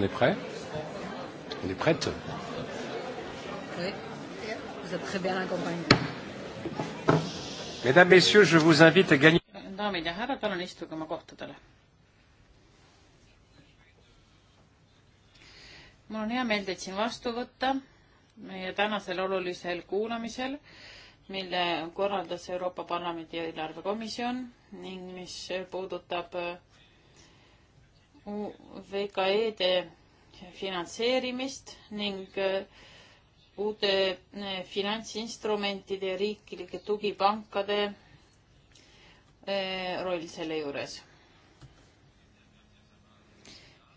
On est prêt On est prête Oui, vous êtes très bien accompagné. Mesdames, Messieurs, je vous invite à gagner. daamid ja härrad, palun istuge oma kohtadele. mul on hea meel teid siin vastu võtta meie tänasel olulisel kuulamisel, mille korraldas Euroopa Parlamendi eelarvekomisjon ning mis puudutab äh, VKE-de finantseerimist ning äh, uute äh, finantsinstrumentide ja riiklike tugipankade äh, roll selle juures.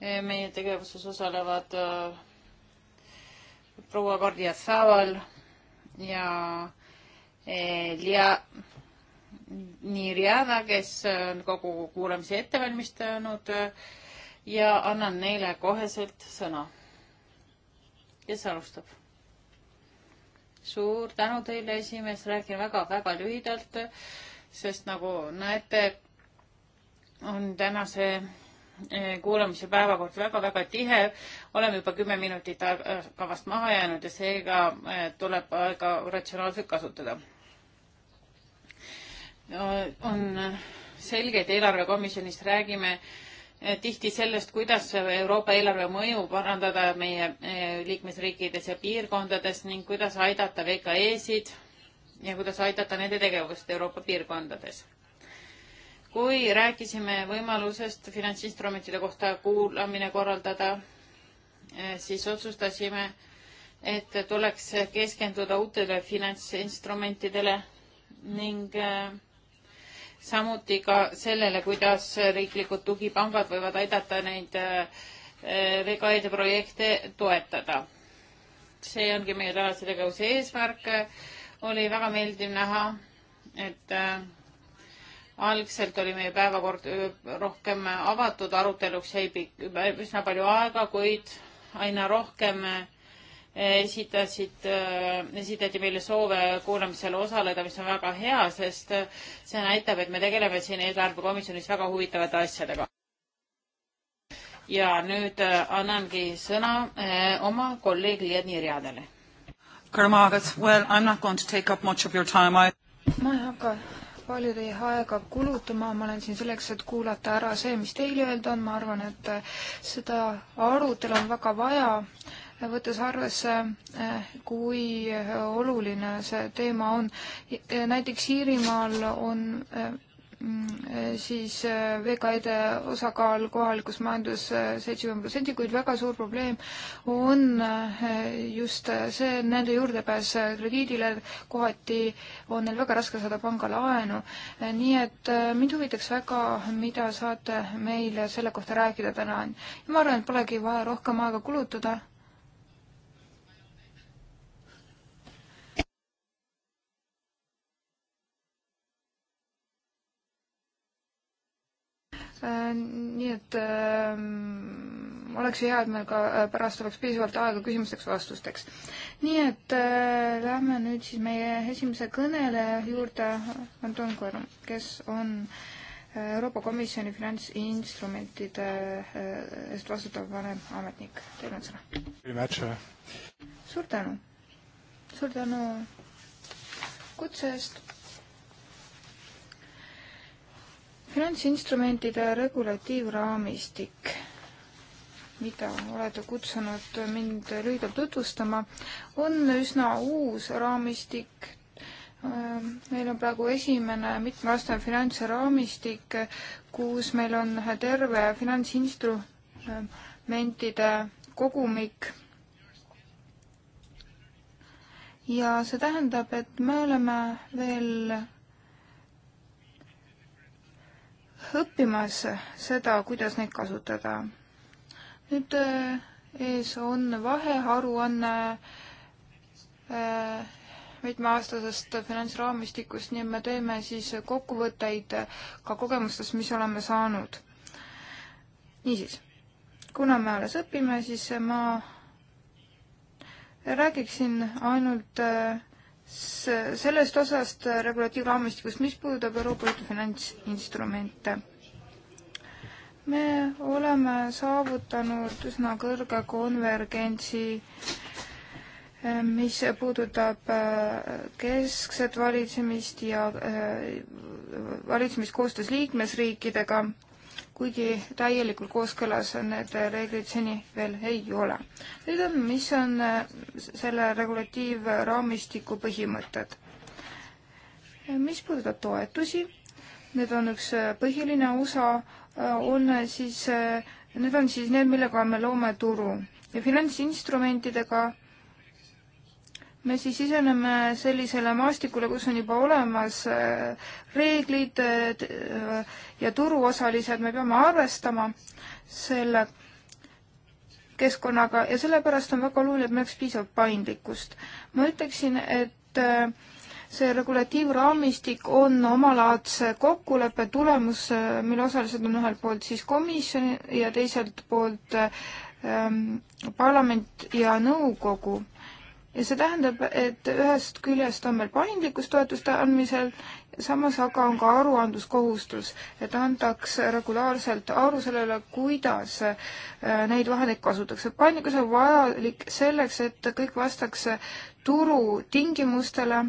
meie tegevuses osalevad proua Kardia Saval ja Lia Nirjada, kes on kogu kuulamise ette valmistanud ja annan neile koheselt sõna. kes alustab? suur tänu teile, esimees, räägin väga-väga lühidalt, sest nagu näete, on tänase eh, kuulamise päevakord väga-väga tihe, oleme juba kümme minutit kavast maha jäänud ja seega eh, tuleb aega ratsionaalselt kasutada. on selge, et eelarvekomisjonis räägime äh, tihti sellest, kuidas Euroopa eelarve mõju parandada meie eh, liikmesriikides ja piirkondades ning kuidas aidata VKE-sid ja kuidas aidata nende tegevust Euroopa piirkondades. kui rääkisime võimalusest finantsinstrumentide kohta kuulamine korraldada, eh, siis otsustasime, et tuleks keskenduda uutele finantsinstrumentidele ning äh, samuti ka sellele, kuidas riiklikud tugipangad võivad aidata neid äh, VKE-de projekte toetada. see ongi meie tänase tegevuse eesmärk. oli väga meeldiv näha, et äh, algselt oli meie päevakord äh, rohkem avatud, aruteluks jäi üsna palju aega, kuid aina rohkem esitasid, äh, esitati meile soove kuulamisel osaleda, mis on väga hea, sest äh, see näitab, et me tegeleme siin eelarvekomisjonis väga huvitavate asjadega. ja nüüd äh, annangi sõna oma kolleeg Liiani Riadele. Well, I'm not going to take up much of your time. I... ma ei hakka palju teie aega kulutama, ma olen siin selleks, et kuulata ära see, mis teil öelda on, ma arvan, et seda arutelu on väga vaja võttes arvesse, eh, kui eh, oluline see teema on. Eh, näiteks Iirimaal on mm, siis veekaide osakaal kohalikus majandus seitsekümmend protsenti, kuid väga suur probleem on just see, nende juurdepääs krediidile, kohati on neil väga raske saada pangalaenu. nii et mind huvitaks väga, mida saate meile selle kohta rääkida täna. ma arvan, et polegi vaja rohkem aega kulutada Äh, nii et äh, oleks hea, et meil ka äh, pärast oleks piisavalt aega küsimusteks-vastusteks. nii et äh, lähme nüüd siis meie esimese kõneleja juurde, Anton Korum, kes on äh, Euroopa Komisjoni finantsinstrumentide eest vastutav vanem ametnik. Teil on sõna. Uh, suur tänu. suur tänu kutse eest finantsinstrumentide regulatiivraamistik, mida olete kutsunud mind lühidalt tutvustama, on üsna uus raamistik. meil on praegu esimene mitmeaastane finantsraamistik, kus meil on terve finantsinstrumentide kogumik ja see tähendab, et me oleme veel õppimas seda, kuidas neid kasutada. nüüd äh, ees on vahearuanne äh, mitmeaastasest finantsraamistikust, nii et me teeme siis kokkuvõtteid ka kogemustest, mis oleme saanud. niisiis, kuna me alles õpime, siis ma räägiksin ainult äh, sellest osast regulatiivraamistikust, mis puudutab Euroopa Liidu finantsinstrumente. me oleme saavutanud üsna kõrge konvergentsi, eh, mis puudutab eh, keskset valitsemist ja eh, valitsemiskoostöös liikmesriikidega kuigi täielikult kooskõlas need reeglid seni veel ei ole. nüüd on, mis on äh, selle regulatiivraamistiku põhimõtted. mis puudutab toetusi, need on üks äh, põhiline osa, äh, on siis, need on siis need, millega me loome turu ja finantsinstrumentidega me siis siseneme sellisele maastikule, kus on juba olemas äh, reeglid äh, ja turuosalised, me peame arvestama selle keskkonnaga ja sellepärast on väga oluline, et meil oleks piisavalt paindlikkust. ma ütleksin, et äh, see regulatiivraamistik on omalaadse kokkuleppe tulemus, mille osalised on ühelt poolt siis komisjon ja teiselt poolt ähm, parlament ja nõukogu ja see tähendab, et ühest küljest on meil paindlikkus toetuste andmisel, samas aga on ka aruandluskohustus, et antaks regulaarselt aru selle üle, kuidas äh, neid vahendeid kasutatakse. paindlikkus on vajalik selleks, et kõik vastaks turutingimustele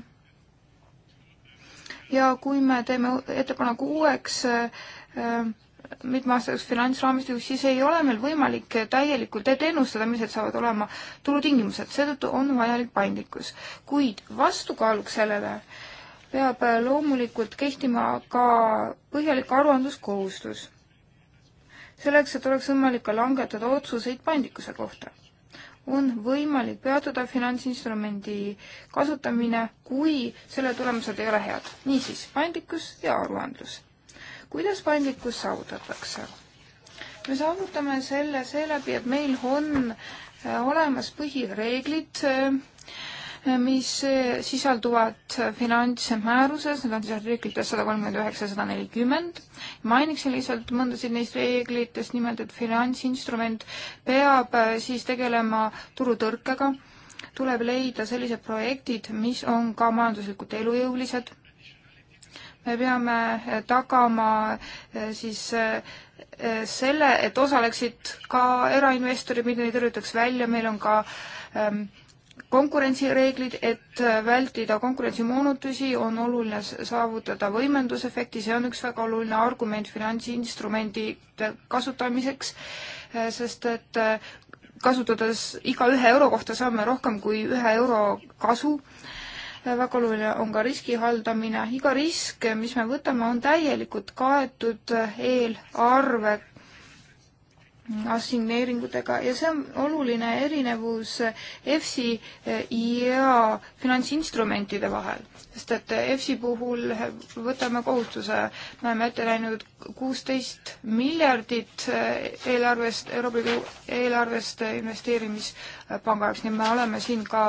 ja kui me teeme ettepaneku uueks äh, mitmeaastaseks finantsraamistikuks, siis ei ole meil võimalik täielikult ette ennustada, millised saavad olema turutingimused, seetõttu on vajalik paindlikkus. kuid vastukaaluks sellele peab loomulikult kehtima ka põhjalik aruandluskohustus. selleks, et oleks võimalik ka langetada otsuseid paindlikkuse kohta, on võimalik peatada finantsinstrumendi kasutamine, kui selle tulemused ei ole head. niisiis, paindlikkus ja aruandlus kuidas paindlikkus saavutatakse? me saavutame selle seeläbi, et meil on äh, olemas põhireeglid, äh, mis äh, sisalduvad finantsmääruses, need on siis artiklites sada kolmkümmend üheksa ja sada nelikümmend. mainiksin lihtsalt mõndasid neist reeglitest, nimelt et finantsinstrument peab siis tegelema turutõrkega, tuleb leida sellised projektid, mis on ka majanduslikult elujõulised me peame eh, tagama eh, siis eh, selle, et osaleksid ka erainvestorid, mida ei tõrjutaks välja, meil on ka ähm, konkurentsireeglid, et vältida konkurentsimoonutusi, on oluline saavutada võimendusefekti, see on üks väga oluline argument finantsinstrumentide kasutamiseks, sest et kasutades iga ühe euro kohta saame rohkem kui ühe euro kasu väga oluline on ka riski haldamine. iga risk, mis me võtame, on täielikult kaetud eelarve assigneeringutega ja see on oluline erinevus EFSI ja finantsinstrumentide vahel, sest et EFSI puhul võtame kohustuse, me oleme ette näinud kuusteist miljardit eelarvest, Euroopa Liidu eelarvest investeerimispanga jaoks, nii et me oleme siin ka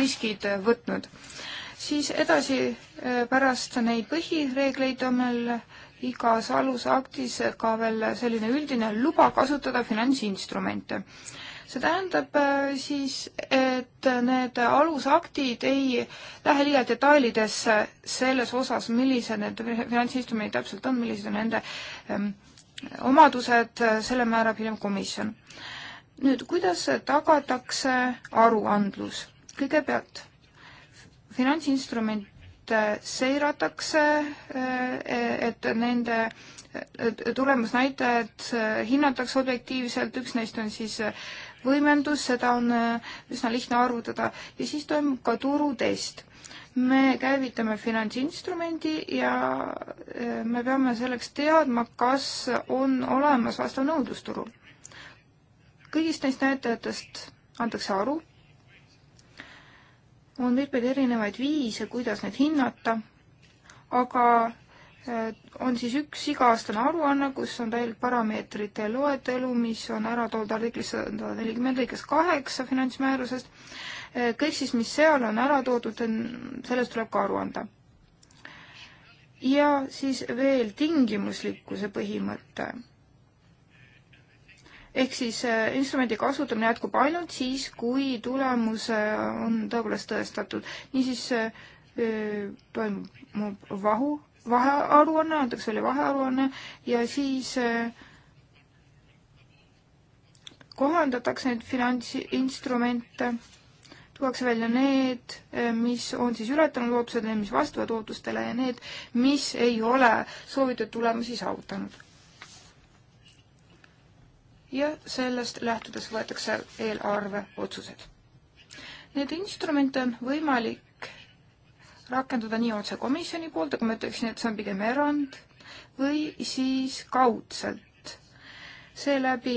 riskid võtnud siis edasi äh, pärast neid põhireegleid on meil igas alusaktis ka veel selline üldine luba kasutada finantsinstrumente. see tähendab äh, siis, et need alusaktid ei lähe liiga detailidesse selles osas, millised need finantsinstrumendid täpselt on, millised on nende ähm, omadused, äh, selle määrab hiljem komisjon. nüüd, kuidas tagatakse aruandlus? kõigepealt finantsinstrumente äh, seiratakse, äh, et nende tulemusnäitajad äh, hinnatakse objektiivselt, üks neist on siis võimendus, seda on üsna lihtne arvutada, ja siis toimub ka turutest. me käivitame finantsinstrumendi ja me peame selleks teadma, kas on olemas vastav nõudlus turul. kõigist neist näitajatest antakse aru on mitmeid erinevaid viise, kuidas neid hinnata, aga eh, on siis üks iga-aastane aruanne, kus on täielik parameetrite loetelu, mis on ära toodud artiklis sada nelikümmend lõikes kaheksa finantsmäärusest. Eh, kõik siis, mis seal on ära toodud, sellest tuleb ka aru anda. ja siis veel tingimuslikkuse põhimõte ehk siis äh, instrumendi kasutamine jätkub ainult siis, kui tulemus äh, on tõepoolest tõestatud. niisiis äh, toimub vahu, vahearuanne, antakse välja vahearuanne ja siis kohandatakse neid finantsinstrumente, tuuakse välja need, mis on siis ületanud ootused, need, mis vastavad ootustele ja need, mis ei ole soovitud tulemusi saavutanud ja sellest lähtudes võetakse eelarve otsused. Neid instrumente on võimalik rakendada nii otse komisjoni poolt, aga ma ütleksin, et see on pigem erand, või siis kaudselt. seeläbi,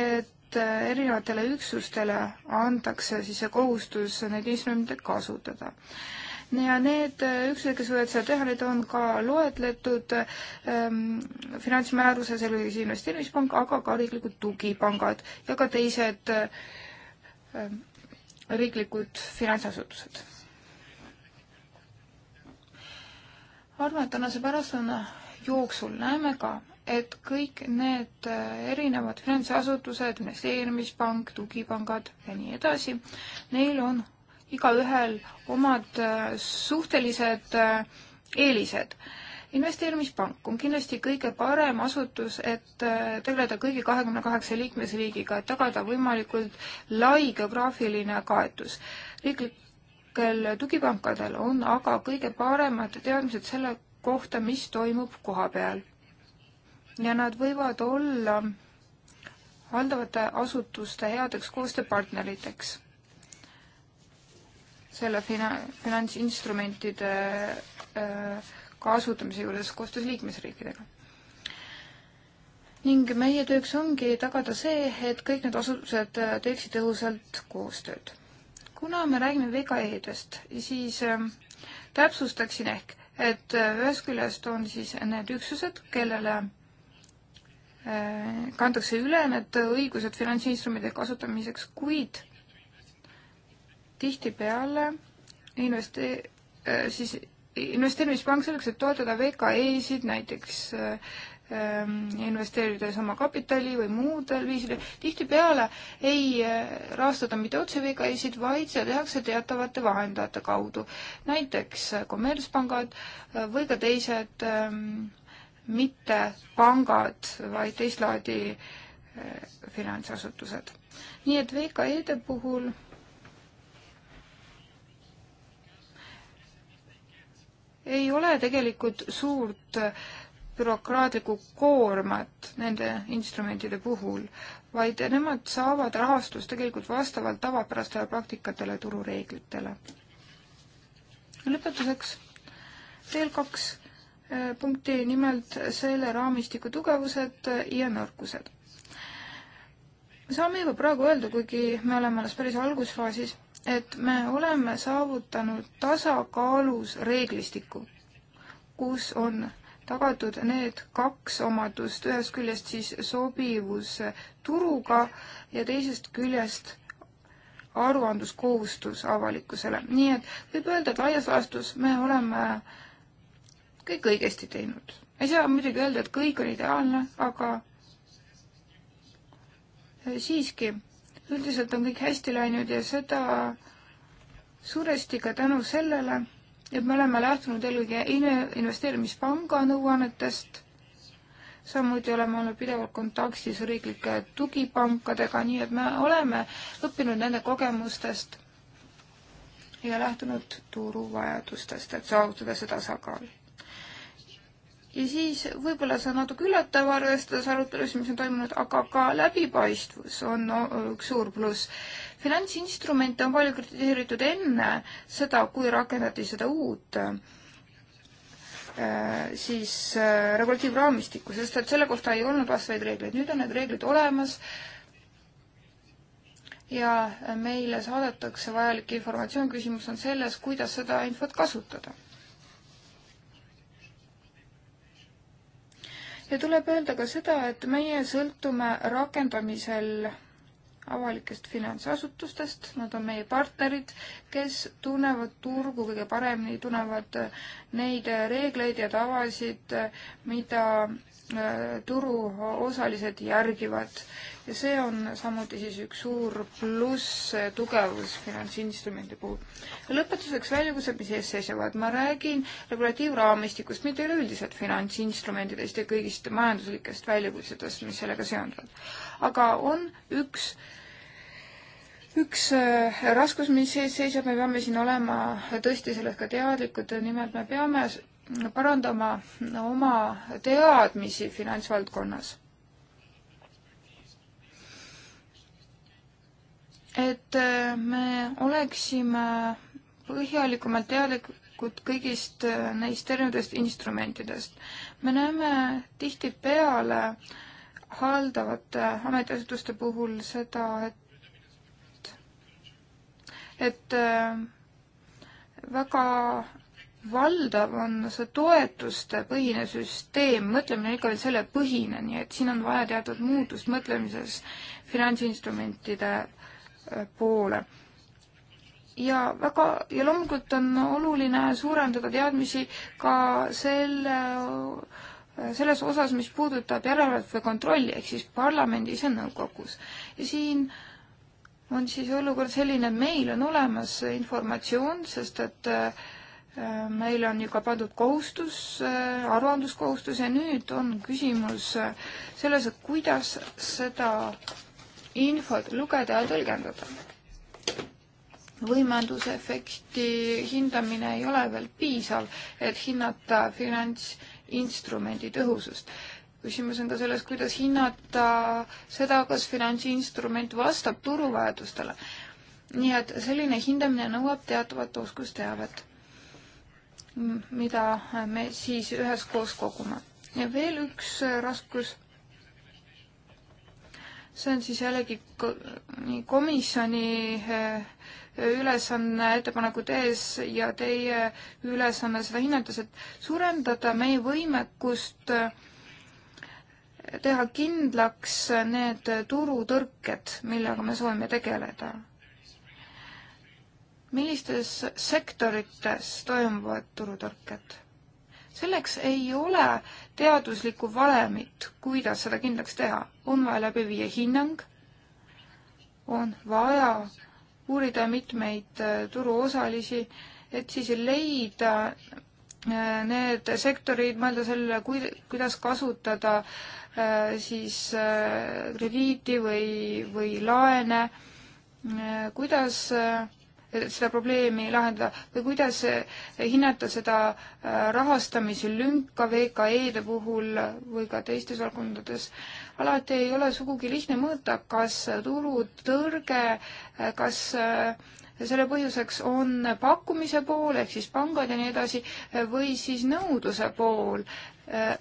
et erinevatele üksustele antakse siis see kohustus neid instrumente kasutada ja need äh, üksused, kes võivad seda teha, need on ka loetletud ähm, finantsmääruses, Euroliidu Investeerimispank, aga ka riiklikud tugipangad ja ka teised äh, ähm, riiklikud finantsasutused. arvan, et tänase pärastlõuna jooksul näeme ka, et kõik need äh, erinevad finantsasutused, investeerimispank, tugipangad ja nii edasi, neil on igaühel omad äh, suhtelised äh, eelised. investeerimispank on kindlasti kõige parem asutus, et äh, tegeleda kõigi kahekümne kaheksa liikmesriigiga, et tagada võimalikult lai geograafiline kaetus. riiklikel tugipankadel on aga kõige paremad teadmised selle kohta, mis toimub koha peal. ja nad võivad olla haldavate asutuste headeks koostööpartneriteks selle fina-, finantsinstrumentide äh, kasutamise juures koostöös liikmesriikidega. ning meie tööks ongi tagada see, et kõik need asutused äh, teeksid tõhusalt koostööd. kuna me räägime VKE-dest, siis äh, täpsustaksin ehk, et ühest küljest on siis need üksused, kellele kantakse üle need õigused finantsinstrumentide kasutamiseks, kuid tihtipeale investee-, äh, siis investeerimispank selleks, et toetada VKE-sid näiteks ähm, investeerides oma kapitali või muudel viisidel, tihtipeale ei äh, rahastada mitte otse VKE-sid, vaid seda tehakse teatavate vahendajate kaudu. näiteks äh, kommertspangad või ka teised ähm, mitte pangad, vaid teist laadi finantsasutused. nii et VKE-de puhul ei ole tegelikult suurt äh, bürokraatlikku koormat nende instrumentide puhul, vaid nemad saavad rahastust tegelikult vastavalt tavapärastele praktikatele, turureeglitele. lõpetuseks veel kaks äh, punkti, nimelt selle raamistiku tugevused äh, ja nõrkused. me saame juba praegu öelda, kuigi me oleme alles päris algusfaasis et me oleme saavutanud tasakaalus reeglistiku, kus on tagatud need kaks omadust, ühest küljest siis sobivus turuga ja teisest küljest aruandluskohustus avalikkusele. nii et võib öelda, et laias laastus me oleme kõik õigesti teinud. ei saa muidugi öelda, et kõik on ideaalne, aga siiski üldiselt on kõik hästi läinud ja seda suuresti ka tänu sellele, et me oleme lähtunud eelkõige investeerimispanga nõuannetest, samuti oleme olnud pidevalt kontaktis riiklike tugipankadega, nii et me oleme õppinud nende kogemustest ja lähtunud turuvajadustest, et saavutada see tasakaal ja siis võib-olla see on natuke üllatav, arvestades arutelus, mis on toimunud, aga ka läbipaistvus on üks suur pluss. finantsinstrumente on palju kritiseeritud enne seda, kui rakendati seda uut äh, siis äh, regulatiivraamistikku, sest et selle kohta ei olnud vastavaid reegleid. nüüd on need reeglid olemas ja meile saadetakse vajalik informatsioon. küsimus on selles, kuidas seda infot kasutada ja tuleb öelda ka seda, et meie sõltume rakendamisel avalikest finantsasutustest, nad on meie partnerid, kes tunnevad turgu kõige paremini, tunnevad neid reegleid ja tavasid, mida turuosalised järgivad ja see on samuti siis üks suur pluss tugevus finantsinstrumendi puhul. lõpetuseks väljakutsed, mis ees seisavad. ma räägin regulatiivraamistikust, mitte üleüldiselt finantsinstrumentidest ja kõigist majanduslikest väljakutsetest, mis sellega seonduvad. aga on üks üks äh, raskus, mis ees seisab, me peame siin olema tõesti sellest ka teadlikud, nimelt me peame parandama oma teadmisi finantsvaldkonnas. et äh, me oleksime põhjalikumalt teadlikud kõigist äh, neist erinevatest instrumentidest. me näeme tihtipeale haldavate äh, ametiasutuste puhul seda, et et väga valdav on see toetuste põhine süsteem, mõtlemine on ikka veel selle põhine, nii et siin on vaja teatud muutust mõtlemises finantsinstrumentide äh, poole. ja väga, ja loomulikult on oluline suurendada teadmisi ka selle, äh, selles osas, mis puudutab järelevalvet või kontrolli, ehk siis parlamendis ja nõukogus. ja siin on siis olukord selline, et meil on olemas informatsioon, sest et äh, meile on ju ka pandud kohustus, äh, aruandluskohustus ja nüüd on küsimus äh, selles, et kuidas seda infot lugeda ja tõlgendada. võimendusefekti hindamine ei ole veel piisav, et hinnata finantsinstrumendi tõhusust. küsimus on ka selles, kuidas hinnata seda, kas finantsinstrument vastab turuvajadustele. nii et selline hindamine nõuab teatavat oskusteavet mida me siis üheskoos kogume. ja veel üks äh, raskus see on siis jällegi komisjoni äh, ülesanne ettepaneku tees ja teie ülesanne seda hinnates, et suurendada meie võimekust äh, teha kindlaks need turutõrked, millega me soovime tegeleda millistes sektorites toimuvad turutõrked. selleks ei ole teaduslikku valemit, kuidas seda kindlaks teha. on vaja läbi viia hinnang, on vaja uurida mitmeid äh, turuosalisi, et siis leida äh, need sektorid, mõelda sellele, kuidas kasutada äh, siis krediiti või, või laene, kuidas äh, seda probleemi lahendada või kuidas hinnata seda äh, rahastamislünka VKE-de puhul või ka teistes valdkondades. alati ei ole sugugi lihtne mõõta, kas turutõrge, äh, kas äh, selle põhjuseks on pakkumise pool ehk siis pangad ja nii edasi või siis nõudluse pool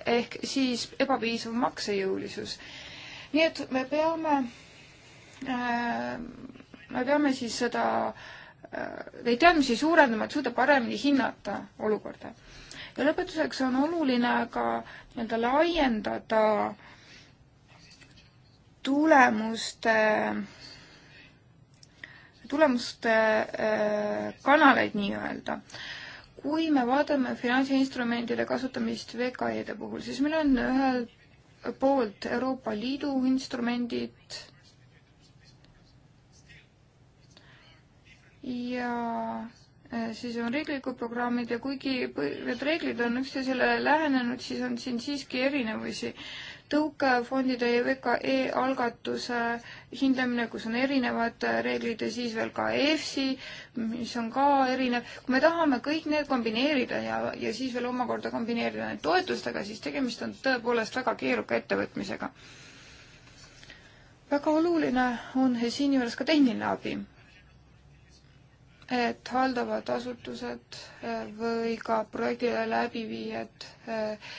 ehk siis ebapiisav maksejõulisus. nii et me peame, me peame siis seda äh, Äh, neid teadmisi suurendama, et suuda paremini hinnata olukorda. ja lõpetuseks on oluline ka nii-öelda laiendada tulemuste, tulemuste äh, kanaleid nii-öelda kui me vaatame finantsinstrumentide kasutamist VKE-de puhul, siis meil on ühelt poolt Euroopa Liidu instrumendid, ja äh, siis on riiklikud programmid ja kuigi need reeglid on üksteisele lähenenud, siis on siin siiski erinevusi. tõukefondide ja VKE algatuse hindamine, kus on erinevad äh, reeglid ja siis veel ka EFSI, mis on ka erinev. kui me tahame kõik need kombineerida ja, ja siis veel omakorda kombineerida need toetustega, siis tegemist on tõepoolest väga keeruka ettevõtmisega. väga oluline on siinjuures ka tehniline abi et haldavad asutused äh, või ka projektile läbiviijad, äh,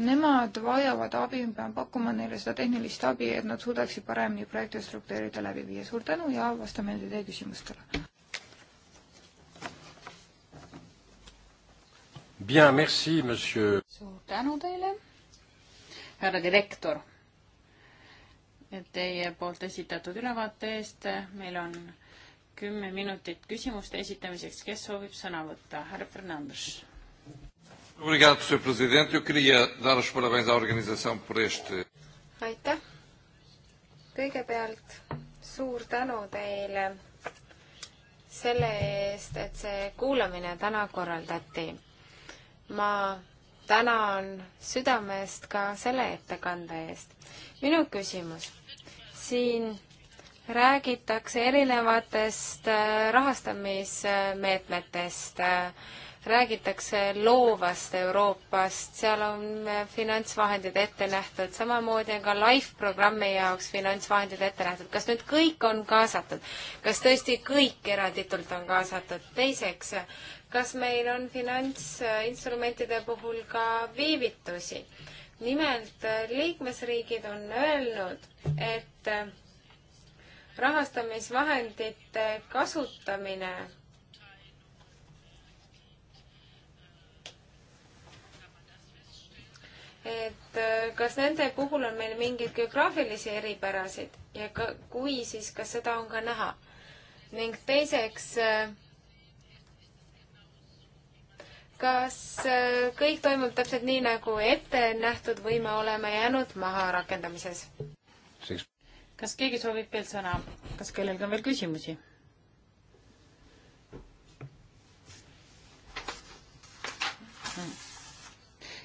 nemad vajavad abi, me peame pakkuma neile seda tehnilist abi, et nad suudaksid paremini projekte struktureerida, läbi viia. suur tänu ja vastame nüüd teie küsimustele. Bien, merci, monsieur. suur tänu teile, härra direktor, teie poolt esitatud ülevaate eest. meil on kümme minutit küsimuste esitamiseks, kes soovib sõna võtta, härra Fernandes. aitäh, kõigepealt suur tänu teile selle eest, et see kuulamine täna korraldati. ma tänan südamest ka selle ettekande eest. minu küsimus, siin räägitakse erinevatest äh, rahastamismeetmetest, räägitakse loovast Euroopast, seal on äh, finantsvahendid ette nähtud, samamoodi on ka LIFE programmi jaoks finantsvahendid ette nähtud. kas nüüd kõik on kaasatud? kas tõesti kõik eranditult on kaasatud? teiseks, kas meil on finantsinstrumentide puhul ka viivitusi? nimelt äh, liikmesriigid on öelnud, et rahastamisvahendite kasutamine et äh, kas nende puhul on meil mingeid geograafilisi eripärasid ja ka, kui, siis kas seda on ka näha? ning teiseks, äh, kas äh, kõik toimub täpselt nii, nagu ette nähtud või me oleme jäänud maha rakendamises? kas keegi soovib veel sõna, kas kellelgi on veel küsimusi?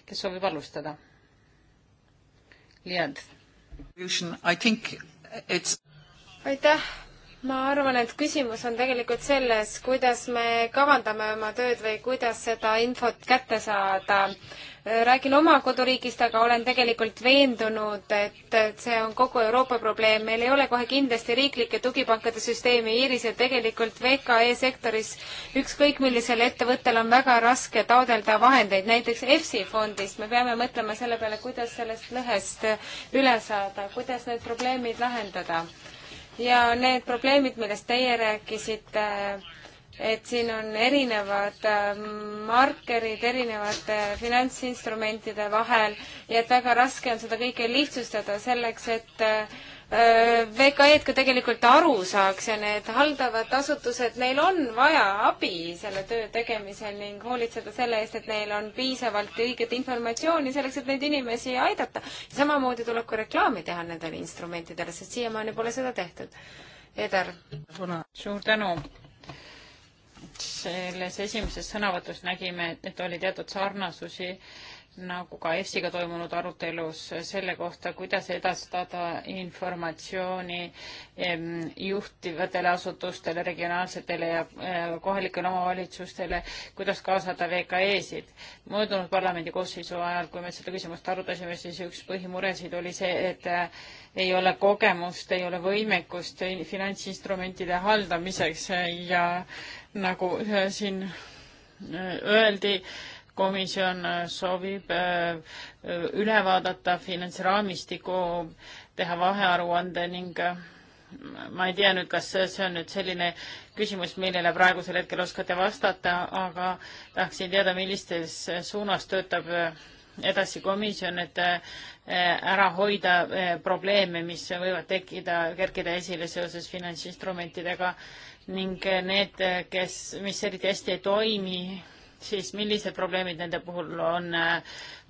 kes soovib alustada? Liad. aitäh, ma arvan, et küsimus on tegelikult selles, kuidas me kavandame oma tööd või kuidas seda infot kätte saada räägin oma koduriigist, aga olen tegelikult veendunud, et, et see on kogu Euroopa probleem. meil ei ole kohe kindlasti riiklike tugipankade süsteemi Iiris ja tegelikult VKE sektoris ükskõik millisel ettevõttel on väga raske taodelda vahendeid, näiteks EFSI fondist. me peame mõtlema selle peale, kuidas sellest lõhest üle saada, kuidas need probleemid lahendada. ja need probleemid, millest teie rääkisite äh,, et siin on erinevad äh, markerid erinevate finantsinstrumentide vahel ja et väga raske on seda kõike lihtsustada selleks, et äh, VKE-d ka tegelikult aru saaks ja need haldavad asutused, neil on vaja abi selle töö tegemisel ning hoolitseda selle eest, et neil on piisavalt õiget informatsiooni selleks, et neid inimesi aidata. samamoodi tuleb ka reklaami teha nendele instrumentidele, sest siiamaani pole seda tehtud. Eder. suur tänu selles esimeses sõnavõtus nägime, et oli teatud sarnasusi nagu ka EFSiga toimunud arutelus selle kohta, kuidas edastada informatsiooni juhtivatele asutustele, regionaalsetele ja kohalikele omavalitsustele, kuidas kaasata VKE-sid. möödunud parlamendi koosseisu ajal, kui me seda küsimust arutasime, siis üks põhimuresid oli see, et äh, ei ole kogemust, ei ole võimekust finantsinstrumentide haldamiseks ja nagu äh, siin äh, öeldi, komisjon äh, soovib üle vaadata finantsraamistiku, teha vahearuande ning ma ei tea nüüd, kas see on nüüd selline küsimus, millele praegusel hetkel oskate vastata, aga tahaksin teada, millistes suunas töötab edasi komisjon, et ära hoida probleeme, mis võivad tekkida, kerkida esile seoses finantsinstrumentidega ning need, kes, mis eriti hästi ei toimi, siis millised probleemid nende puhul on äh,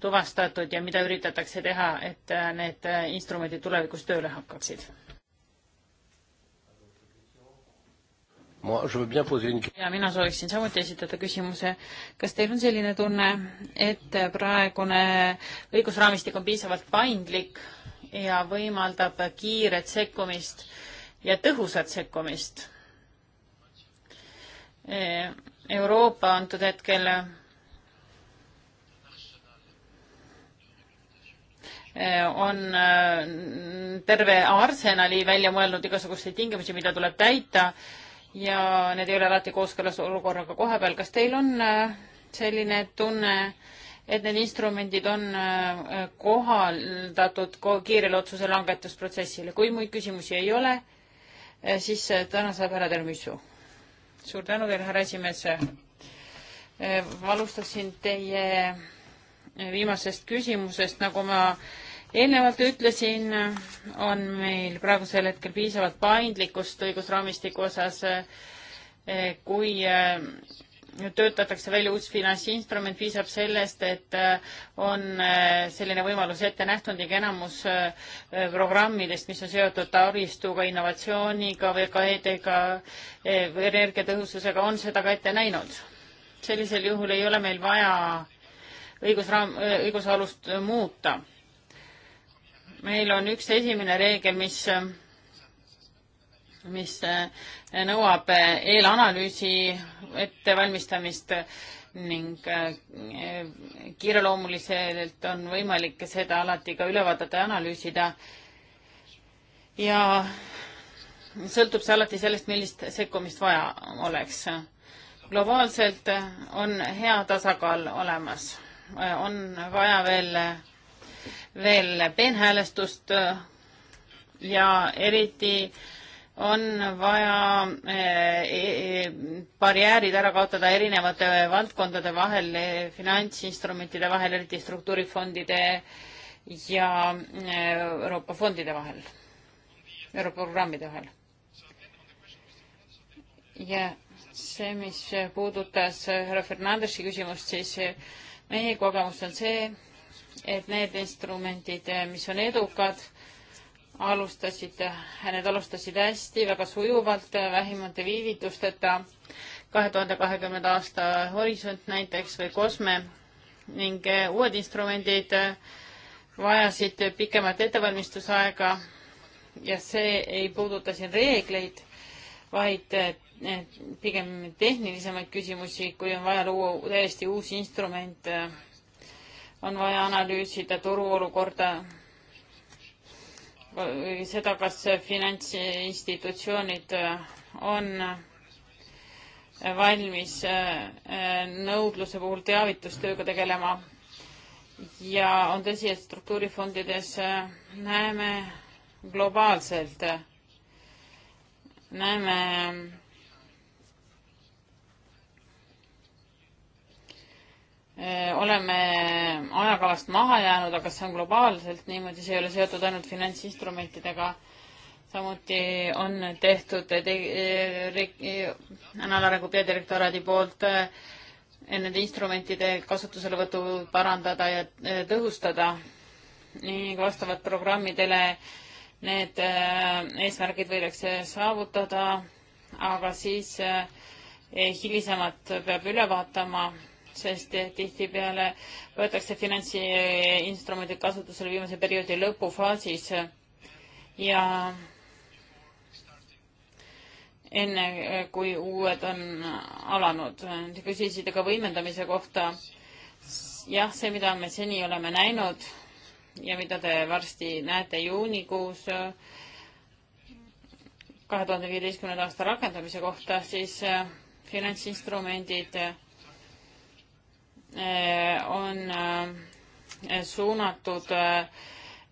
tuvastatud ja mida üritatakse teha, et äh, need äh, instrumendid tulevikus tööle hakkaksid? ja mina sooviksin samuti esitada küsimuse, kas teil on selline tunne, et praegune õigusraamistik on piisavalt paindlik ja võimaldab kiiret sekkumist ja tõhusat sekkumist Euroopa antud hetkel eh, on eh, terve arsenali välja mõelnud igasuguseid tingimusi, mida tuleb täita ja need ei ole alati kooskõlas olukorraga koha peal. kas teil on eh, selline tunne, et need instrumendid on kohaldatud kiirele otsuse langetusprotsessile? kui muid küsimusi ei ole, siis tänan, saab härra Termisu suur tänu teile, härra esimees. E, alustasin teie viimasest küsimusest, nagu ma eelnevalt ütlesin, on meil praegusel hetkel piisavalt paindlikkust õigusraamistiku osas, e, kui e, töötatakse välja uus finantsinstrument, piisab sellest, et äh, on äh, selline võimalus ette nähtud ning enamus äh, programmidest, mis on seotud taristuga, innovatsiooniga, VKE-dega, energiatõhususega, on seda ka ette näinud. sellisel juhul ei ole meil vaja õigusraam, õigusalust muuta. meil on üks esimene reegel, mis mis eh, nõuab eh, eelanalüüsi ettevalmistamist ning eh, kiireloomuliselt on võimalik seda alati ka üle vaadata ja analüüsida. ja sõltub see alati sellest, millist sekkumist vaja oleks. globaalselt on hea tasakaal olemas, on vaja veel, veel peenhäälestust ja eriti äh, on vaja eh, eh, eh, barjäärid ära kaotada erinevate valdkondade vahel, finantsinstrumentide vahel, eriti struktuurifondide ja Euroopa fondide vahel, Euroopa programmide vahel. ja see, mis puudutas härra Fernandesi küsimust, siis meie kogemus on see, et need instrumendid, mis on edukad alustasid, need alustasid hästi, väga sujuvalt, vähimate viivitusteta. kahe tuhande kahekümnenda aasta Horisont näiteks või Kosme ning eh, uued instrumendid eh, vajasid pikemat ettevalmistusaega ja see ei puuduta siin reegleid, vaid eh, pigem tehnilisemaid küsimusi, kui on vaja luua täiesti uus instrument, on vaja analüüsida turuolukorda seda, kas finantsinstitutsioonid äh, on äh, valmis äh, nõudluse puhul teavitustööga tegelema. ja on tõsi, et struktuurifondides näeme globaalselt, näeme oleme ajakavast maha jäänud, aga see on globaalselt niimoodi, see ei ole seotud ainult finantsinstrumentidega. samuti on tehtud regionaalarengu peadirektoraadi poolt nende instrumentide kasutuselevõtu parandada ja tõhustada ning vastavalt programmidele need eesmärgid võidakse saavutada, aga siis hilisemalt peab üle vaatama sest tihtipeale võetakse finantsinstrumendid kasutusele viimase perioodi lõpufaasis ja enne, kui uued on alanud. Te küsisite ka võimendamise kohta. jah, see, mida me seni oleme näinud ja mida te varsti näete juunikuus kahe tuhande viieteistkümnenda aasta rakendamise kohta, siis eh, finantsinstrumendid Äh, on äh, suunatud äh,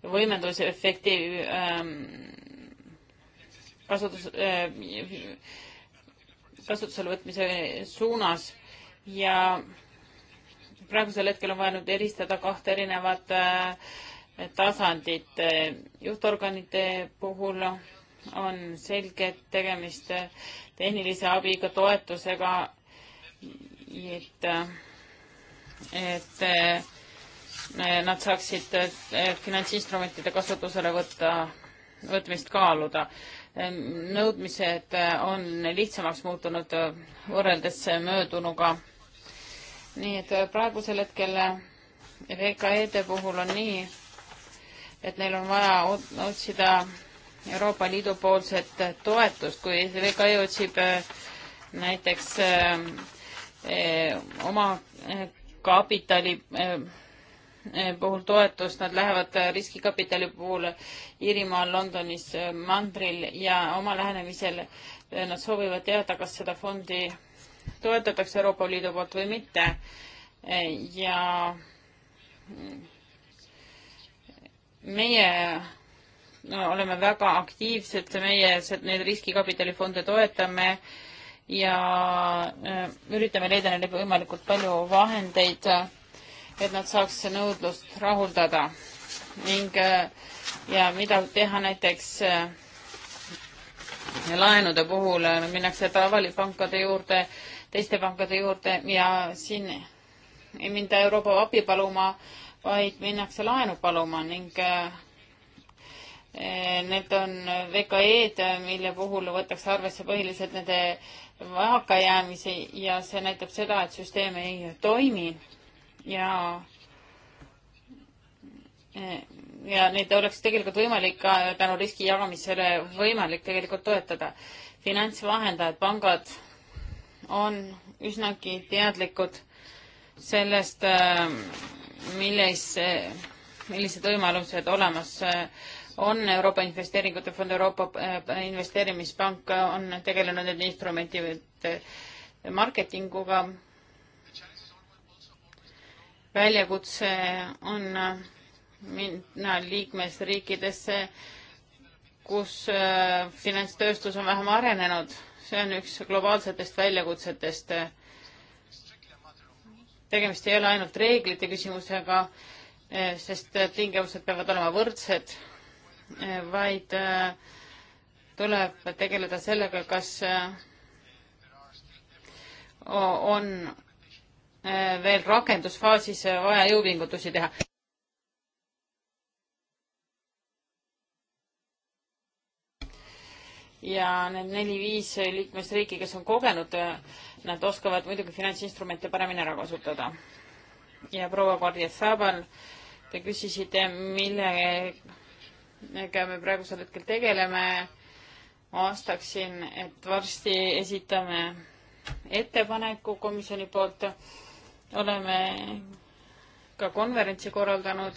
võimendusefekti ähm, kasutus, kasutusele võtmise suunas ja praegusel hetkel on vaja nüüd eristada kahte erinevat tasandit. juhtorganite puhul on selge, et tegemist tehnilise abiga, toetusega, et et eh, nad saaksid eh, finantsinstrumentide kasutusele võtta, võtmist kaaluda. nõudmised eh, on lihtsamaks muutunud võrreldes möödunuga. nii et praegusel hetkel VKE-de puhul on nii, et neil on vaja otsida Euroopa Liidu poolset toetust, kui VKE otsib näiteks oma kapitali eh, eh, puhul toetust, nad lähevad eh, riskikapitali puhul Iirimaal, Londonis, mandril ja oma lähenemisel nad soovivad teada, kas seda fondi toetatakse Euroopa Liidu poolt või mitte. ja meie no, oleme väga aktiivsed, meie neid riskikapitalifonde toetame ja äh, üritame leida neile võimalikult palju vahendeid, et nad saaks nõudlust rahuldada ning äh, ja mida teha näiteks äh, laenude puhul, minnakse tavalipankade juurde, teiste pankade juurde ja siin ei minda Euroopa abi paluma, vaid minnakse laenu paluma ning need on VKE-d, mille puhul võetakse arvesse põhiliselt nende vajakajäämisi ja see näitab seda, et süsteem ei toimi ja ja neid oleks tegelikult võimalik ka tänu riski jagamisele võimalik tegelikult toetada. finantsvahendajad, pangad on üsnagi teadlikud sellest, äh, milles, millised võimalused olemas äh, on Euroopa Investeeringute Fond, Euroopa eh, Investeerimispank eh, on tegelenud nende instrumentide marketinguga. väljakutse on minna liikmesriikidesse, kus eh, finantstööstus on vähem arenenud, see on üks globaalsetest väljakutsetest. tegemist ei ole ainult reeglite küsimusega, sest tingimused peavad olema võrdsed vaid äh, tuleb tegeleda sellega, kas äh, on äh, veel rakendusfaasis vaja jõupingutusi teha. ja need neli-viis liikmesriiki, kes on kogenud, nad oskavad muidugi finantsinstrumente paremini ära kasutada. ja proua Gordias Sabal, te küsisite, mille millega me praegusel hetkel tegeleme, vastaksin, et varsti esitame ettepaneku komisjoni poolt. oleme ka konverentsi korraldanud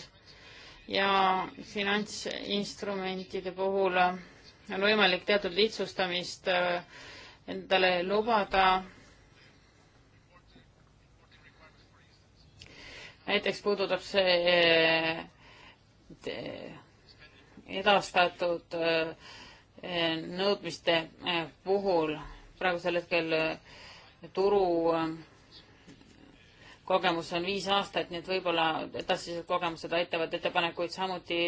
ja finantsinstrumentide puhul on võimalik teatud lihtsustamist äh, endale lubada. näiteks puudutab see äh, edastatud eh, nõudmiste eh, puhul praegusel hetkel eh, turu kogemus on viis aastat, nii et võib-olla edasised kogemused aitavad ettepanekuid samuti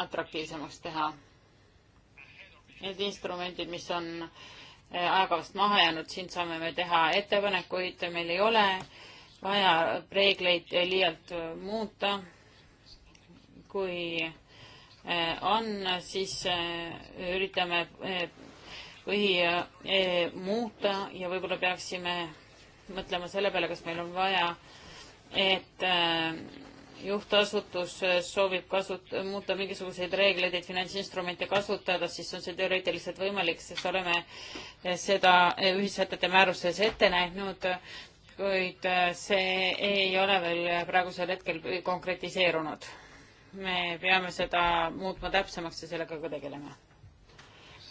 atraktiivsemaks teha. Need instrumendid, mis on ajakavast maha jäänud, siin saame me teha ettepanekuid, meil ei ole vaja reegleid liialt muuta, kui Äh, on, siis äh, üritame äh, põhi muuta ja võib-olla peaksime mõtlema selle peale, kas meil on vaja, et juhtasutus soovib kasut-, muuta mingisuguseid reegleid, et finantsinstrumente kasutada, siis on see teoreetiliselt võimalik, sest oleme seda ühissätete määruses ette näinud, kuid see ei ole veel praegusel hetkel konkretiseerunud me peame seda muutma täpsemaks ja sellega ka tegelema.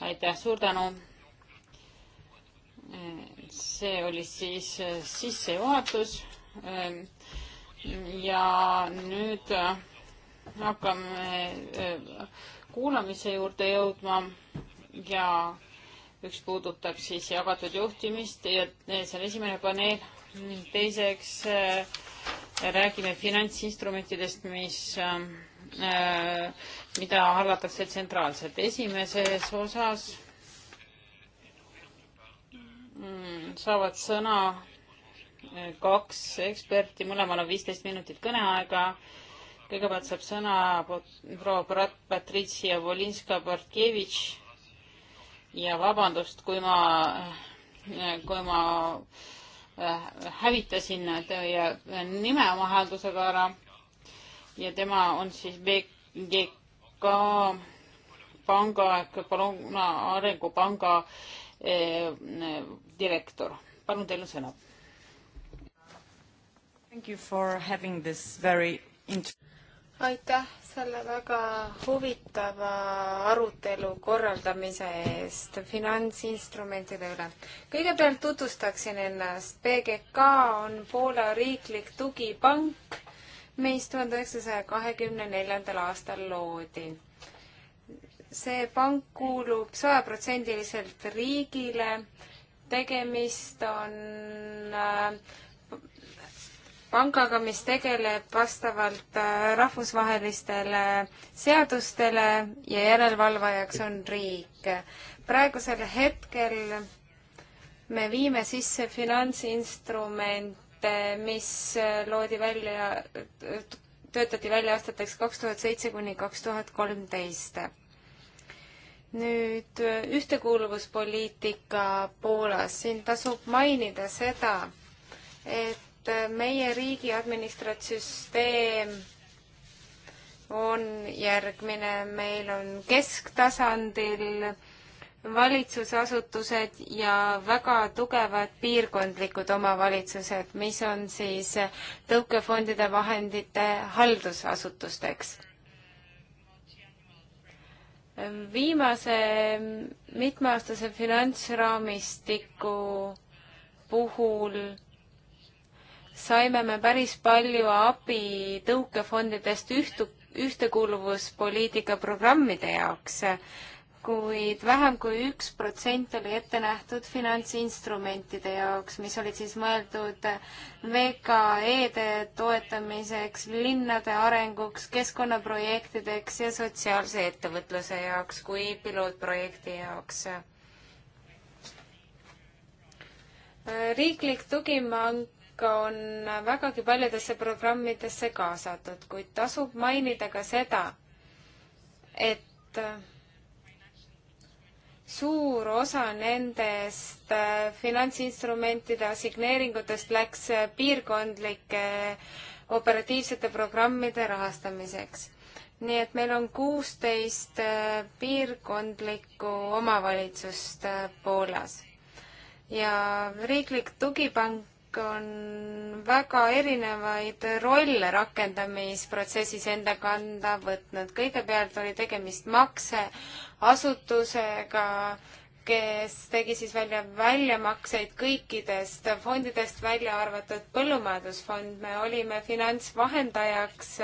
aitäh, suur tänu. see oli siis sissejuhatus. ja nüüd hakkame äh, kuulamise juurde jõudma ja üks puudutab siis jagatud juhtimist ja äh, see on esimene paneel ning teiseks äh, räägime finantsinstrumentidest, mis Äh, mida hallatakse tsentraalselt. esimeses osas mm, saavad sõna äh, kaks eksperti, mõlemal on viisteist minutit kõneaega. kõigepealt saab sõna proua Patricia Volinska-Bartkevitš ja vabandust, kui ma, äh, kui ma hävitasin teie nime oma hääldusega ära ja tema on siis BGK panga ehk Paluna Arengupanga eh, direktor. palun, teil on sõna. Very... aitäh selle väga huvitava arutelu korraldamise eest finantsinstrumentide üle. kõigepealt tutvustaksin ennast. BGK on Poola riiklik tugipank mis tuhande üheksasaja kahekümne neljandal aastal loodi. see pank kuulub sajaprotsendiliselt riigile, tegemist on äh, pangaga, mis tegeleb vastavalt äh, rahvusvahelistele seadustele ja järelevalvajaks on riik. praegusel hetkel me viime sisse finantsinstrument meede, mis loodi välja, töötati välja aastateks kaks tuhat seitse kuni kaks tuhat kolmteist. nüüd ühtekuuluvuspoliitika Poolas, siin tasub mainida seda, et meie riigi administratsüsteem on järgmine, meil on kesktasandil valitsusasutused ja väga tugevad piirkondlikud omavalitsused, mis on siis tõukefondide vahendite haldusasutusteks. viimase mitmeaastase finantsraamistiku puhul saime me päris palju abi tõukefondidest ühtu-, ühtekuuluvuspoliitika programmide jaoks kuid vähem kui üks protsent oli ette nähtud finantsinstrumentide jaoks, mis olid siis mõeldud VKE-de toetamiseks, linnade arenguks, keskkonnaprojektideks ja sotsiaalse ettevõtluse jaoks kui pilootprojekti jaoks. riiklik tugimank on vägagi paljudesse programmidesse kaasatud, kuid tasub mainida ka seda, et suur osa nendest äh, finantsinstrumentide assigneeringutest läks äh, piirkondlike äh, operatiivsete programmide rahastamiseks. nii et meil on kuusteist piirkondlikku omavalitsust Poolas ja riiklik tugipank on väga erinevaid rolle rakendamisprotsessis enda kanda võtnud. kõigepealt oli tegemist makseasutusega, kes tegi siis välja väljamakseid kõikidest fondidest, välja arvatud Põllumajandusfond. me olime finantsvahendajaks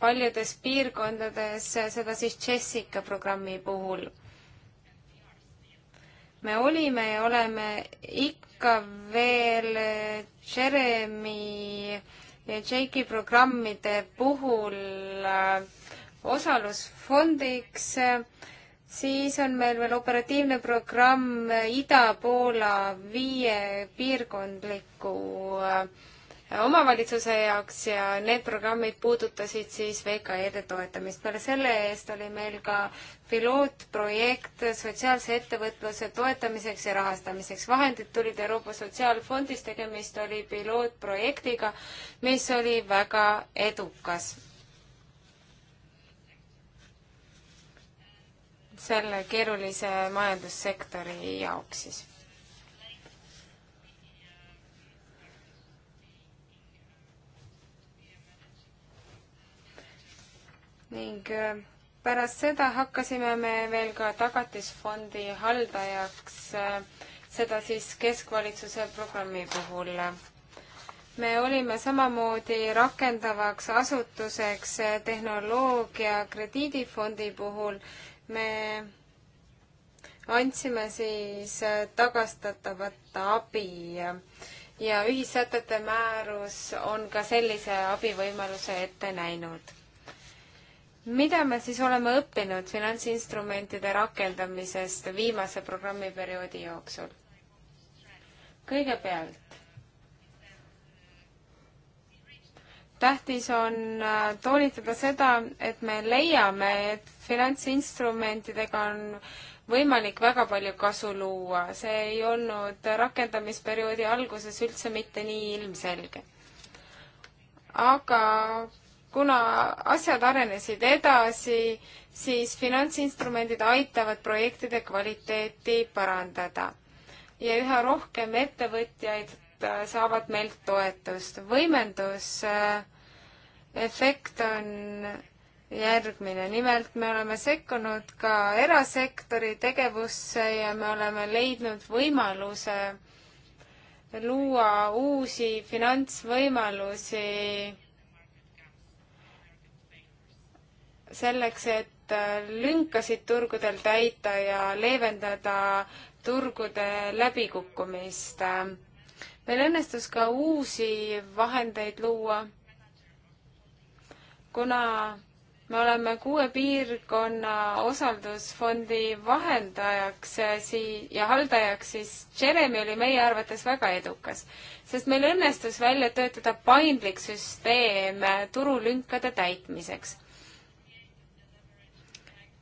paljudes piirkondades, seda siis Jessica programmi puhul me olime ja oleme ikka veel Jeremy ja Jake'i programmide puhul äh, osalusfondiks, siis on meil veel operatiivne programm Ida-Poola viie piirkondliku äh, omavalitsuse jaoks ja need programmid puudutasid siis VKE-de toetamist. peale selle eest oli meil ka pilootprojekt sotsiaalse ettevõtluse toetamiseks ja rahastamiseks. vahendid tulid Euroopa Sotsiaalfondist, tegemist oli pilootprojektiga, mis oli väga edukas. selle keerulise majandussektori jaoks siis ning äh, pärast seda hakkasime me veel ka tagatisfondi haldajaks, äh, seda siis keskvalitsuse programmi puhul. me olime samamoodi rakendavaks asutuseks äh, tehnoloogia krediidifondi puhul. me andsime siis tagastatavat abi ja ühissätete määrus on ka sellise abivõimaluse ette näinud mida me siis oleme õppinud finantsinstrumentide rakendamisest viimase programmiperioodi jooksul? kõigepealt, tähtis on äh, toonitada seda, et me leiame, et finantsinstrumentidega on võimalik väga palju kasu luua, see ei olnud rakendamisperioodi alguses üldse mitte nii ilmselge. aga kuna asjad arenesid edasi, siis finantsinstrumendid aitavad projektide kvaliteeti parandada ja üha rohkem ettevõtjaid äh, saavad meilt toetust. võimendusefekt äh, on järgmine, nimelt me oleme sekkunud ka erasektori tegevusse ja me oleme leidnud võimaluse luua uusi finantsvõimalusi selleks, et äh, lünkasid turgudel täita ja leevendada turgude läbikukkumist. meil õnnestus ka uusi vahendeid luua, kuna me oleme kuue piirkonna osaldusfondi vahendajaks äh, sii- ja haldajaks, siis Jeremy oli meie arvates väga edukas, sest meil õnnestus välja töötada paindlik süsteem äh, turulünkade täitmiseks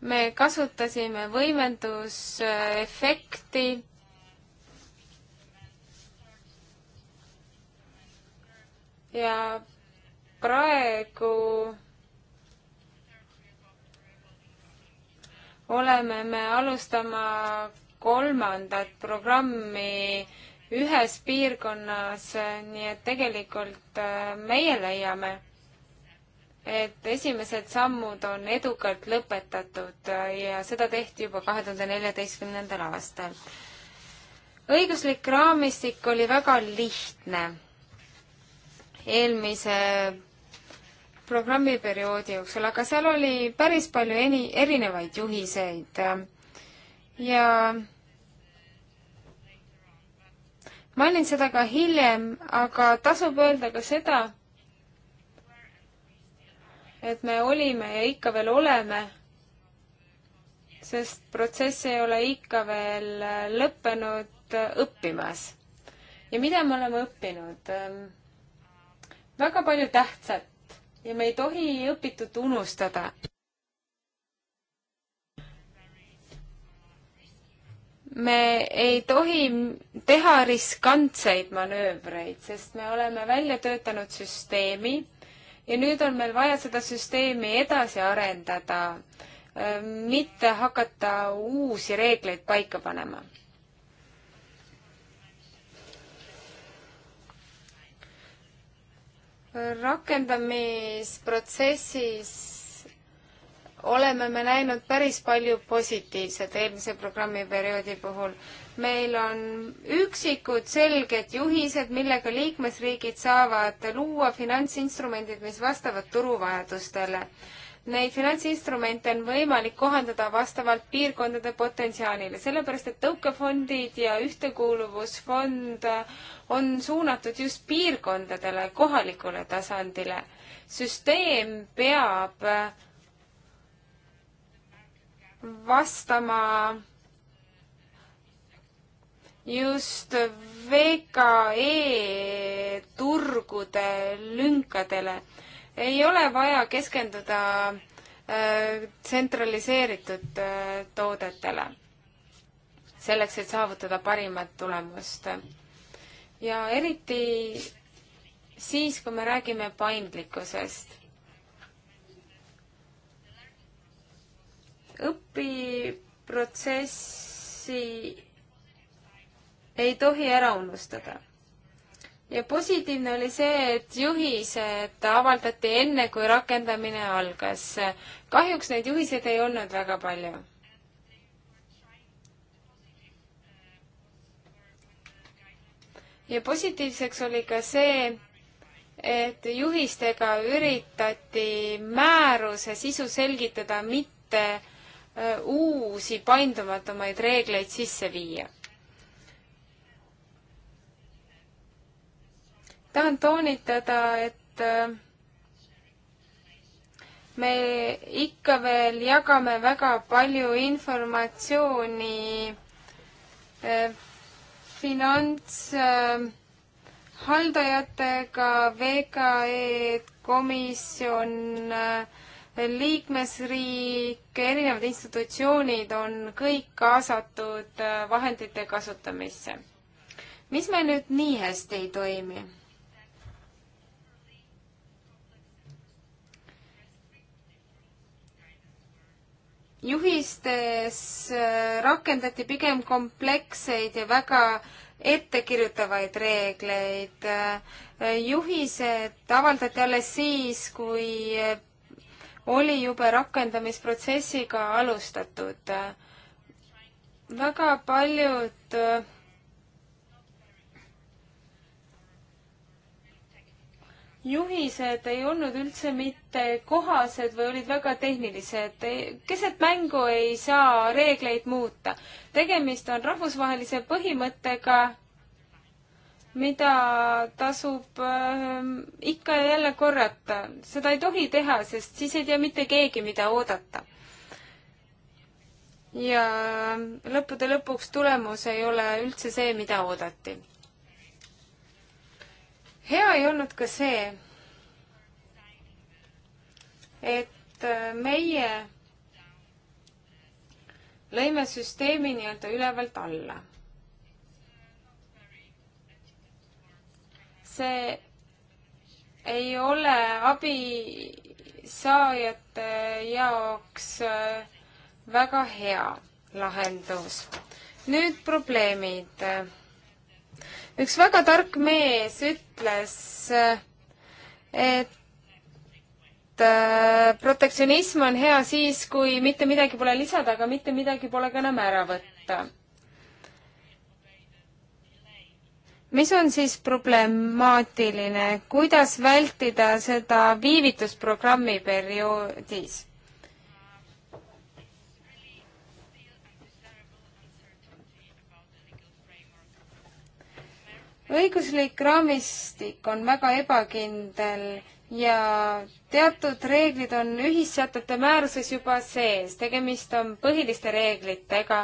me kasutasime võimendusefekti ja praegu oleme me alustama kolmandat programmi ühes piirkonnas, nii et tegelikult äh, meie leiame, et esimesed sammud on edukalt lõpetatud ja seda tehti juba kahe tuhande neljateistkümnendal aastal. õiguslik raamistik oli väga lihtne eelmise programmiperioodi jooksul, aga seal oli päris palju eni-, erinevaid juhiseid ja mainin seda ka hiljem, aga tasub öelda ka seda, et me olime ja ikka veel oleme, sest protsess ei ole ikka veel äh, lõppenud äh, õppimas. ja mida me oleme õppinud? Ähm, väga palju tähtsat ja me ei tohi õpitut unustada. me ei tohi teha riskantseid manöövreid, sest me oleme välja töötanud süsteemi ja nüüd on meil vaja seda süsteemi edasi arendada, äh, mitte hakata uusi reegleid paika panema. rakendamisprotsessis oleme me näinud päris palju positiivset eelmise programmiperioodi puhul meil on üksikud selged juhised, millega liikmesriigid saavad luua finantsinstrumendid, mis vastavad turuvajadustele. Neid finantsinstrumente on võimalik kohandada vastavalt piirkondade potentsiaalile, sellepärast et tõukefondid ja ühtekuuluvusfond on suunatud just piirkondadele, kohalikule tasandile. süsteem peab vastama just VKE turgude lünkadele. ei ole vaja keskenduda äh, tsentraliseeritud äh, toodetele, selleks et saavutada parimat tulemust. ja eriti siis, kui me räägime paindlikkusest. õpiprotsessi ei tohi ära unustada. ja positiivne oli see, et juhised avaldati enne, kui rakendamine algas. kahjuks neid juhiseid ei olnud väga palju. ja positiivseks oli ka see, et juhistega üritati määruse sisu selgitada, mitte äh, uusi paindumatumaid reegleid sisse viia tahan toonitada, et äh, me ikka veel jagame väga palju informatsiooni äh, finantshaldajatega, äh, VKE-d, komisjon, liikmesriik, erinevad institutsioonid on kõik kaasatud vahendite kasutamisse. mis meil nüüd nii hästi ei toimi? juhistes äh, rakendati pigem kompleksseid ja väga ettekirjutavaid reegleid. Äh, juhised avaldati alles siis, kui äh, oli juba rakendamisprotsessiga alustatud. väga paljud juhised ei olnud üldse mitte kohased või olid väga tehnilised. keset mängu ei saa reegleid muuta. tegemist on rahvusvahelise põhimõttega, mida tasub äh, ikka ja jälle korrata. seda ei tohi teha, sest siis ei tea mitte keegi, mida oodata ja lõppude lõpuks tulemus ei ole üldse see, mida oodati hea ei olnud ka see, et äh, meie lõime süsteemi nii-öelda ülevalt alla. see ei ole abisaajate jaoks äh, väga hea lahendus. nüüd probleemid üks väga tark mees ütles, et äh, protektsionism on hea siis, kui mitte midagi pole lisada, aga mitte midagi pole ka enam ära võtta. mis on siis problemaatiline, kuidas vältida seda viivitusprogrammi perioodis? õiguslik raamistik on väga ebakindel ja teatud reeglid on ühisseatajate määruses juba sees, tegemist on põhiliste reeglitega,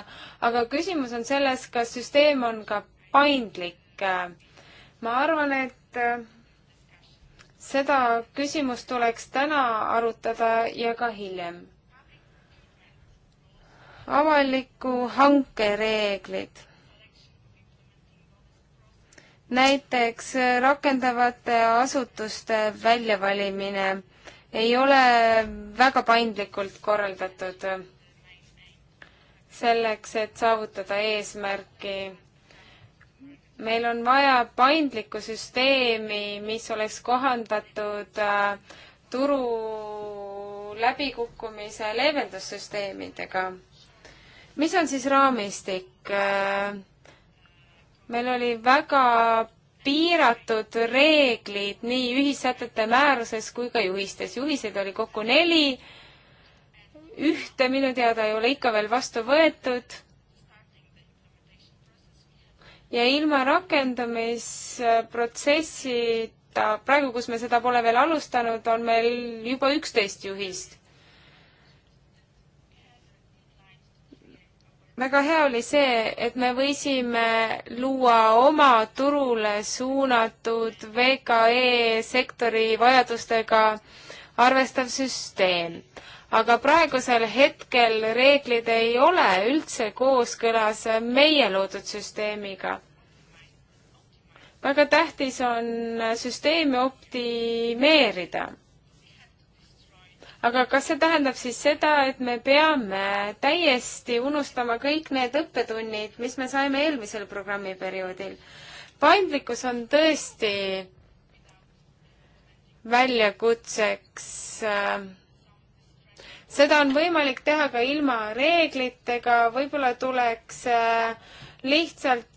aga küsimus on selles, kas süsteem on ka paindlik. ma arvan, et äh, seda küsimust tuleks täna arutada ja ka hiljem. avaliku hanke reeglid näiteks äh, rakendavate asutuste väljavalimine ei ole väga paindlikult korraldatud äh, selleks, et saavutada eesmärki. meil on vaja paindlikku süsteemi, mis oleks kohandatud äh, turu läbikukkumise leevendussüsteemidega. mis on siis raamistik äh, meil oli väga piiratud reeglid nii ühissätete määruses kui ka juhistes. juhiseid oli kokku neli, ühte minu teada ei ole ikka veel vastu võetud ja ilma rakendamisprotsessita, praegu, kus me seda pole veel alustanud, on meil juba üksteist juhist. väga hea oli see, et me võisime luua oma turule suunatud VKE sektori vajadustega arvestav süsteem. aga praegusel hetkel reeglid ei ole üldse kooskõlas meie loodud süsteemiga. väga tähtis on süsteemi optimeerida aga kas see tähendab siis seda, et me peame täiesti unustama kõik need õppetunnid, mis me saime eelmisel programmiperioodil? paindlikkus on tõesti väljakutseks. Äh, seda on võimalik teha ka ilma reeglitega, võib-olla tuleks äh, lihtsalt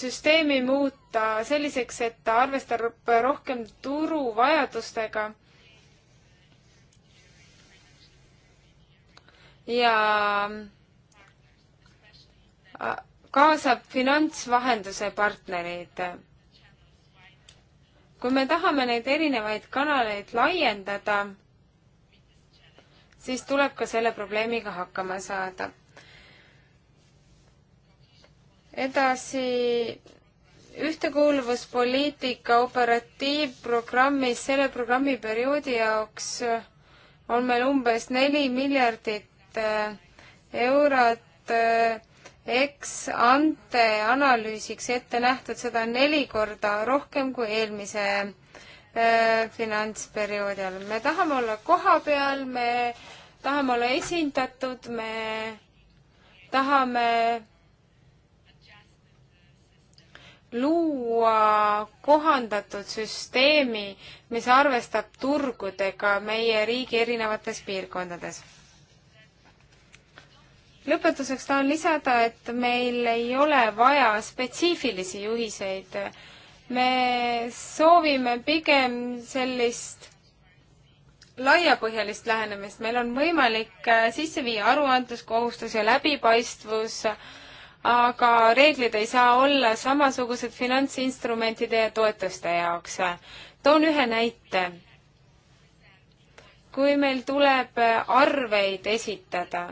süsteemi muuta selliseks, et ta arvestab rohkem turu vajadustega ja äh, kaasab finantsvahenduse partnerid. kui me tahame neid erinevaid kanaleid laiendada, siis tuleb ka selle probleemiga hakkama saada. edasi ühtekuuluvuspoliitika operatiivprogrammis selle programmi perioodi jaoks on meil umbes neli miljardit Äh, eurot äh, eks ante analüüsiks ette nähtud, seda on neli korda rohkem kui eelmise äh, finantsperioodi all. me tahame olla kohapeal, me tahame olla esindatud, me tahame luua kohandatud süsteemi, mis arvestab turgudega meie riigi erinevates piirkondades lõpetuseks tahan lisada, et meil ei ole vaja spetsiifilisi juhiseid. me soovime pigem sellist laiapõhjalist lähenemist, meil on võimalik äh, sisse viia aruandluskohustus ja läbipaistvus, aga reeglid ei saa olla samasugused finantsinstrumentide ja toetuste jaoks. toon ühe näite. kui meil tuleb arveid esitada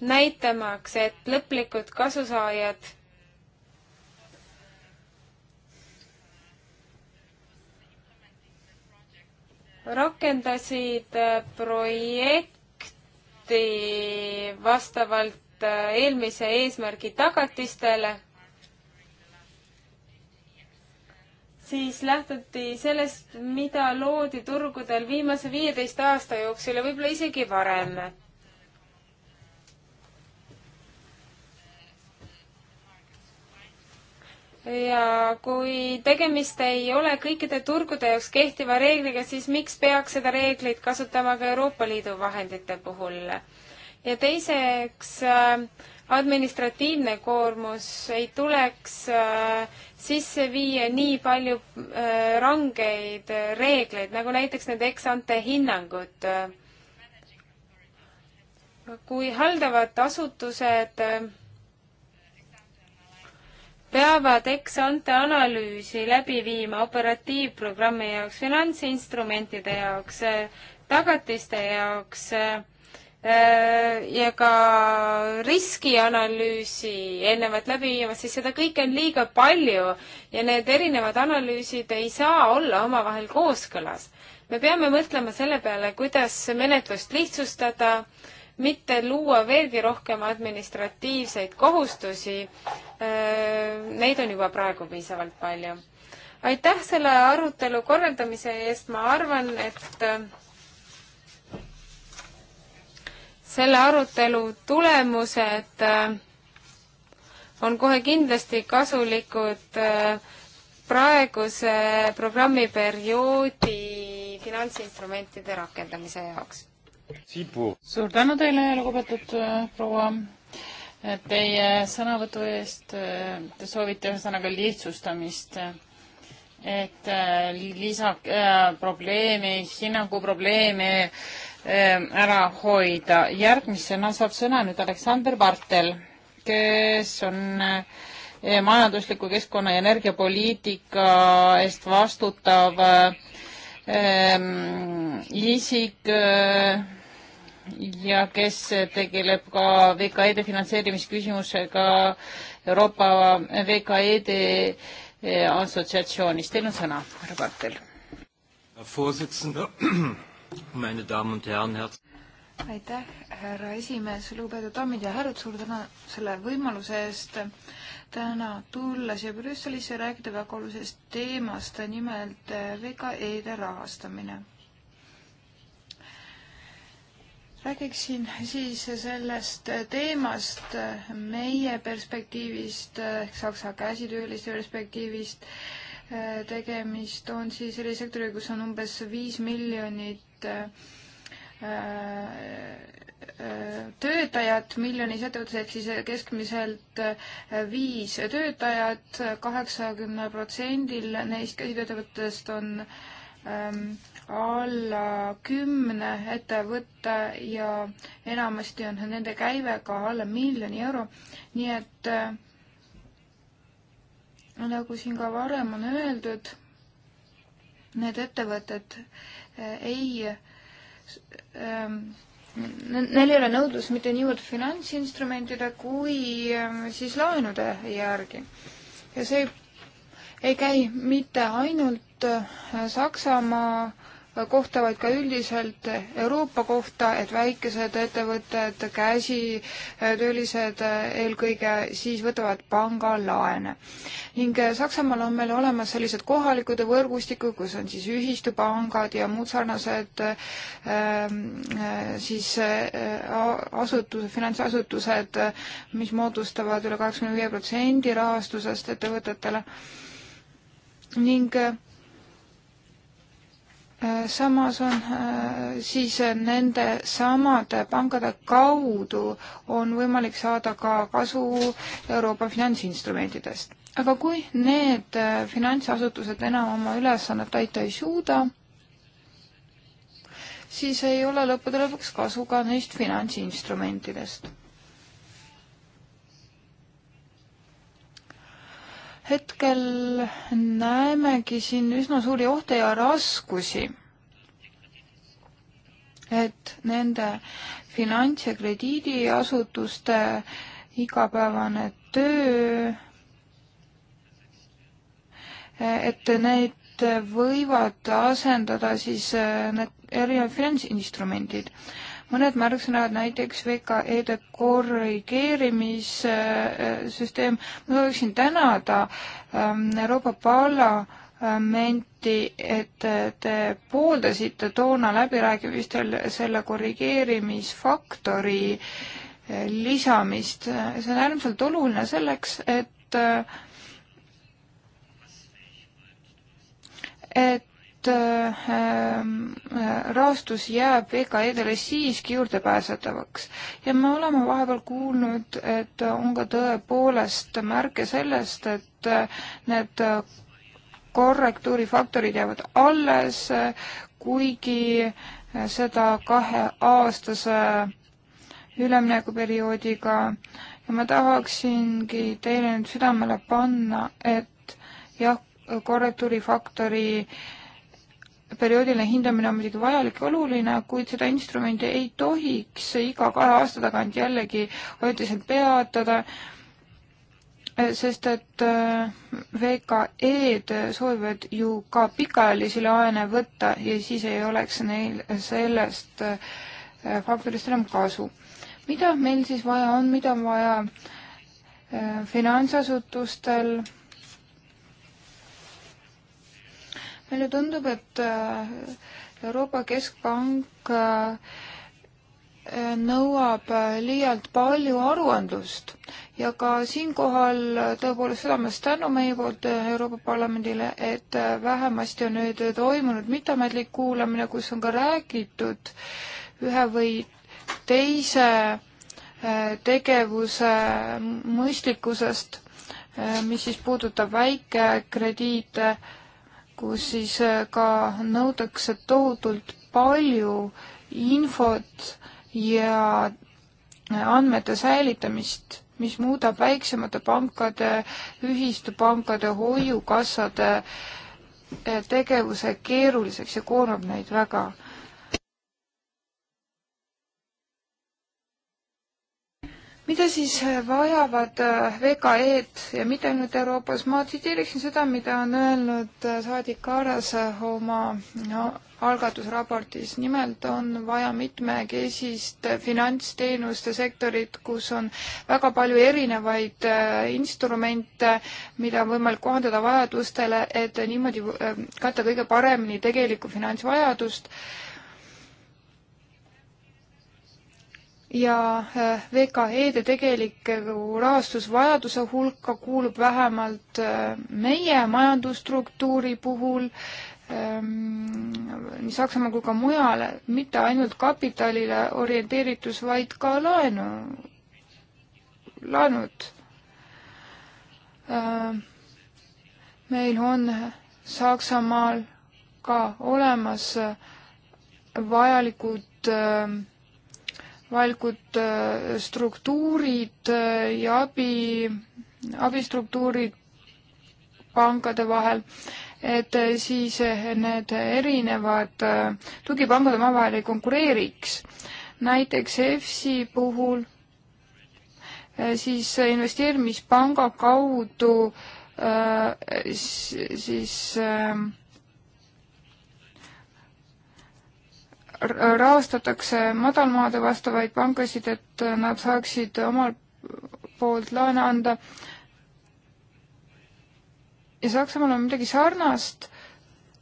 näitamaks, et lõplikud kasusaajad rakendasid äh, projekti vastavalt äh, eelmise eesmärgi tagatistele, siis lähtuti sellest, mida loodi turgudel viimase viieteist aasta jooksul ja võib-olla isegi varem ja kui tegemist ei ole kõikide turgude jaoks kehtiva reegliga, siis miks peaks seda reeglit kasutama ka Euroopa Liidu vahendite puhul? ja teiseks, äh, administratiivne koormus ei tuleks äh, sisse viia nii palju äh, rangeid reegleid, nagu näiteks need eksante hinnangud. kui haldavad asutused peavad ex-ante analüüsi läbi viima operatiivprogrammi jaoks, finantsinstrumentide jaoks, tagatiste jaoks äh, ja ka riskianalüüsi eelnevalt läbi viimas, siis seda kõike on liiga palju ja need erinevad analüüsid ei saa olla omavahel kooskõlas. me peame mõtlema selle peale, kuidas menetlust lihtsustada mitte luua veelgi rohkem administratiivseid kohustusi. Neid on juba praegu piisavalt palju. aitäh selle arutelu korraldamise eest, ma arvan, et selle arutelu tulemused on kohe kindlasti kasulikud praeguse programmiperioodi finantsinstrumentide rakendamise jaoks suur tänu teile, lugupeetud äh, proua, äh, teie sõnavõtu eest. Äh, te soovite ühesõnaga lihtsustamist, et lisa äh, probleemi, hinnangu probleemi äh, ära hoida. järgmisena saab sõna nüüd Aleksander Bartel, kes on äh, majandusliku keskkonna ja energiapoliitika eest vastutav äh, Ehm, isik äh, ja kes tegeleb ka VKE-de finantseerimisküsimusega Euroopa VKE-de äh, assotsiatsioonis. Teil on sõna, härra Partel. aitäh, härra esimees, lugupeetud daamid ja härrad, suur tänu selle võimaluse eest täna tulla siia Brüsselisse ja rääkida väga olulisest teemast, nimelt eh, VKE-de rahastamine. räägiksin siis sellest teemast eh, meie perspektiivist eh, ehk Saksa käsitööliste perspektiivist. tegemist on siis selline sektoriga, kus on umbes viis miljonit töötajat miljonis ettevõttes ehk siis keskmiselt äh, viis töötajat, kaheksakümne protsendil neist käsitöötajatest on ähm, alla kümne ettevõtte ja enamasti on nende käive ka alla miljoni euro, nii et äh, nagu siin ka varem on öeldud, need ettevõtted äh, ei äh, Ähm, neil ei ole nõudlus mitte niivõrd finantsinstrumentide kui ähm, siis laenude järgi. ja see ei käi mitte ainult äh, Saksamaa kohta, vaid ka üldiselt Euroopa kohta, et väikesed ettevõtted, käsitöölised eelkõige, siis võtavad pangalaene. ning Saksamaal on meil olemas sellised kohalikud võrgustikud, kus on siis ühistupangad ja muud sarnased ähm, siis äh, asutus, finantsasutused, mis moodustavad üle kaheksakümne viie protsendi rahastusest ettevõtetele ning äh, Äh, samas on äh, siis äh, nende samade pangade kaudu on võimalik saada ka kasu Euroopa finantsinstrumentidest. aga kui need finantsasutused enam oma ülesannet täita ei suuda, siis ei ole lõppude lõpuks kasu ka neist finantsinstrumentidest hetkel näemegi siin üsna suuri ohte ja raskusi, et nende finants- ja krediidiasutuste igapäevane töö, et neid võivad asendada siis need erinevad finantsinstrumendid mõned märksõnad, näiteks VKE-de korrigeerimissüsteem. ma sooviksin tänada ähm, Euroopa Parlamenti, et te pooldasite toona läbirääkimistel selle korrigeerimisfaktori äh, lisamist. see on äärmiselt oluline selleks, et äh, et et ähm, rahastus jääb VKE-dele siiski juurdepääsetavaks ja me oleme vahepeal kuulnud, et on ka tõepoolest märke sellest, et need korrektuurifaktorid jäävad alles, kuigi seda kaheaastase üleminekuperioodiga ja ma tahaksingi teile nüüd südamele panna, et jah, korrektuurifaktori äh, perioodiline hindamine on muidugi vajalik ja oluline, kuid seda instrumenti ei tohiks iga kahe aasta tagant jällegi ajutiselt peatada, sest et äh, VKE-d soovivad ju ka pikaajalisi laene võtta ja siis ei oleks neil sellest äh, faktorist enam kasu. mida meil siis vaja on, mida on vaja äh, finantsasutustel meile tundub, et äh, Euroopa Keskpank äh, nõuab äh, liialt palju aruandlust ja ka siinkohal tõepoolest südamest tänu meie poolt Euroopa Parlamendile, et vähemasti on nüüd toimunud mitteametlik kuulamine, kus on ka räägitud ühe või teise tegevuse mõistlikkusest, mis siis puudutab väikekrediite kus siis äh, ka nõutakse tohutult palju infot ja äh, andmete säilitamist, mis muudab väiksemate pankade, ühistupankade, hoiukassade äh, tegevuse keeruliseks ja koormab neid väga mida siis äh, vajavad äh, VKE-d ja mitte ainult Euroopas, ma tsiteeriksin seda, mida on öelnud äh, saadik Kaaras oma no, algatusraportis, nimelt on vaja mitmekesist finantsteenuste sektorit, kus on väga palju erinevaid instrumente, mida on võimalik kohandada vajadustele, et niimoodi katta kõige paremini tegelikku finantsvajadust ja äh, VKE-de tegeliku äh, rahastusvajaduse hulka kuulub vähemalt äh, meie majandusstruktuuri puhul ähm, nii Saksamaa kui ka mujal mitte ainult kapitalile orienteeritus, vaid ka laenu, laenud. Ähm, meil on Saksamaal ka olemas vajalikud äh, vajalikud äh, struktuurid äh, ja abi, abistruktuurid pankade vahel, et äh, siis need erinevad tugipangad omavahel ei konkureeriks. näiteks EFSi puhul siis investeerimispanga kaudu siis, siis ähm, rahastatakse madalmaade vastavaid pankasid, et nad saaksid omalt poolt laene anda. ja Saksamaal on midagi sarnast,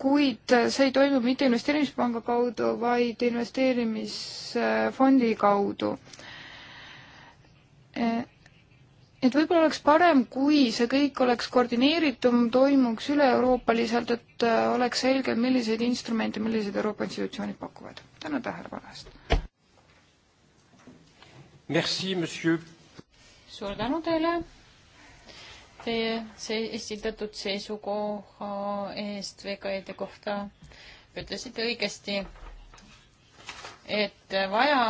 kuid see ei toimu mitte investeerimispanga kaudu, vaid investeerimisfondi kaudu et võib-olla oleks parem, kui see kõik oleks koordineeritum, toimuks üle-euroopaliselt, et äh, oleks selge, milliseid instrumente, millised Euroopa institutsioonid pakuvad. tänan tähelepanu eest! suur tänu teile teie see esitatud seisukoha eest VKE-de kohta. ütlesite õigesti, et vaja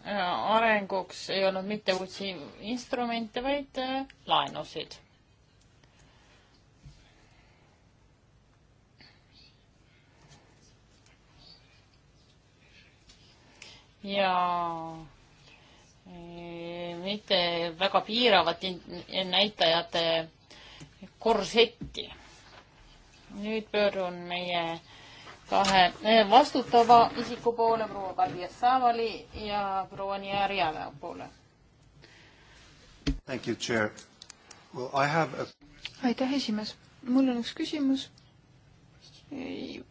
Äh, arenguks ei olnud mitte uusi instrumente, vaid äh, laenusid. ja äh, mitte väga piiravat näitajate korsetti. nüüd pöörun meie äh, kahe vastutava isiku poole, proua Kalvias Saavali ja proua Niariale poole. Well, a... aitäh, esimees. mul on üks küsimus.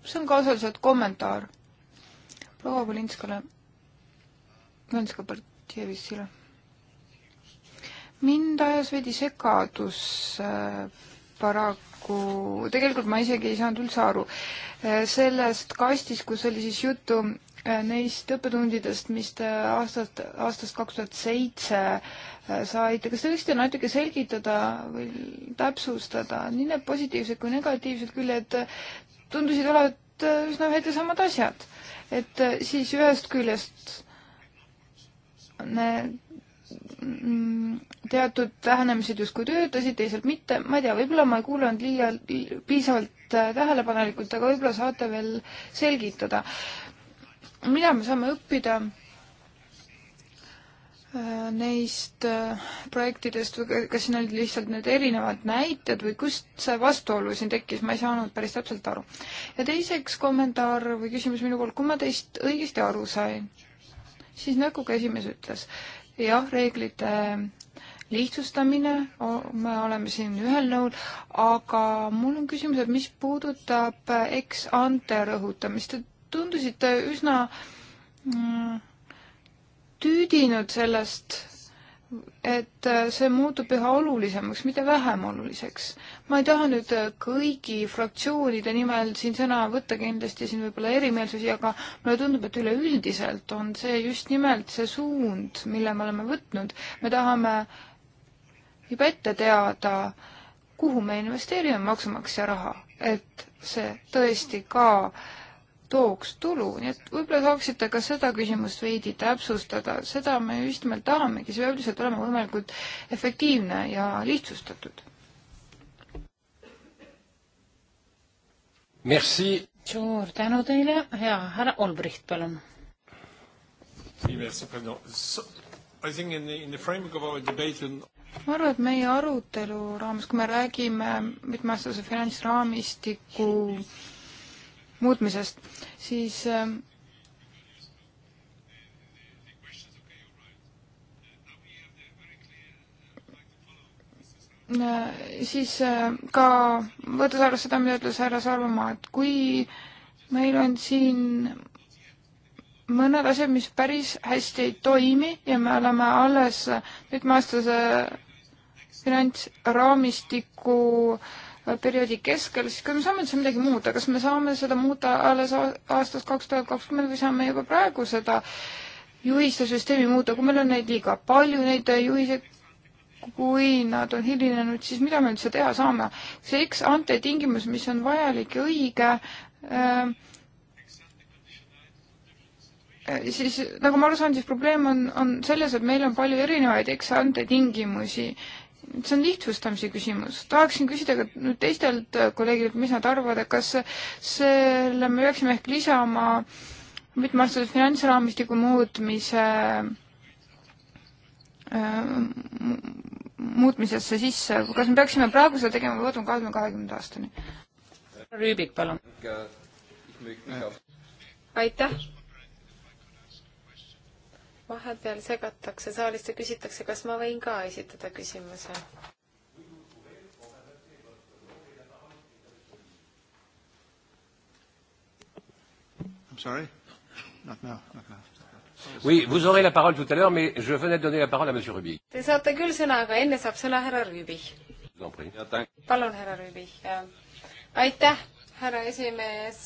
see on ka osaliselt kommentaar proua Polinskale, Võnska-Partjevissile. mind ajas veidi segadusse äh, paragrahv paraku, tegelikult ma isegi ei saanud üldse aru äh, sellest kastist, kus oli siis juttu äh, neist õppetundidest, mis te aastast, aastast kaks tuhat seitse äh, saite, kas te võiksite natuke selgitada või täpsustada nii need positiivsed kui negatiivsed küljed tundusid olevat üsna ühed ja samad asjad. et siis ühest küljest need Mm, teatud lähenemised justkui töötasid, teisalt mitte, ma ei tea, võib-olla ma ei kuulanud liialt, piisavalt äh, tähelepanelikult, aga võib-olla saate veel selgitada. mida me saame õppida äh, neist äh, projektidest või kas siin olid lihtsalt need erinevad näited või kust see vastuolu siin tekkis, ma ei saanud päris täpselt aru. ja teiseks kommentaar või küsimus minu poolt, kui ma teist õigesti aru sain, siis nagu ka esimees ütles, jah, reeglite eh, lihtsustamine, me oleme siin ühel nõul, aga mul on küsimus, et mis puudutab eh, ex-ante rõhutamist, te tundusite üsna mm, tüüdinud sellest, et eh, see muutub üha olulisemaks, mitte vähem oluliseks ma ei taha nüüd äh, kõigi fraktsioonide nimel siin sõna võtta, kindlasti siin võib olla erimeelsusi, aga mulle tundub, et üleüldiselt on see just nimelt see suund, mille me oleme võtnud. me tahame juba ette teada, kuhu me investeerime maksumaksja raha, et see tõesti ka tooks tulu, nii et võib-olla saaksite ka seda küsimust veidi täpsustada, seda me just nimelt tahamegi, see peab lihtsalt olema võimalikult efektiivne ja lihtsustatud Merci. suur tänu teile, hea härra Olbricht, palun. ma arvan, et meie arutelu raames, kui me räägime mitmeaastase finantsraamistiku muutmisest, siis äh, Äh, siis äh, ka võttes arvesse seda, mida ütles härra Sarvamaa, et kui meil on siin mõned asjad, mis päris hästi ei toimi ja me oleme alles mitmeaastase finantsraamistiku äh, perioodi keskel, siis kas me saame üldse midagi muuta, kas me saame seda muuta alles aastast kaks tuhat kakskümmend või saame juba praegu seda juhiste süsteemi muuta, kui meil on neid liiga palju, neid juhiseid kui nad on hilinenud, siis mida me üldse teha saame? see ex-ante tingimus, mis on vajalik ja õige ähm, äh,, siis nagu ma aru saan, siis probleem on, on selles, et meil on palju erinevaid ex-ante tingimusi. see on lihtsustamise küsimus. tahaksin küsida ka nüüd teistelt kolleegilt, mis nad arvavad, et kas selle me peaksime ehk lisama mitmeaastase finantsraamistiku muutmise äh, muutmisesse sisse, kas me peaksime praegu seda tegema või ootame kahekümne kahekümnenda aastani? Rüübik, palun. aitäh. vahepeal segatakse saalist ja küsitakse, kas ma võin ka esitada küsimuse. Sorry, not now, not now. Oui, vous aurez la parole tout à l'heure, mais je venais de donner la parole à monsieur Rübi. Te saate küll sõna, aga enne saab sõna härra Rübi. palun, härra Rübi. Äh, aitäh, härra esimees.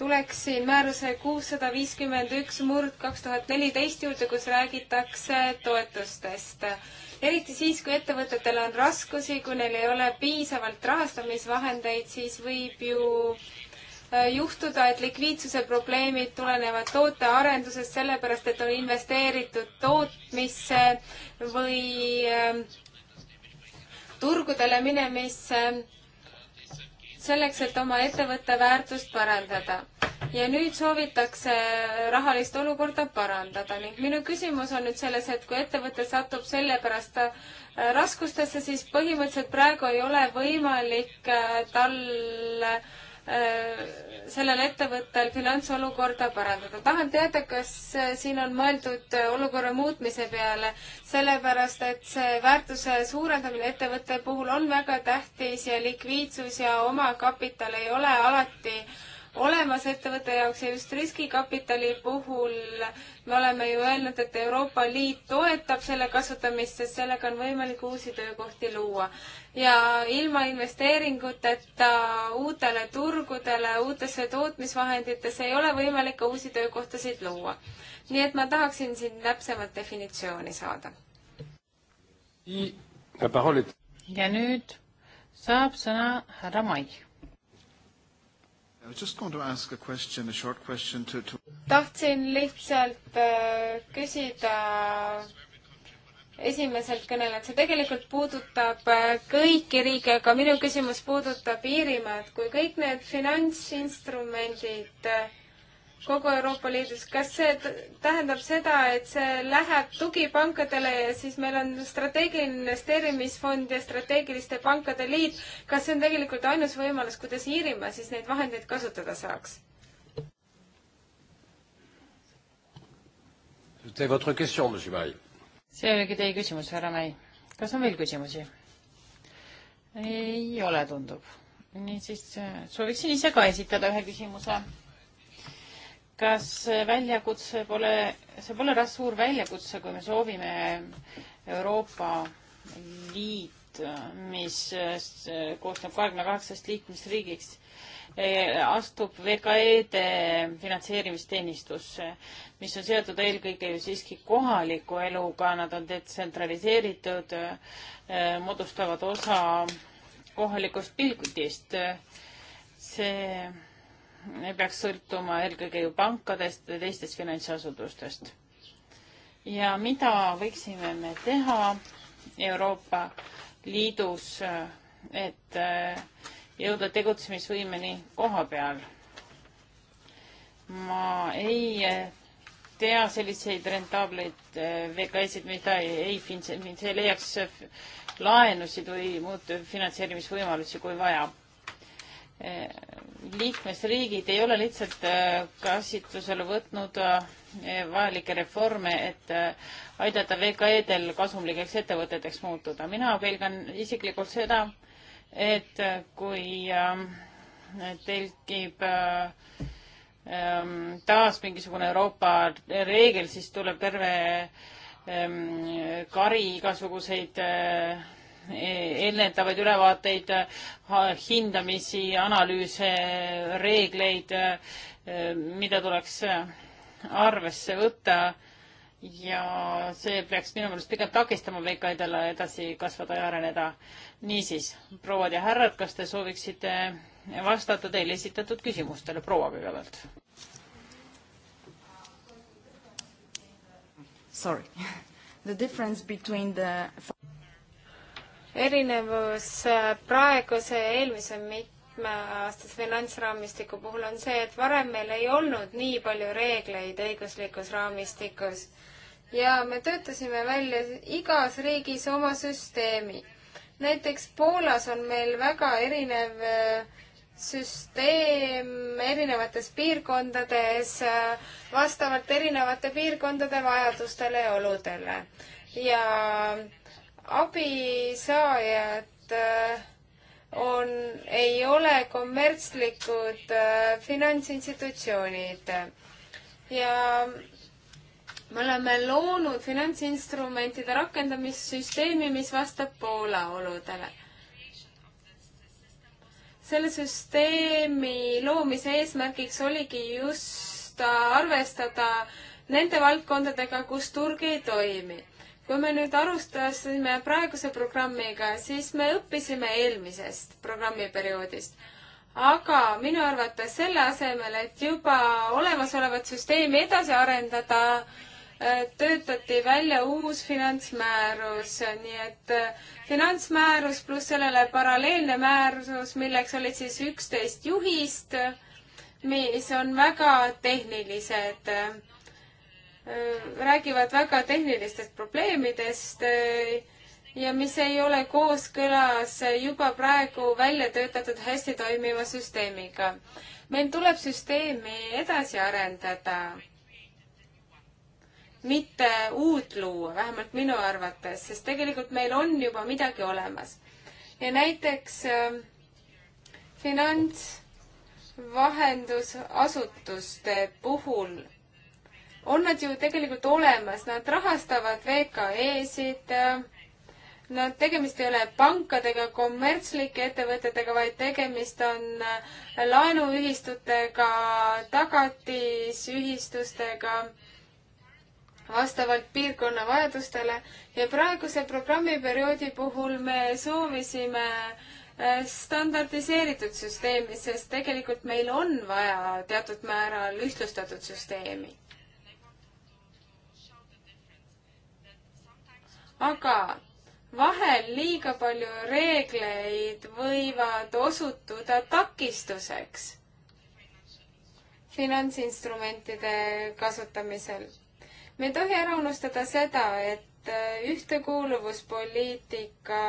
tuleksin määruse kuussada viiskümmend üks murd kaks tuhat neliteist juurde, kus räägitakse toetustest eriti siis, kui ettevõtetel on raskusi, kui neil ei ole piisavalt rahastamisvahendeid, siis võib ju Äh, juhtuda, et likviidsuse probleemid tulenevad tootearendusest, sellepärast et on investeeritud tootmisse või ähm, turgudele minemisse selleks, et oma ettevõtte väärtust parandada. ja nüüd soovitakse rahalist olukorda parandada ning minu küsimus on nüüd selles, et kui ettevõte satub sellepärast äh, raskustesse, siis põhimõtteliselt praegu ei ole võimalik äh, tal Äh, sellel ettevõttel finantsolukorda parandada. tahan teada, kas äh, siin on mõeldud äh, olukorra muutmise peale, sellepärast et see väärtuse suurendamine ettevõtte puhul on väga tähtis ja likviidsus ja omakapital ei ole alati äh, olemas ettevõtte jaoks ja just riskikapitali puhul me oleme ju öelnud, et Euroopa Liit toetab selle kasutamist, sest sellega on võimalik uusi töökohti luua. ja ilma investeeringuteta uutele turgudele, uutesse tootmisvahenditesse ei ole võimalik ka uusi töökohtasid luua. nii et ma tahaksin siin täpsemat definitsiooni saada. ja nüüd saab sõna härra Mai tahtsin lihtsalt äh, küsida esimeselt kõnelejalt, see tegelikult puudutab äh, kõiki riike, aga minu küsimus puudutab Iirimaad. kui kõik need finantsinstrumendid äh, kogu Euroopa Liidus. kas see tähendab seda, et see läheb tugipankadele ja siis meil on strateegiline investeerimisfond ja strateegiliste pankade liit, kas see on tegelikult ainus võimalus, kuidas Iirimaa siis neid vahendeid kasutada saaks? see oligi teie küsimus, härra Mäi. kas on veel küsimusi? ei ole, tundub. niisiis äh, sooviksin ise ka esitada ühe küsimuse kas väljakutse pole, see pole suur väljakutse, kui me soovime Euroopa Liit, mis äh, koosneb kahekümne kaheksast liikmesriigist, äh, astub VKE-de finantseerimisteenistusse, mis on seotud eelkõige ju siiski kohaliku eluga, nad on detsentraliseeritud, äh, moodustavad osa kohalikust pilgutist. see ei peaks sõltuma eelkõige ju pankadest ja teistest finantsasutustest. ja mida võiksime me teha Euroopa Liidus, et äh, jõuda tegutsemisvõimeni koha peal? ma ei äh, tea selliseid rentaableid äh, VKS-id, mida ei, ei, ei leiaks laenusid või muud finantseerimisvõimalusi, kui vaja liikmesriigid ei ole lihtsalt äh, kasutusele võtnud äh, vajalikke reforme, et äh, aidata VKE-del kasumlikeks ettevõteteks muutuda. mina pelgan isiklikult seda, et kui tekib ähm, taas mingisugune Euroopa reegel, siis tuleb terve ähm, kari igasuguseid ennetavaid ülevaateid, hindamisi, analüüse, reegleid, mida tuleks arvesse võtta ja see peaks minu meelest pigem takistama VKI-del edasi kasvada ja areneda. niisiis, prouad ja härrad, kas te sooviksite vastata teile esitatud küsimustele, proua kõigepealt? Sorry, the difference between the erinevus äh, praeguse ja eelmise mitmeaastase finantsraamistiku puhul on see, et varem meil ei olnud nii palju reegleid õiguslikus raamistikus ja me töötasime välja igas riigis oma süsteemi. näiteks Poolas on meil väga erinev äh, süsteem erinevates piirkondades äh, vastavalt erinevate piirkondade vajadustele ja oludele ja abisaajad äh, on, ei ole kommertslikud äh, finantsinstitutsioonid ja me oleme loonud finantsinstrumentide rakendamissüsteemi, mis vastab Poola oludele selle süsteemi loomise eesmärgiks oligi just arvestada nende valdkondadega, kus turg ei toimi kui me nüüd alustasime praeguse programmiga, siis me õppisime eelmisest programmiperioodist. aga minu arvates selle asemel, et juba olemasolevat süsteemi edasi arendada, äh, töötati välja uus finantsmäärus, nii et äh, finantsmäärus pluss sellele paralleelne määrus, milleks olid siis üksteist juhist, mis on väga tehnilised Äh, räägivad väga tehnilistest probleemidest äh, ja mis ei ole kooskõlas juba praegu välja töötatud hästi toimiva süsteemiga. meil tuleb süsteemi edasi arendada, mitte uut luua, vähemalt minu arvates, sest tegelikult meil on juba midagi olemas. ja näiteks äh, finantsvahendusasutuste puhul on nad ju tegelikult olemas, nad rahastavad VKE-sid, nad, tegemist ei ole pankadega, kommertslike ettevõtetega, vaid tegemist on laenuühistutega, tagatisühistustega vastavalt piirkonna vajadustele ja praeguse programmiperioodi puhul me soovisime äh, standardiseeritud süsteemi, sest tegelikult meil on vaja teatud määral ühtlustatud süsteemi. aga vahel liiga palju reegleid võivad osutuda takistuseks finantsinstrumentide kasutamisel. me ei tohi ära unustada seda, et äh, ühtekuuluvuspoliitika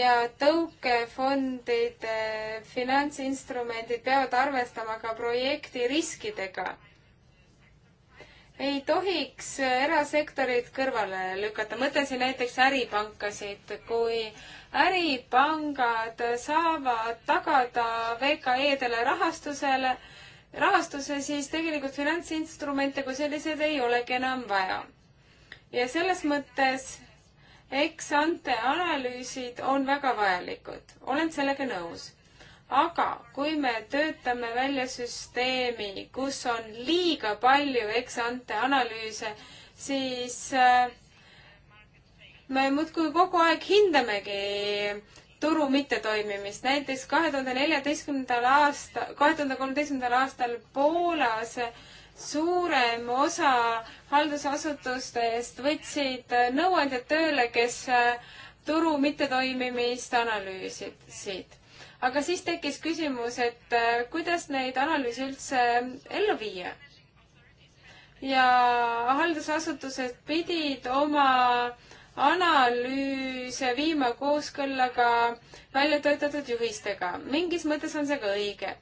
ja tõukefondide finantsinstrumendid peavad arvestama ka projekti riskidega ei tohiks äh, erasektorit kõrvale lükata, mõtlen siin näiteks äripankasid, kui äripangad saavad tagada VKE-dele rahastusele, rahastuse, siis tegelikult finantsinstrumente kui selliseid ei olegi enam vaja. ja selles mõttes eks ante analüüsid on väga vajalikud, olen sellega nõus aga kui me töötame välja süsteemi, kus on liiga palju eksante analüüse, siis äh, me muudkui kogu aeg hindamegi turu mittetoimimist. näiteks kahe tuhande neljateistkümnendal aasta, kahe tuhande kolmeteistkümnendal aastal Poolas suurem osa haldusasutustest võtsid nõuandjad tööle, kes äh, turu mittetoimimist analüüsisid aga siis tekkis küsimus, et äh, kuidas neid analüüse üldse äh, ellu viia. ja haldusasutused pidid oma analüüse viima kooskõlla ka välja töötatud juhistega. mingis mõttes on see ka õige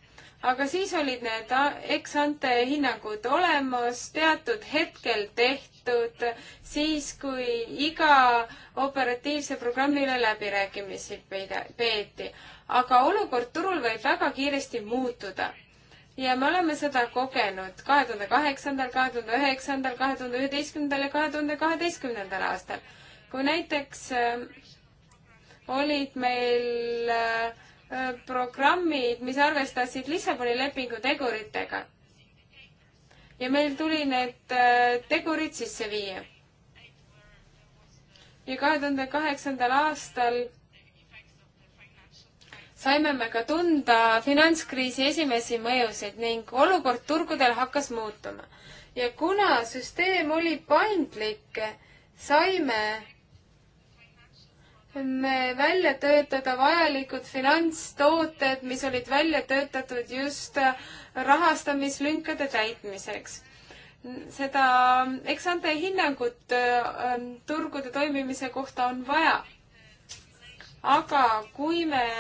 aga siis olid need ex-ante hinnangud olemas, teatud hetkel tehtud, siis kui iga operatiivse programmi üle läbirääkimisi peeti. aga olukord turul võib väga kiiresti muutuda. ja me oleme seda kogenud kahe tuhande kaheksandal, kahe tuhande üheksandal, kahe tuhande üheteistkümnendal ja kahe tuhande kaheteistkümnendal aastal. kui näiteks äh, olid meil äh, Äh, programmid, mis arvestasid Lissaboni lepingu teguritega. ja meil tuli need äh, tegurid sisse viia. ja kahe tuhande kaheksandal aastal saime me ka tunda finantskriisi esimesi mõjusid ning olukord turgudel hakkas muutuma. ja kuna süsteem oli paindlik, saime me välja töötada vajalikud finantstooted, mis olid välja töötatud just äh, rahastamislünkade täitmiseks. seda äh, eksante hinnangut äh, ähm, turgude toimimise kohta on vaja. aga kui me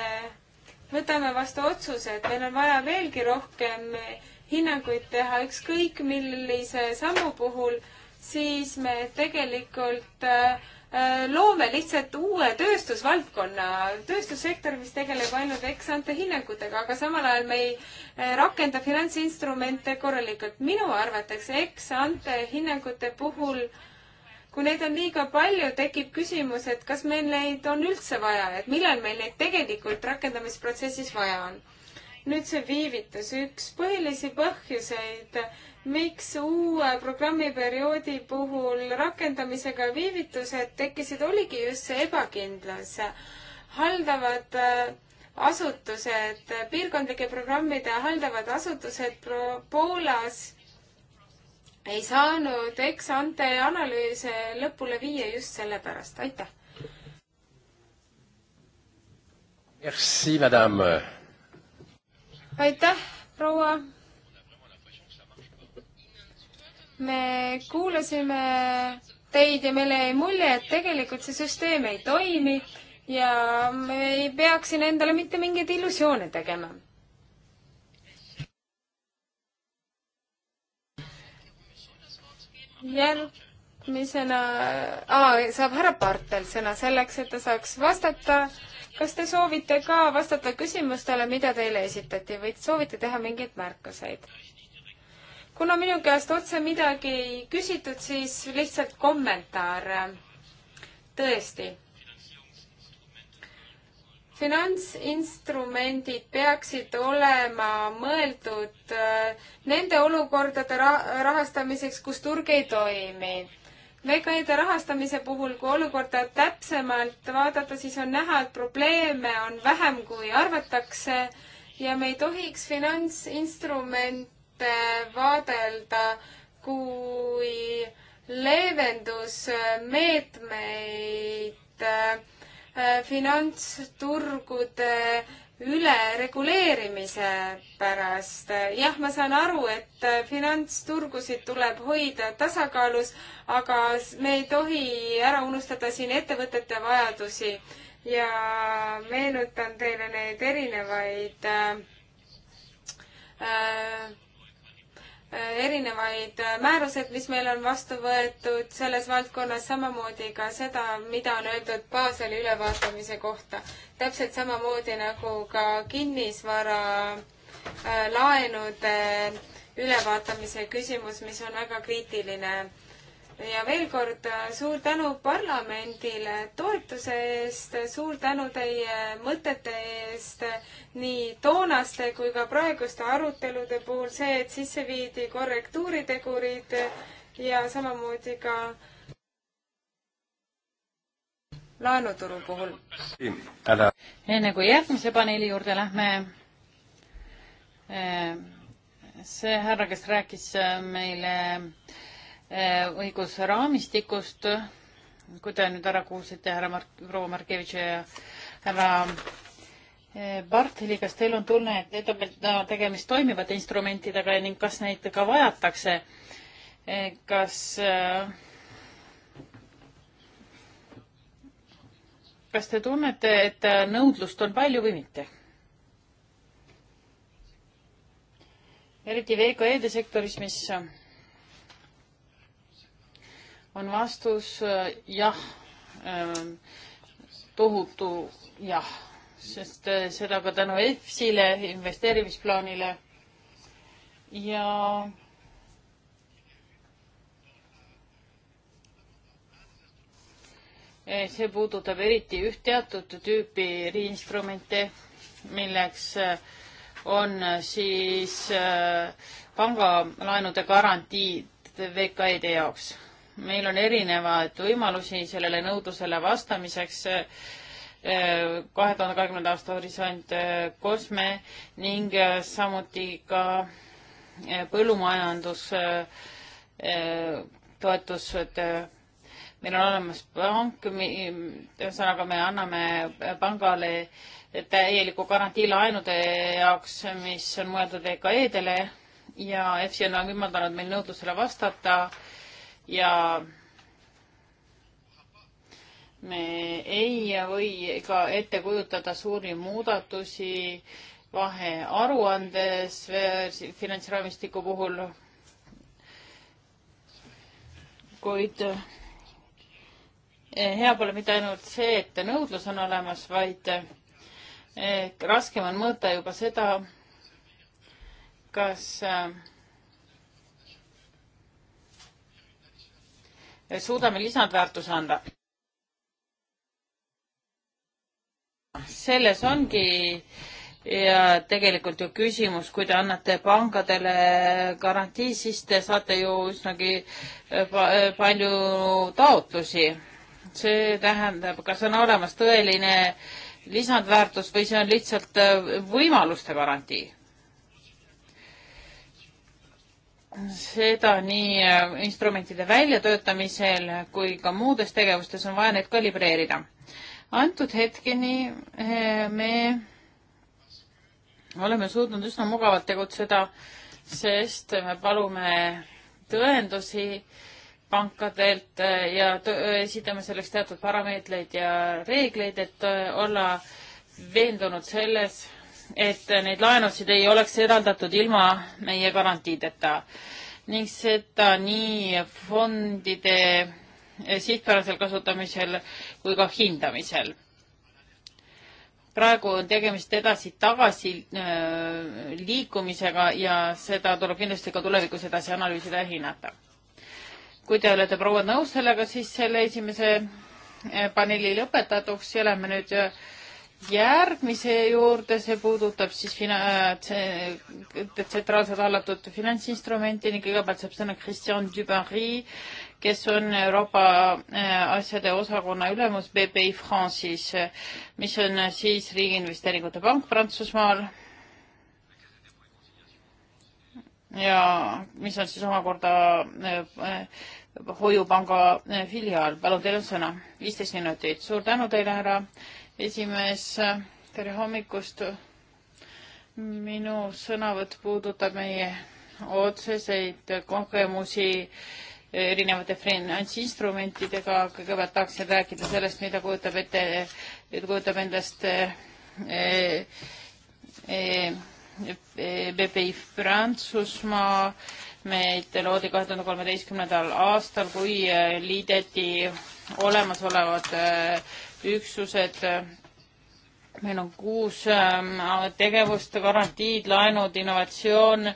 võtame vastu otsuse, et meil on vaja veelgi rohkem äh, hinnanguid teha ükskõik millise sammu puhul, siis me tegelikult äh, Äh, loome lihtsalt uue tööstusvaldkonna, tööstussektor, mis tegeleb ainult eksante hinnangutega, aga samal ajal me ei äh, rakenda finantsinstrumente korralikult. minu arvates eksante hinnangute puhul kui neid on liiga palju, tekib küsimus, et kas meil neid on üldse vaja, et millal meil neid tegelikult rakendamisprotsessis vaja on. nüüd see viivitus, üks põhilisi põhjuseid miks uue programmiperioodi puhul rakendamisega viivitused tekkisid, oligi just see ebakindlus. haldavad äh, asutused, piirkondlike programmide haldavad asutused pro Poolas ei saanud eksante analüüse lõpule viia just sellepärast, aitäh. Merci, madame. aitäh, proua me kuulasime teid ja meile jäi mulje, et tegelikult see süsteem ei toimi ja me ei peaks siin endale mitte mingeid illusioone tegema. järgmisena ah,, saab härra Partel sõna selleks, et ta saaks vastata. kas te soovite ka vastata küsimustele, mida teile esitati või soovite teha mingeid märkuseid? kuna minu käest otse midagi ei küsitud, siis lihtsalt kommentaar. tõesti. finantsinstrumendid peaksid olema mõeldud äh, nende olukordade rahastamiseks, kus turg ei toimi VKE-de rahastamise puhul, kui olukorda täpsemalt vaadata, siis on näha, et probleeme on vähem, kui arvatakse ja me ei tohiks finantsinstrument vaadelda kui leevendusmeetmeid äh, finantsturgude ülereguleerimise pärast. jah, ma saan aru, et äh, finantsturgusid tuleb hoida tasakaalus, aga me ei tohi ära unustada siin ettevõtete vajadusi ja meenutan teile neid erinevaid äh, äh, erinevaid määruseid, mis meil on vastu võetud selles valdkonnas, samamoodi ka seda, mida on öeldud baasali ülevaatamise kohta. täpselt samamoodi nagu ka kinnisvara äh, laenude ülevaatamise küsimus, mis on väga kriitiline ja veel kord äh, suur tänu parlamendile toetuse eest, suur tänu teie mõtete eest nii toonaste kui ka praeguste arutelude puhul, see, et sisse viidi korrektuuritegurid ja samamoodi ka laenuturu puhul. enne kui nagu järgmise paneeli juurde lähme, eh, see härra, kes rääkis eh, meile äh, Äh, õigusraamistikust. kui te nüüd ära kuulsite härra Mark, proua Markevitši ja härra äh, Bartli, kas teil on tunne, et need on tegemist toimivate instrumentidega ning kas neid ka vajatakse? Äh, kas kas te tunnete, et nõudlust on palju või mitte? eriti VKE-de sektoris, mis on vastus äh, jah, ähm, tohutu jah, sest äh, seda ka tänu EFSile, investeerimisplaanile ja äh, see puudutab eriti üht teatud tüüpi instrumente, milleks on siis pangalaenude garantiid VKE-de jaoks meil on erinevaid võimalusi sellele nõudlusele vastamiseks, kahe tuhande kahekümnenda aasta horisont Kosme ning samuti ka põllumajandus toetused. meil on olemas pank, ühesõnaga me anname pangale täieliku garantii laenude jaoks, mis on mõeldud EKE-dele ja EFSI on võimaldanud meil nõudlusele vastata äh, ja me ei või ka ette kujutada suuri muudatusi vahearuandes finantsraamistiku puhul, kuid eh, hea pole mitte ainult see, et nõudlus on olemas, vaid eh, raskem on mõõta juba seda, kas äh, suudame lisandväärtuse anda. selles ongi ja tegelikult ju küsimus, kui te annate pangadele garantii, siis te saate ju üsnagi eh, eh, palju taotlusi. see tähendab, kas on olemas tõeline lisandväärtus või see on lihtsalt eh, võimaluste garantii seda nii äh, instrumentide väljatöötamisel kui ka muudes tegevustes on vaja neid kalibreerida. antud hetkeni äh, me oleme suutnud üsna mugavalt tegutseda, sest me palume tõendusi pankadelt äh, ja esitame selleks teatud parameetreid ja reegleid, et olla veendunud selles, et neid laenusid ei oleks eraldatud ilma meie garantiideta ning seda nii fondide sihtpärasel kasutamisel kui ka hindamisel. praegu on tegemist edasi-tagasi äh, liikumisega ja seda tuleb kindlasti ka tulevikus edasi analüüsida ja hinnata. kui te olete proua nõus sellega, siis selle esimese äh, paneeli lõpetatuks ja lähme nüüd äh, järgmise juurde, see puudutab siis fina-, tsentraalselt hallatud finantsinstrumenti ning kõigepealt saab sõna Christian Dubarry, kes on Euroopa äh, asjade osakonna ülemus BPI France'is, mis on siis Riigi Investeeringute Pank Prantsusmaal. ja mis on siis omakorda äh, hoiupanga äh, filiaal. palun, teil on sõna. viisteist minutit. suur tänu teile, härra esimees, tere hommikust. minu sõnavõtt puudutab meie otseseid kogemusi erinevate finantsinstrumentidega. kõigepealt tahaksin rääkida sellest, mida kujutab ette, kujutab endast eh, eh, eh, BPI Prantsusmaa. meid loodi kahe tuhande kolmeteistkümnendal aastal, kui liideti olemasolevad üksused. meil on kuus ähm, tegevust, garantiid, laenud, innovatsioon,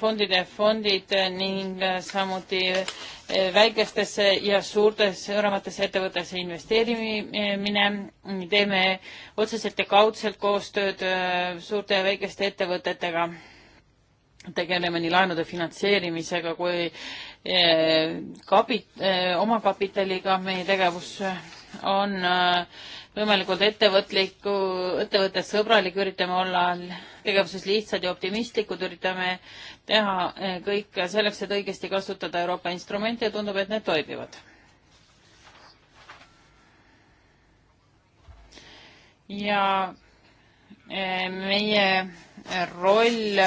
fondide fondid ning äh, samuti äh, väikestesse ja suurtes, suurematesse ettevõttesse investeerimine. teeme otseselt ja kaudselt koostööd äh, suurte ja väikeste ettevõtetega tegeleme nii laenude finantseerimisega kui kapit-, omakapitaliga, meie tegevus on äh, võimalikult ettevõtliku, ettevõttes sõbralik, üritame olla tegevuses lihtsad ja optimistlikud, üritame teha äh, kõik selleks, et õigesti kasutada Euroopa instrumente ja tundub, et need toimivad. ja äh, meie roll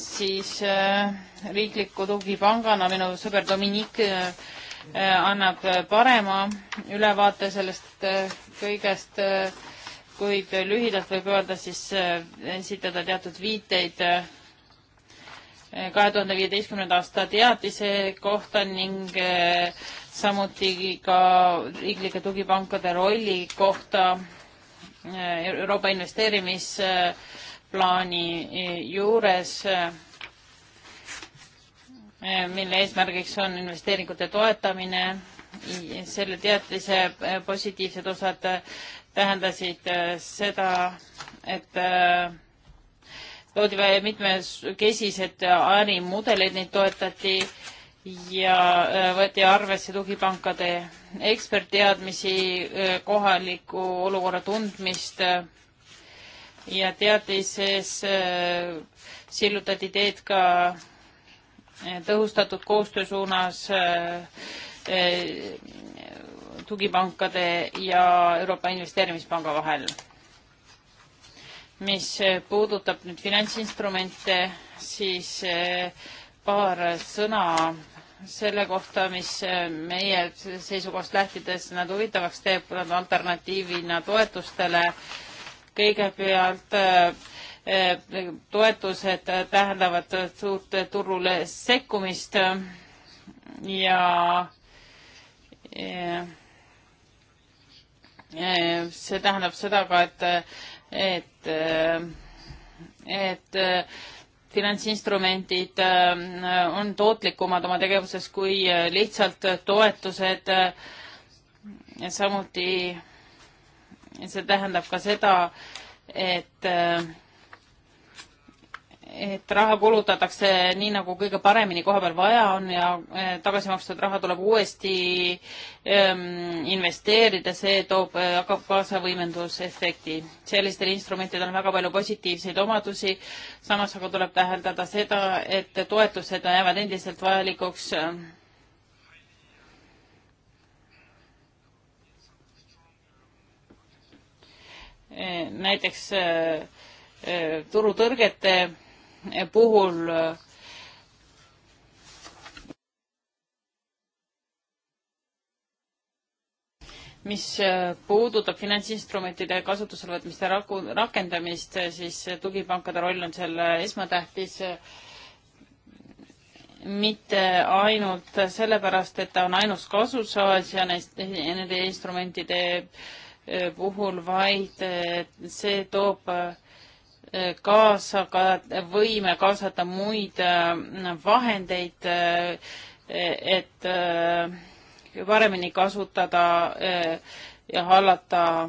siis riikliku tugipangana, minu sõber Dominik Äh, annab äh, parema ülevaate sellest äh, kõigest, kuid lühidalt võib öelda siis esitada teatud viiteid kahe tuhande viieteistkümnenda aasta teatise kohta ning samuti ka riiklike tugipankade rolli kohta Euroopa investeerimisplaani juures Äh, mille eesmärgiks on investeeringute toetamine. selle teatise äh, positiivsed osad äh, tähendasid seda, et loodi mitmekesised ärimudeleid, neid toetati ja võeti arvesse tugipankade ekspertteadmisi, kohaliku olukorra tundmist ja teadises sillutati teed ka tõhustatud koostöö suunas eh, eh, tugipankade ja Euroopa Investeerimispanga vahel. mis puudutab nüüd finantsinstrumente, siis eh, paar sõna selle kohta, mis meie seisukohast lähtudes nad huvitavaks teeb alternatiivina toetustele. kõigepealt äh, toetused tähendavad suurt turule sekkumist ja see tähendab seda ka, et, et, et finantsinstrumendid äh, on tootlikumad oma tegevuses kui lihtsalt toetused. samuti see tähendab ka seda, et äh, et raha kulutatakse nii, nagu kõige paremini koha peal vaja on ja eh, tagasi makstud raha tuleb uuesti ähm, investeerida, see toob, eh, hakkab kaasa võimendusefekti. sellistel instrumentidel on väga palju positiivseid omadusi, samas aga tuleb täheldada seda, et toetused jäävad endiselt vajalikuks eh, näiteks äh, turutõrgete puhul mis puudutab finantsinstrumentide kasutusele võtmist ja rakendamist, siis tugipankade roll on seal esmatähtis mitte ainult sellepärast, et ta on ainus kasusaaja neist, nende instrumentide puhul, vaid see toob äh, kaasa ka võime kaasata muid äh, vahendeid, äh, et äh, paremini kasutada ja hallata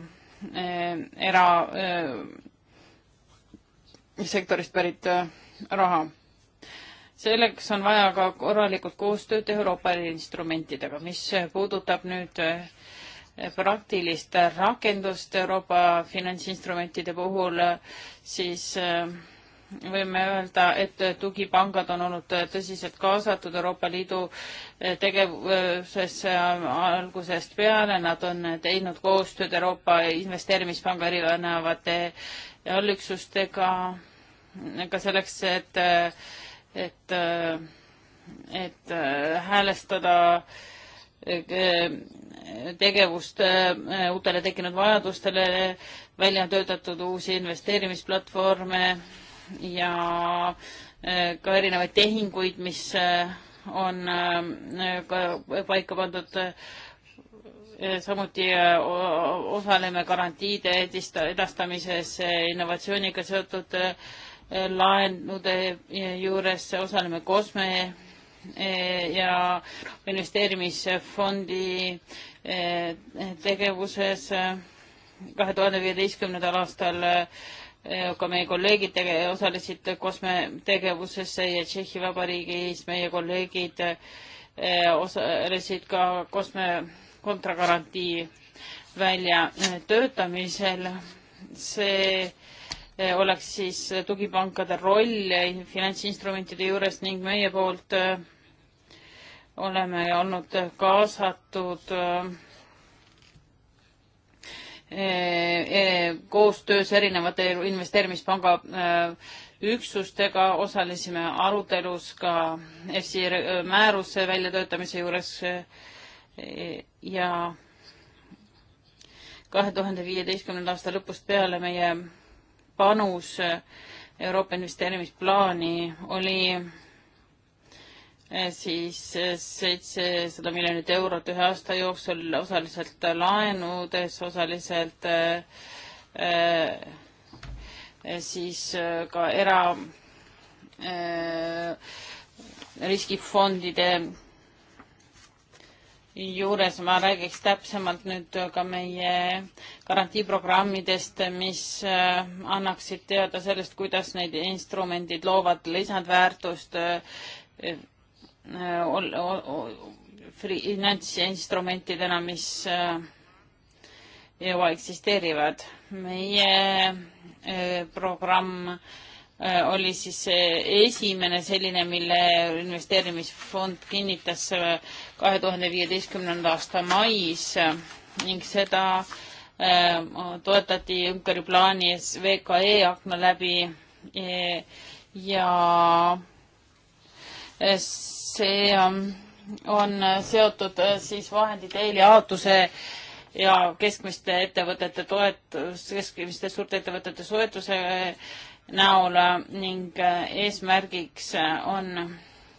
erasektorist pärit raha. selleks on vaja ka korralikult koostööd Euroopa instrumentidega, mis puudutab nüüd praktilist rakendust Euroopa finantsinstrumentide puhul, siis äh, võime öelda, et tugipangad on olnud tõsiselt kaasatud Euroopa Liidu äh, tegevusesse algusest peale, nad on teinud koostööd Euroopa Investeerimispanga erinevate äh, allüksustega ka selleks, et, et, et häälestada tegevust äh, uutele tekkinud vajadustele, välja on töötatud uusi investeerimisplatvorme ja äh, ka erinevaid tehinguid, mis äh, on ka paika pandud. samuti osaleme garantiide edastamises, innovatsiooniga seotud laenude juures, osaleme COSME Eh, ja investeerimisfondi eh, tegevuses eh, kahe tuhande viieteistkümnendal aastal ka meie kolleegid tege-, osalesid COSME tegevuses ja Tšehhi Vabariigis meie kolleegid osalesid ka COSME kontragarantii väljatöötamisel. see Eh, oleks siis tugipankade roll finantsinstrumentide juures ning meie poolt eh, oleme olnud kaasatud eh, koostöös erinevate investeerimispanga üksustega, osalesime arutelus ka EFSI määruse väljatöötamise juures ja kahe tuhande viieteistkümnenda aasta lõpust peale meie panus Euroopa investeerimisplaani oli eh, siis eh, seitsesada miljonit eurot ühe aasta jooksul osaliselt laenudes, osaliselt eh, siis ka era riskifondide juures ma räägiks täpsemalt nüüd ka meie garantiiprogrammidest, mis äh, annaksid teada sellest, kuidas need instrumendid loovad lisandväärtust äh, äh, finantsinstrumentidena, mis juba eksisteerivad. meie programm Äh, oli siis esimene selline, mille investeerimisfond kinnitas äh, kahe tuhande viieteistkümnenda aasta mais ning seda äh, toetati Junkeri plaanis VKE akna läbi e, ja see ähm, on seotud siis vahendite eeljaotuse ja keskmiste ettevõtete toet-, keskmiste suurte ettevõtete soetuse näol äh, ning äh, eesmärgiks äh, on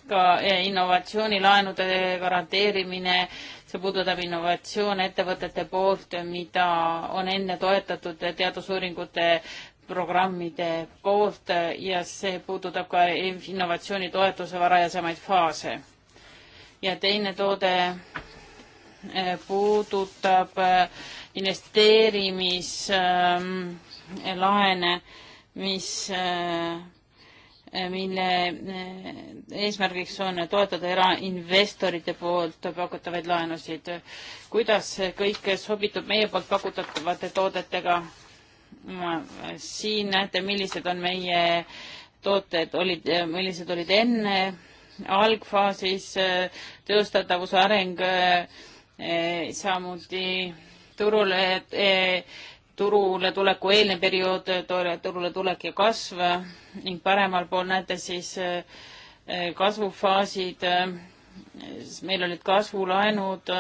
ka innovatsioonilaenude garanteerimine, see puudutab innovatsioone ettevõtete poolt, mida on enne toetatud teadusuuringute programmide poolt ja see puudutab ka innovatsioonitoetuse varajasemaid faase. ja teine toode puudutab investeerimislaene ähm, mis äh, mille äh, eesmärgiks on toetada erainvestorite poolt pakutavaid laenusid. kuidas kõik sobitub meie poolt pakutavate toodetega? siin näete, millised on meie tooted olid, äh, millised olid enne algfaasis, teostatavuse areng, samuti turule turule tuleku eelne periood, turule tulek ja kasv ning paremal pool näete siis eh, kasvufaasid, eh, meil olid kasvulaenud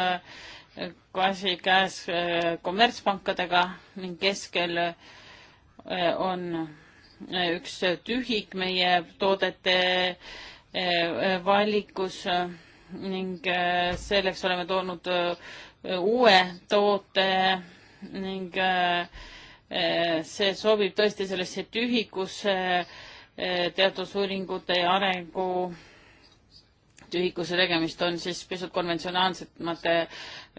gaasi eh, käes kommertspankadega ning keskel on üks tühik meie toodete valikus ning selleks oleme toonud uue toote ning äh, äh, see sobib tõesti sellesse tühikusse äh, teadusuuringute ja arengu tühikuse tegemist on siis pisut konventsionaalsemate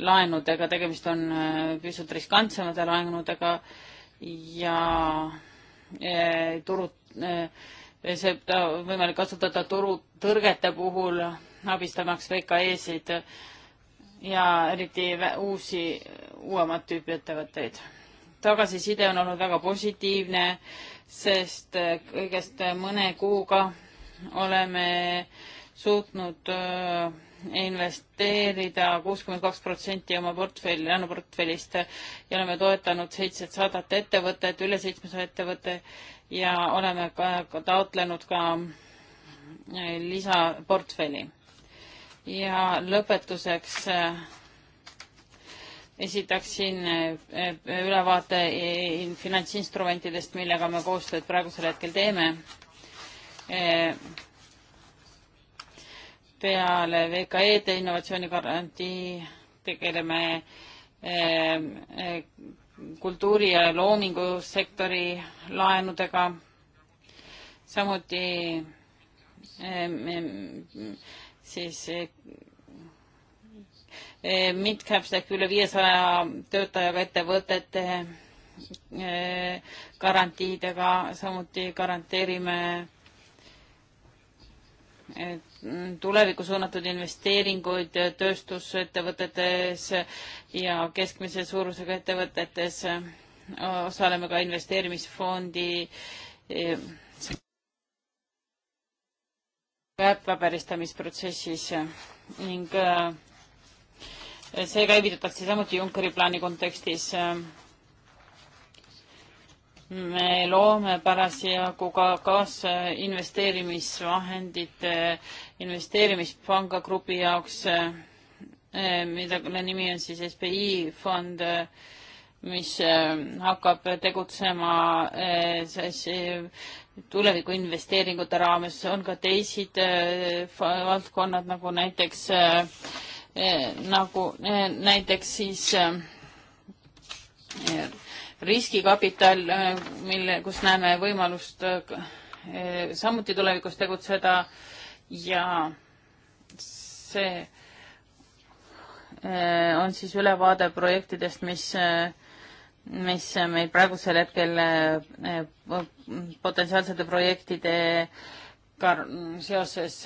laenudega, tegemist on pisut riskantsemate laenudega ja turud, seda võimalik kasutada turutõrgete puhul, abistamaks VKE-sid ja eriti uusi, uuemat tüüpi ettevõtteid. tagasiside on olnud väga positiivne, sest äh, kõigest mõne kuuga oleme suutnud äh, investeerida kuuskümmend kaks protsenti oma portfelli, laenuportfellist ja oleme toetanud seitsesadat ettevõtet, üle seitsmesaja ettevõtte ja oleme ka, ka taotlenud ka äh, lisaportfelli ja lõpetuseks äh, esitaksin äh, äh, ülevaate finantsinstrumentidest, millega me koostööd praegusel hetkel teeme. peale VKE-de innovatsioonigarantii tegeleme kultuuri ja loomingusektori laenudega, samuti siis eh, eh, Midcaps ehk üle viiesaja töötajaga ettevõtete eh, garantiidega, samuti garanteerime mm, tulevikku suunatud investeeringuid tööstusettevõtetes ja keskmise suurusega ettevõtetes. osaleme ka investeerimisfondi väärtpaberistamisprotsessis ning äh, see käivitatakse samuti Junckeri plaani kontekstis. me loome parasjagu ka kaasinvesteerimisvahendid investeerimispanga grupi jaoks, äh, mida, mille nimi on siis SBI fond mis äh, hakkab tegutsema äh, siis äh, tuleviku investeeringute raames, on ka teised valdkonnad nagu näiteks, nagu näiteks siis riskikapital, mille, kus näeme võimalust samuti tulevikus tegutseda ja see on siis ülevaade projektidest, mis mis äh, meil praegusel hetkel äh, äh, potentsiaalsete projektidega seoses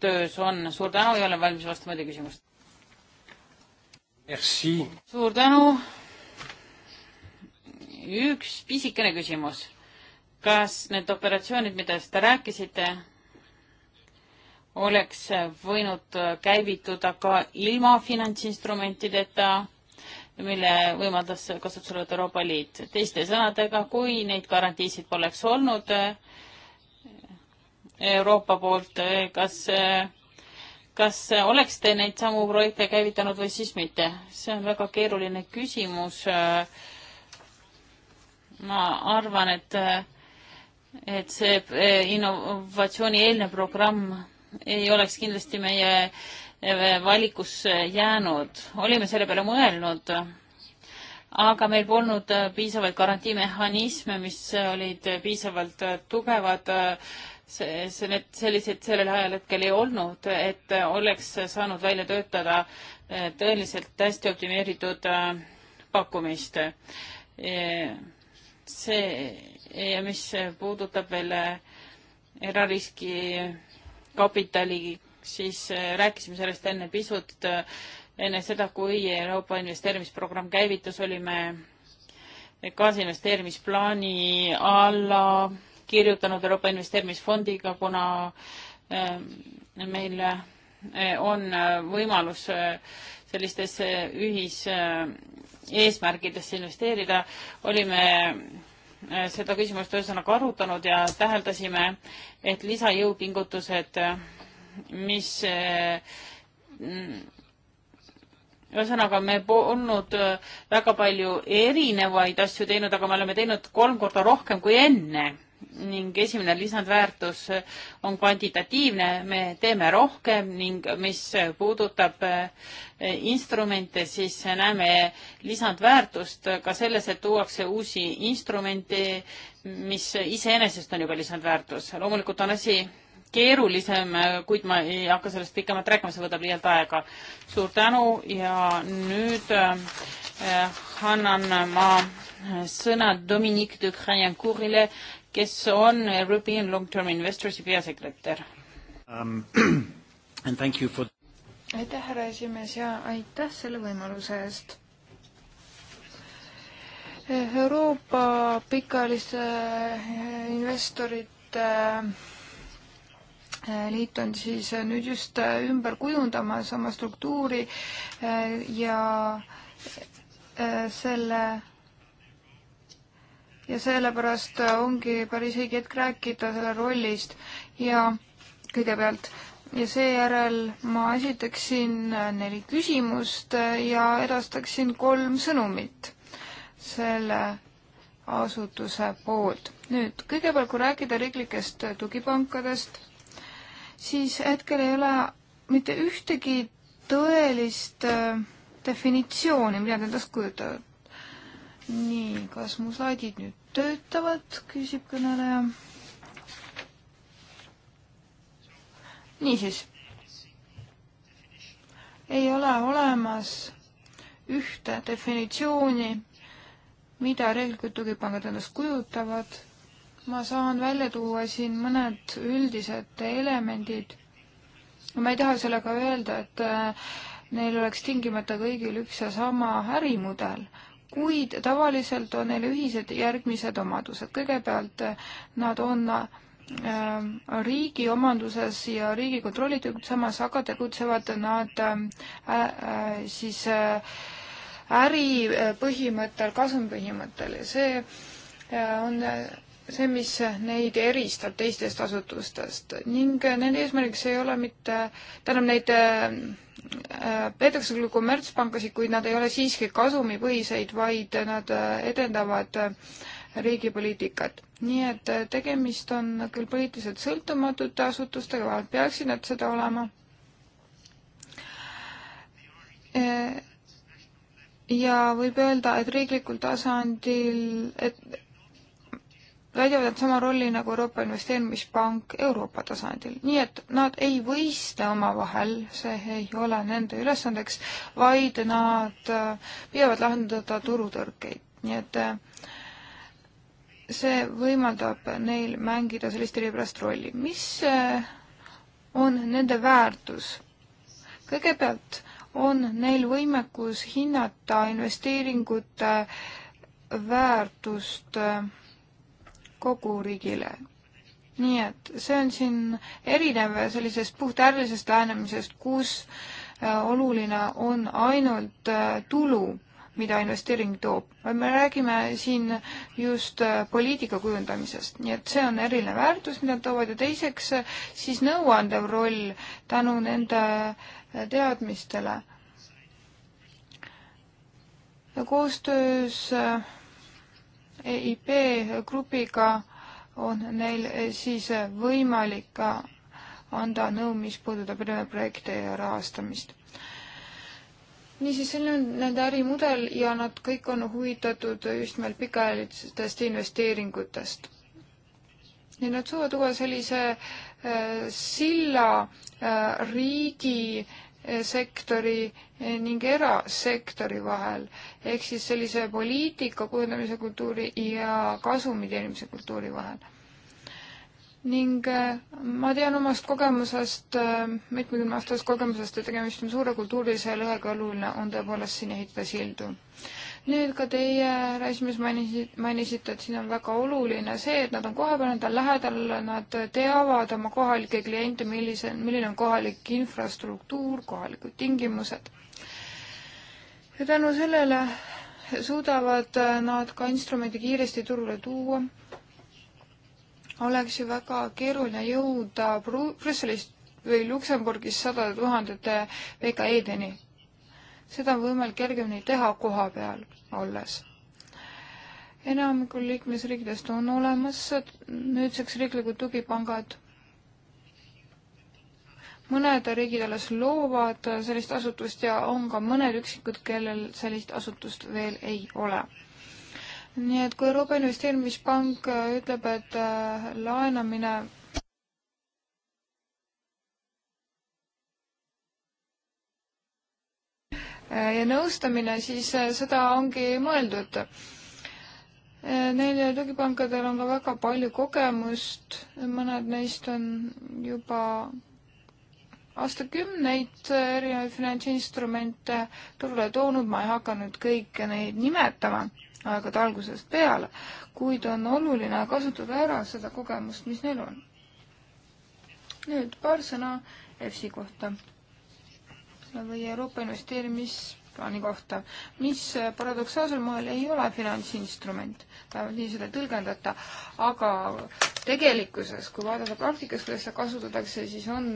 töös on. suur tänu ja olen valmis vastama teie küsimustele. suur tänu. üks pisikene küsimus. kas need operatsioonid, millest te rääkisite, oleks võinud käivituda ka ilma finantsinstrumentideta? mille võimaldas kasutusele võtta Euroopa Liit. teiste sõnadega, kui neid garantiisid poleks olnud eh, Euroopa poolt, eh, kas, eh, kas oleks te neid samu projekte käivitanud või siis mitte? see on väga keeruline küsimus. ma arvan, et, et see innovatsiooni eelne programm ei oleks kindlasti meie Äh, valikusse jäänud. olime selle peale mõelnud, aga meil polnud äh, piisavaid garantiimehhanisme, mis olid äh, piisavalt tugevad. see, see, need sellised sellel ajal hetkel ei olnud, et oleks saanud välja töötada tõeliselt hästi optimeeritud pakkumist. see ja mis puudutab veel erariski kapitali siis äh, rääkisime sellest enne pisut, äh, enne seda, kui Euroopa investeerimisprogramm käivitus, olime kaasinvesteerimisplaani alla kirjutanud Euroopa Investeerimisfondiga, kuna äh, meil on võimalus sellistesse ühiseesmärkidesse investeerida, olime seda küsimust ühesõnaga arutanud ja täheldasime, et lisajõupingutused mis äh, ühesõnaga, me polnud äh, väga palju erinevaid asju teinud, aga me oleme teinud kolm korda rohkem kui enne ning esimene lisandväärtus äh, on kvantitatiivne, me teeme rohkem ning mis puudutab instrumente, siis näeme lisandväärtust ka selles, et tuuakse uusi instrumente, mis iseenesest on juba lisandväärtus. loomulikult on asi keerulisem, kuid ma ei hakka sellest pikemalt rääkima, see võtab liialt aega. suur tänu ja nüüd äh, annan ma sõna Dominique de Crayancourtile, kes on European Long Term Investorsi peasekretär um,. For... aitäh, härra esimees ja aitäh selle võimaluse eest Euroopa pikaajaliste äh, investorite liit on siis nüüd just ümber kujundamas oma struktuuri eh, ja eh, selle ja sellepärast ongi päris õige hetk rääkida selle rollist ja kõigepealt ja seejärel ma esitaksin neli küsimust ja edastaksin kolm sõnumit selle asutuse poolt. nüüd kõigepealt, kui rääkida riiklikest tugipankadest, siis hetkel ei ole mitte ühtegi tõelist äh, definitsiooni, mida nad endast kujutavad. nii, kas mu slaidid nüüd töötavad, küsib kõneleja. niisiis, ei ole olemas ühte definitsiooni, mida reeglid kui tugipangad endast kujutavad ma saan välja tuua siin mõned üldised elemendid. ma ei taha sellega öelda, et äh, neil oleks tingimata kõigil üks ja sama ärimudel, kuid tavaliselt on neil ühised järgmised omadused. kõigepealt äh, nad on äh, riigi omanduses ja riigi kontrollitud, samas aga tegutsevad nad äh, äh, siis äh, äripõhimõttel, kasumipõhimõttel ja see on see, mis neid eristab teistest asutustest ning nende eesmärgiks ei ole mitte, tähendab neid äh, peetakse küll kommertspankasid, kuid nad ei ole siiski kasumipõhiseid, vaid nad edendavad riigipoliitikat. nii et tegemist on küll poliitiliselt sõltumatute asutustega, vähemalt peaksid nad seda olema e ja võib öelda, et riiklikul tasandil, et täidavad sama rolli nagu Euroopa Investeerimispank Euroopa tasandil. nii et nad ei võistle omavahel, see ei ole nende ülesandeks, vaid nad äh, püüavad lahendada turutõrkeid, nii et äh, see võimaldab neil mängida sellist eripärast rolli. mis äh, on nende väärtus? kõigepealt on neil võimekus hinnata investeeringute väärtust äh, kogu riigile. nii et see on siin erinev sellisest puhtäralisest lähenemisest, kus äh, oluline on ainult äh, tulu, mida investeering toob, vaid me räägime siin just äh, poliitika kujundamisest, nii et see on eriline väärtus, mida nad toovad ja teiseks siis nõuandev roll tänu nende teadmistele. koostöös äh, EIB grupiga on neil siis võimalik anda nõu, mis puudutab projekte ja rahastamist. niisiis, selline on nende ärimudel ja nad kõik on huvitatud just nimelt pikaajalistest investeeringutest. ja nad suudavad tuua sellise äh, silla äh, riigi sektori ning erasektori vahel, ehk siis sellise poliitika kujundamise kultuuri ja kasumi teenimise kultuuri vahel. ning äh, ma tean omast kogemusest, äh, mitmekümne aastasest kogemusest, et tegemist on suure kultuurilise lõhega, oluline on tõepoolest siin ehitada sildu nüüd ka teie esimees mainisid, mainisite, et siin on väga oluline see, et nad on kohapeal, nad on lähedal, nad teavad oma kohalikke kliente, millise, milline on kohalik infrastruktuur, kohalikud tingimused. ja tänu sellele suudavad nad ka instrumendi kiiresti turule tuua. oleks ju väga keeruline jõuda Brüsselist või Luksemburgist sadade tuhandete VKE-deni seda on võimalik kergemini teha koha peal olles. enamikul liikmesriikidest on olemas nüüdseks riiklikud tugipangad. mõned riigid alles loovad sellist asutust ja on ka mõned üksikud, kellel sellist asutust veel ei ole nii et kui Euroopa Investeerimispank ütleb, et laenamine Äh, ja nõustamine, siis äh, seda ongi mõeldud. Äh, neil tugipankadel on ka väga palju kogemust, mõned neist on juba aastakümneid erinevaid finantsinstrumente turule toonud, ma ei hakka nüüd kõiki neid nimetama aegade algusest peale, kuid on oluline kasutada ära seda kogemust, mis neil on. nüüd paar sõna EFSi kohta või Euroopa investeerimisplaani kohta, mis paradoksaalsel moel ei ole finantsinstrument, vähemalt nii seda ei tõlgendata, aga tegelikkuses, kui vaadata praktikas, kuidas seda kasutatakse, siis on,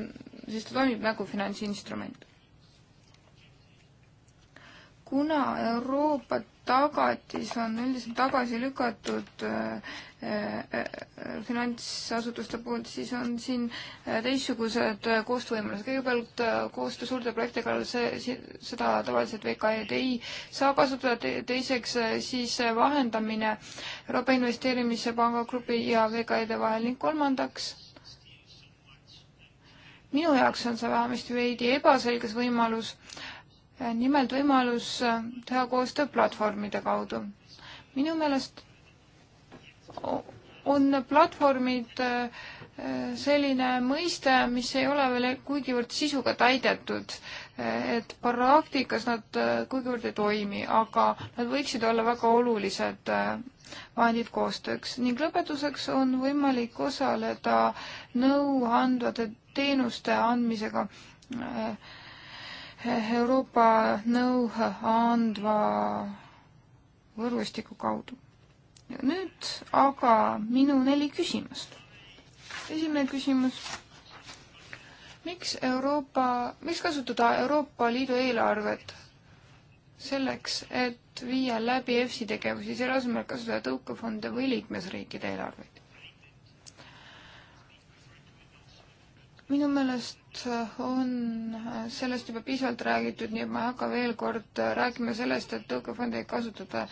siis ta toimib nagu finantsinstrument kuna Euroopa tagatis on üldiselt tagasi lükatud äh, äh, äh, finantsasutuste poolt, siis on siin teistsugused koostöövõimalused. kõigepealt koostöö suurte projekti kallal, see, seda tavaliselt VKE-d ei saa kasutada Te,, teiseks siis vahendamine Euroopa Investeerimispanga grupi ja VKE-de vahel ning kolmandaks minu jaoks on see vähemasti veidi ebaselges võimalus äh, nimelt võimalus äh, teha koostöö platvormide kaudu. minu meelest on platvormid äh, selline mõiste, mis ei ole veel kuigivõrd sisuga täidetud, äh, et praktikas nad kuigivõrd ei toimi, aga nad võiksid olla väga olulised vahendid koostööks ning lõpetuseks on võimalik osaleda nõuandvate teenuste andmisega äh, Euroopa nõu andva võrgustiku kaudu. nüüd aga minu neli küsimust. esimene küsimus. miks Euroopa, miks kasutada Euroopa Liidu eelarvet selleks, et viia läbi EFSI tegevusi, selle asemel kasutada tõukefonde või liikmesriikide eelarveid? minu meelest Äh, on äh, sellest juba piisavalt räägitud, nii et ma ei hakka veel kord äh, rääkima sellest, et tõukefondi ei kasutata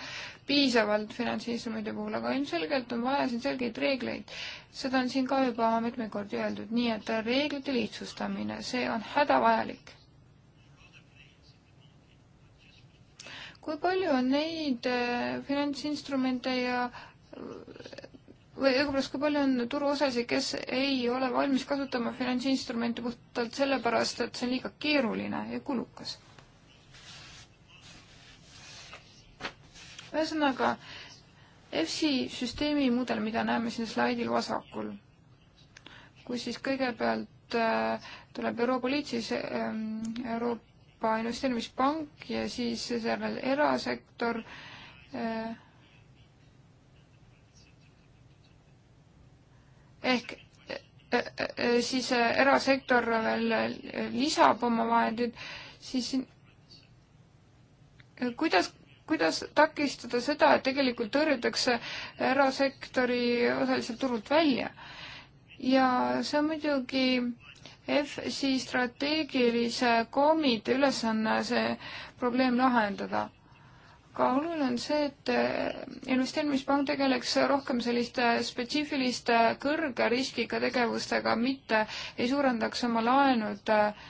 piisavalt finantsinstrumendi puhul, aga ilmselgelt on vaja siin selgeid reegleid. seda on siin ka juba mitmeid kordi öeldud, nii et reeglite lihtsustamine, see on hädavajalik. kui palju on neid finantsinstrumente ja või õigupoolest, kui palju on turuosalisi, kes ei ole valmis kasutama finantsinstrumente puhtalt sellepärast, et see on liiga keeruline ja kulukas? ühesõnaga, EFSI süsteemi mudel, mida näeme siin slaidil vasakul, kus siis kõigepealt äh, tuleb Euroopa Liit, siis äh, Euroopa Investeerimispank ja siis seejärel erasektor äh,, ehk e, e, e, siis erasektor veel lisab oma vahendid, siis kuidas, kuidas takistada seda, et tegelikult tõrjutakse erasektori osaliselt turult välja? ja see on muidugi EFSi strateegilise komitee ülesanne see probleem lahendada aga oluline on see, et äh, investeerimispank tegeleks rohkem selliste spetsiifiliste kõrge riskiga tegevustega, mitte ei suurendaks oma laenude äh,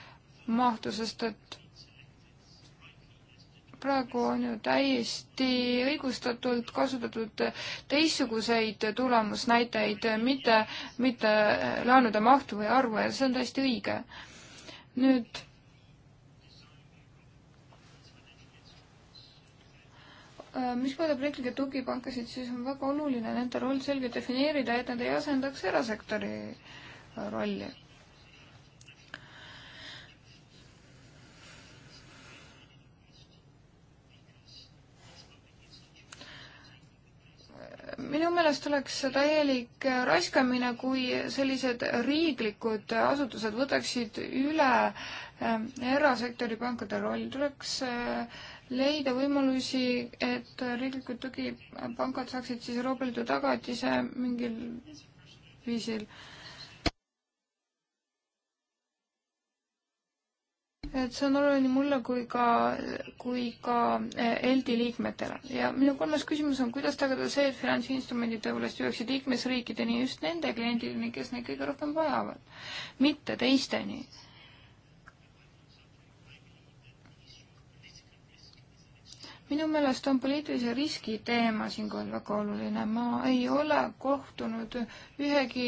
mahtu, sest et praegu on ju täiesti õigustatult kasutatud teistsuguseid tulemusnäiteid, mitte, mitte äh, laenude mahtu või arvu ja see on täiesti õige. nüüd Äh, mis puudutab riiklikke tugipankasid, siis on väga oluline nende roll selgelt defineerida, et nad ei asendaks erasektori äh, rolli. minu meelest oleks täielik äh, raiskamine, kui sellised riiklikud asutused võtaksid üle erasektori pankade rolli, tuleks äh, leida võimalusi, et riiklikud tugipangad saaksid siis Euroopa Liidu tagatise mingil viisil. et see on oluline mulle kui ka, kui ka ELDi eh, liikmetele ja minu kolmas küsimus on, kuidas tagada see, et finantsinstrumendid tõepoolest jõuaksid liikmesriikideni just nende kliendideni, kes neid kõige rohkem vajavad, mitte teisteni minu meelest on poliitilise riski teema siinkohal väga oluline. ma ei ole kohtunud ühegi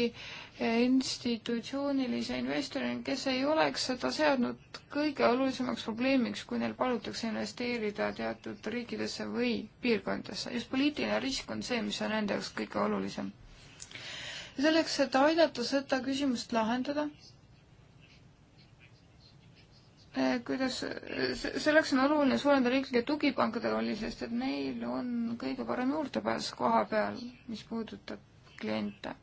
institutsioonilise investorina, kes ei oleks seda seadnud kõige olulisemaks probleemiks, kui neil palutakse investeerida teatud riikidesse või piirkondadesse. just poliitiline risk on see, mis on nende jaoks kõige olulisem. ja selleks, et aidata seda küsimust lahendada, Eh, kuidas, selleks on oluline suurendada riiklike tugipankade rolli, sest et neil on kõige parem juurdepääs koha peal, mis puudutab kliente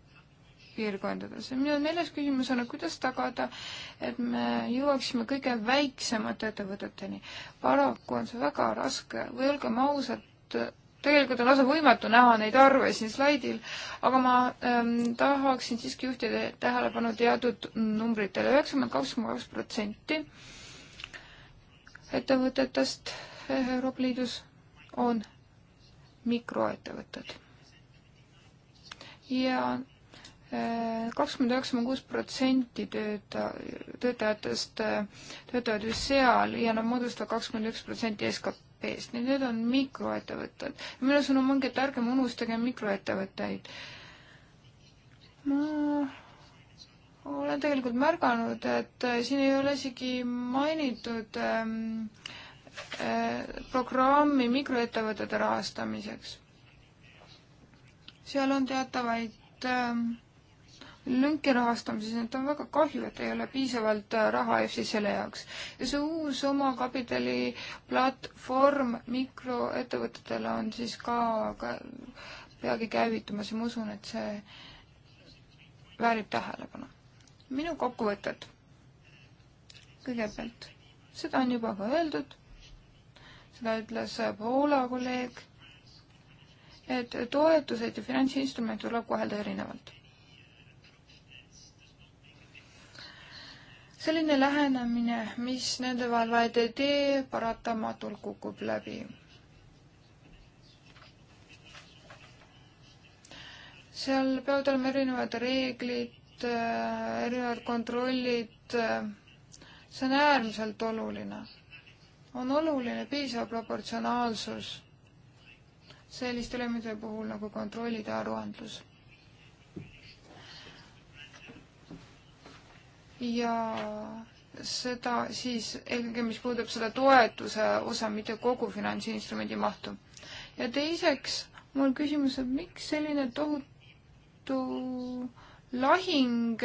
piirkondades. ja minu neljas küsimus on, et kuidas tagada, et me jõuaksime kõige väiksemate ettevõteteni. paraku on see väga raske või olgem ausad, tegelikult on lausa võimatu näha neid arve siin slaidil, aga ma ähm, tahaksin siiski juhtida tähelepanu teatud numbritele. üheksakümmend kaks koma kaks protsenti ettevõtetest Euroopa Liidus on mikroettevõtted ja eh, kakskümmend üheksa koma kuus protsenti tööta-, töötajatest eh, töötavad just seal ja nad moodustavad kakskümmend üks protsenti SKP-st. nii, need on mikroettevõtted. minu sõnum ongi, et ärgem unustage mikroettevõtteid. ma olen tegelikult märganud, et äh, siin ei ole isegi mainitud ähm, äh, programmi mikroettevõtete rahastamiseks. seal on teatavaid ähm, lünki rahastamises, et on väga kahju, et ei ole piisavalt äh, raha EFSi selle jaoks. ja see uus omakapitali platvorm mikroettevõtetele on siis ka, ka peagi käivitumas ja ma usun, et see väärib tähelepanu minu kokkuvõtted. kõigepealt, seda on juba ka öeldud, seda ütles Poola kolleeg, et toetused ja finantsinstrumente tuleb kohelda erinevalt. selline lähenemine, mis nende vahel vaid ei tee, paratamatult kukub läbi seal peavad olema erinevad reeglid uuringud, äh, erinevad kontrollid, äh, see on äärmiselt oluline. on oluline piisav proportsionaalsus selliste ülemite puhul nagu kontrollid ja aruandlus. ja seda siis eelkõige, mis puudutab seda toetuse osa, mitte kogu finantsinstrumendi mahtu. ja teiseks, mul küsimus on, miks selline tohutu lahing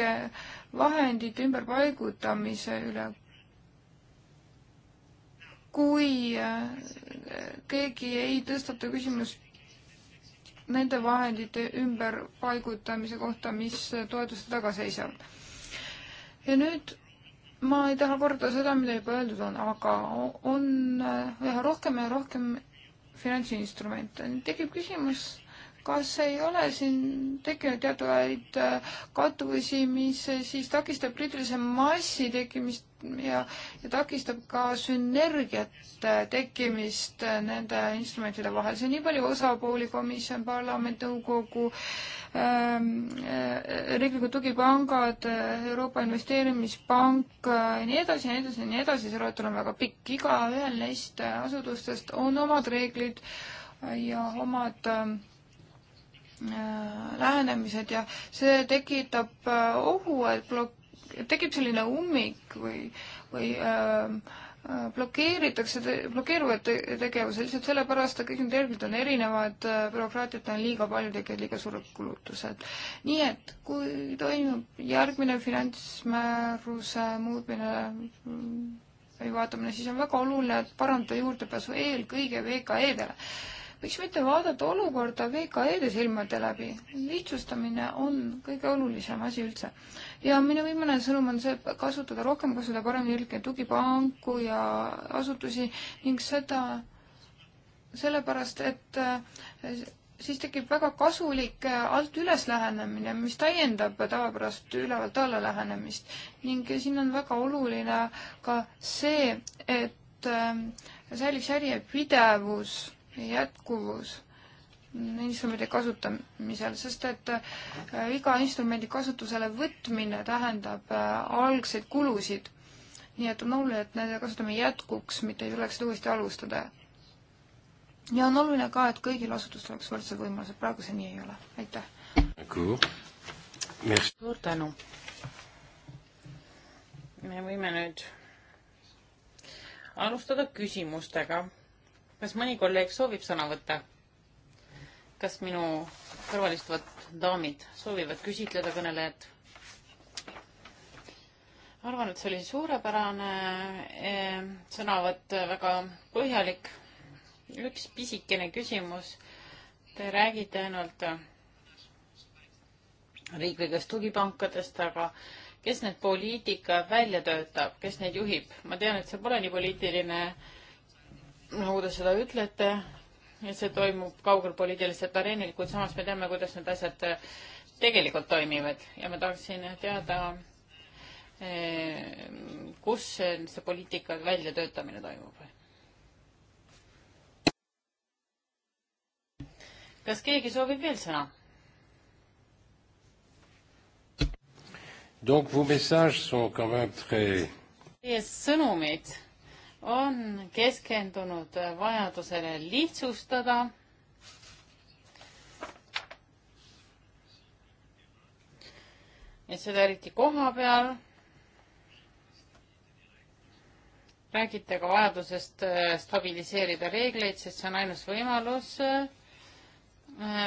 vahendite ümberpaigutamise üle. kui äh, keegi ei tõstata küsimust nende vahendite ümberpaigutamise kohta, mis toetuste taga seisavad. ja nüüd ma ei taha korda seda, mida juba öeldud on, aga on äh, üha rohkem ja rohkem finantsinstrumente. tekib küsimus kas ei ole siin tekkinud teatavaid äh, katvusi, mis äh, siis takistab kriitilise massi tekkimist ja, ja takistab ka sünergiat tekkimist äh, nende instrumentide vahel. see on nii palju osapooli, komisjon, parlament, nõukogu ähm, äh,, riiklikud tugipangad, Euroopa Investeerimispank äh,, nii edasi ja nii edasi ja nii edasi, see loetelu on väga pikk. igaühel neist asutustest on omad reeglid ja omad äh, Äh, lähenemised ja see tekitab äh, ohu, et blok-, tekib selline ummik või, või öö, äh, blokeeritakse, blokeeruvad te tegevused lihtsalt sellepärast, et kõik need reeglid on erinevad, bürokraatiat on liiga palju, tekivad liiga suured kulutused. nii et kui toimub järgmine finantsmääruse muutmine mm, või vaatamine, siis on väga oluline parandada juurdepääsu eelkõige VKE-dele miks mitte vaadata olukorda VKE-de silmade läbi? lihtsustamine on kõige olulisem asi üldse. ja minu viimane sõnum on see, et kasutada rohkem, kasutada paremini tõlke tugipanku ja asutusi ning seda sellepärast, et eh, siis tekib väga kasulik eh, alt üles lähenemine, mis täiendab tavapärast ülevalt alla lähenemist. ning siin on väga oluline ka see, et eh, säiliks järjepidevus jätkuvus instrumendi kasutamisel, sest et äh, iga instrumendi kasutusele võtmine tähendab äh, algseid kulusid. nii et on oluline, et nende kasutamine jätkuks, mitte ei tuleks seda uuesti alustada. ja on oluline ka, et kõigil asutustel oleks võrdsed võimalused, praegu see nii ei ole, aitäh. suur tänu. me võime nüüd alustada küsimustega kas mõni kolleeg soovib sõna võtta? kas minu kõrval istuvad daamid soovivad küsitleda kõnelejat? arvan, et see oli suurepärane eh, sõnavõtt, väga põhjalik. üks pisikene küsimus. Te räägite ainult eh, riiklikest tugipankadest, aga kes need poliitika välja töötab, kes neid juhib? ma tean, et see pole nii poliitiline äh, nagu te seda ütlete, ja see toimub kaugel poliitiliselt areenil, kuid samas me teame, kuidas need asjad äh, tegelikult toimivad ja ma tahaksin teada, äh, kus see poliitika väljatöötamine toimub? kas keegi soovib veel sõna? Teie sõnumid on keskendunud vajadusele lihtsustada et seda eriti koha peal. räägite ka vajadusest äh, stabiliseerida reegleid, sest see on ainus võimalus äh,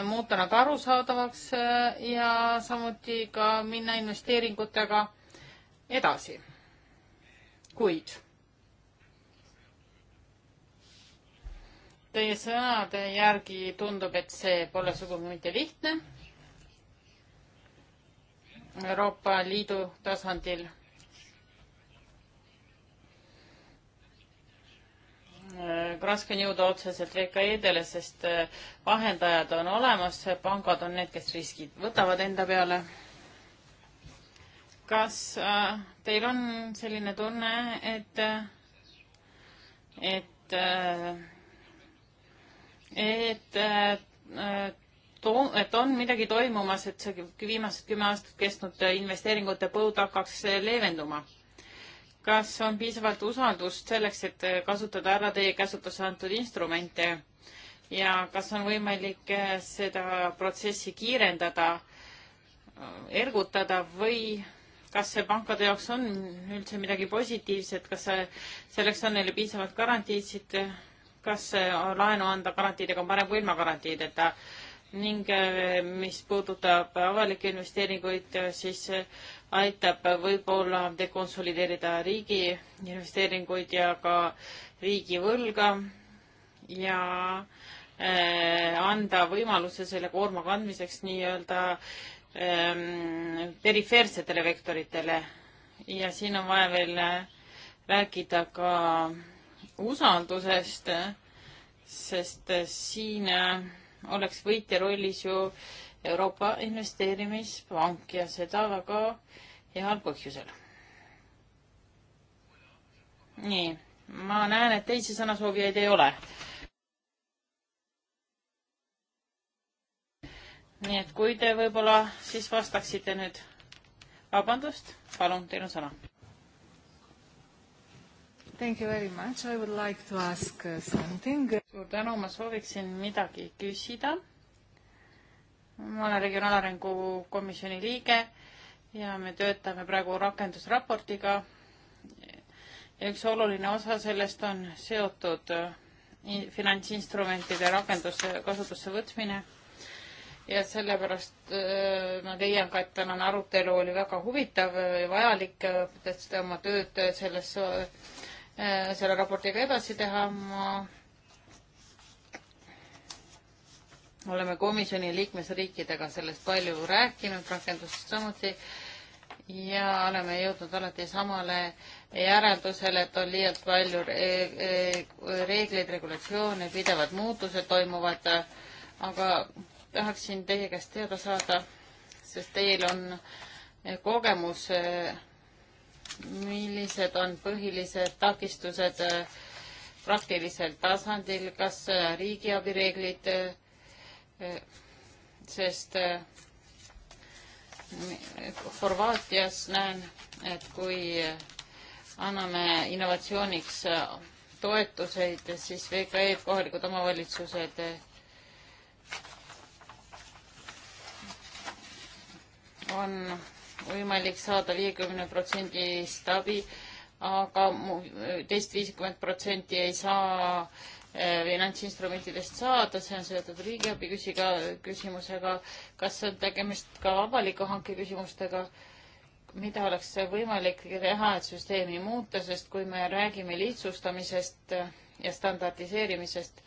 muuta nad arusaadavaks äh, ja samuti ka minna investeeringutega edasi. kuid Teie sõnade järgi tundub, et see pole sugugi mitte lihtne Euroopa Liidu tasandil. Äh, raske on jõuda otseselt VKE-dele, sest äh, vahendajad on olemas, pangad on need, kes riskid võtavad enda peale. kas äh, teil on selline tunne, et, et et to-, et on midagi toimumas, et see viimased kümme aastat kestnud investeeringute põud hakkaks leevenduma. kas on piisavalt usaldust selleks, et kasutada ära teie käsutusse antud instrumente ja kas on võimalik seda protsessi kiirendada, ergutada või kas see pankade jaoks on üldse midagi positiivset, kas see, selleks on neile piisavalt garantiisid kas laenu anda garantiidega on parem kui ilma garantiideta ning eh, mis puudutab avalikke investeeringuid, eh, siis eh, aitab võib-olla dekonsolideerida riigi investeeringuid ja ka riigivõlga ja anda võimaluse selle koorma kandmiseks nii-öelda perifeersetele vektoritele ja siin on vaja veel rääkida ka usaldusest, sest siin äh, oleks võitja rollis ju Euroopa Investeerimispank ja seda väga heal põhjusel. nii, ma näen, et teisi sõnasoovijaid ei ole. nii et kui te võib-olla siis vastaksite nüüd, vabandust, palun, teil on sõna Thank you very much. I would like to ask uh, something. suur tänu, ma sooviksin midagi küsida. ma olen Regionaalarengu Komisjoni liige ja me töötame praegu rakendusraportiga. ja üks oluline osa sellest on seotud äh, finantsinstrumentide rakendusse, kasutusse võtmine. ja sellepärast äh, ma leian ka, et tänane arutelu oli väga huvitav ja vajalik, äh, et seda oma tööd selles Äh, selle raportiga edasi teha, ma oleme komisjoni liikmesriikidega sellest palju rääkinud, rakendusest samuti, ja oleme jõudnud alati samale järeldusele, et on liialt palju e-, e-, reegleid, regulatsioone, pidevad muutused toimuvad, aga tahaksin teie käest teada saada, sest teil on kogemus e-, millised on põhilised takistused äh, praktilisel tasandil, kas äh, riigiabi reeglid, äh, sest Horvaatias näen, et kui anname innovatsiooniks toetuseid, siis VKE-d, kohalikud omavalitsused on võimalik saada viiekümne protsendist abi, aga teist viiskümmend protsenti ei saa eh, finantsinstrumentidest saada, see on seotud riigiabi küsiga, küsimusega, kas on tegemist ka avaliku hanke küsimustega, mida oleks võimalik teha, et süsteemi muuta, sest kui me räägime lihtsustamisest ja standardiseerimisest,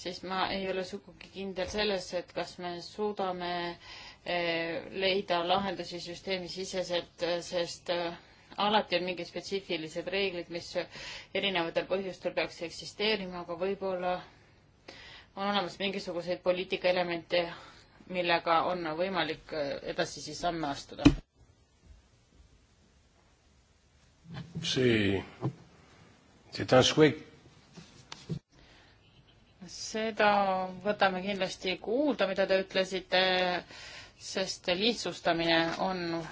siis ma ei ole sugugi kindel selles, et kas me suudame äh, leida lahendusi süsteemisiseselt, sest äh, alati on mingid spetsiifilised reeglid, mis erinevatel põhjustel peaks eksisteerima, aga võib-olla on olemas mingisuguseid poliitikaelemente, millega on võimalik äh, edasisi samme astuda. see, see seda võtame kindlasti kuulda, mida te ütlesite sest lihtsustamine on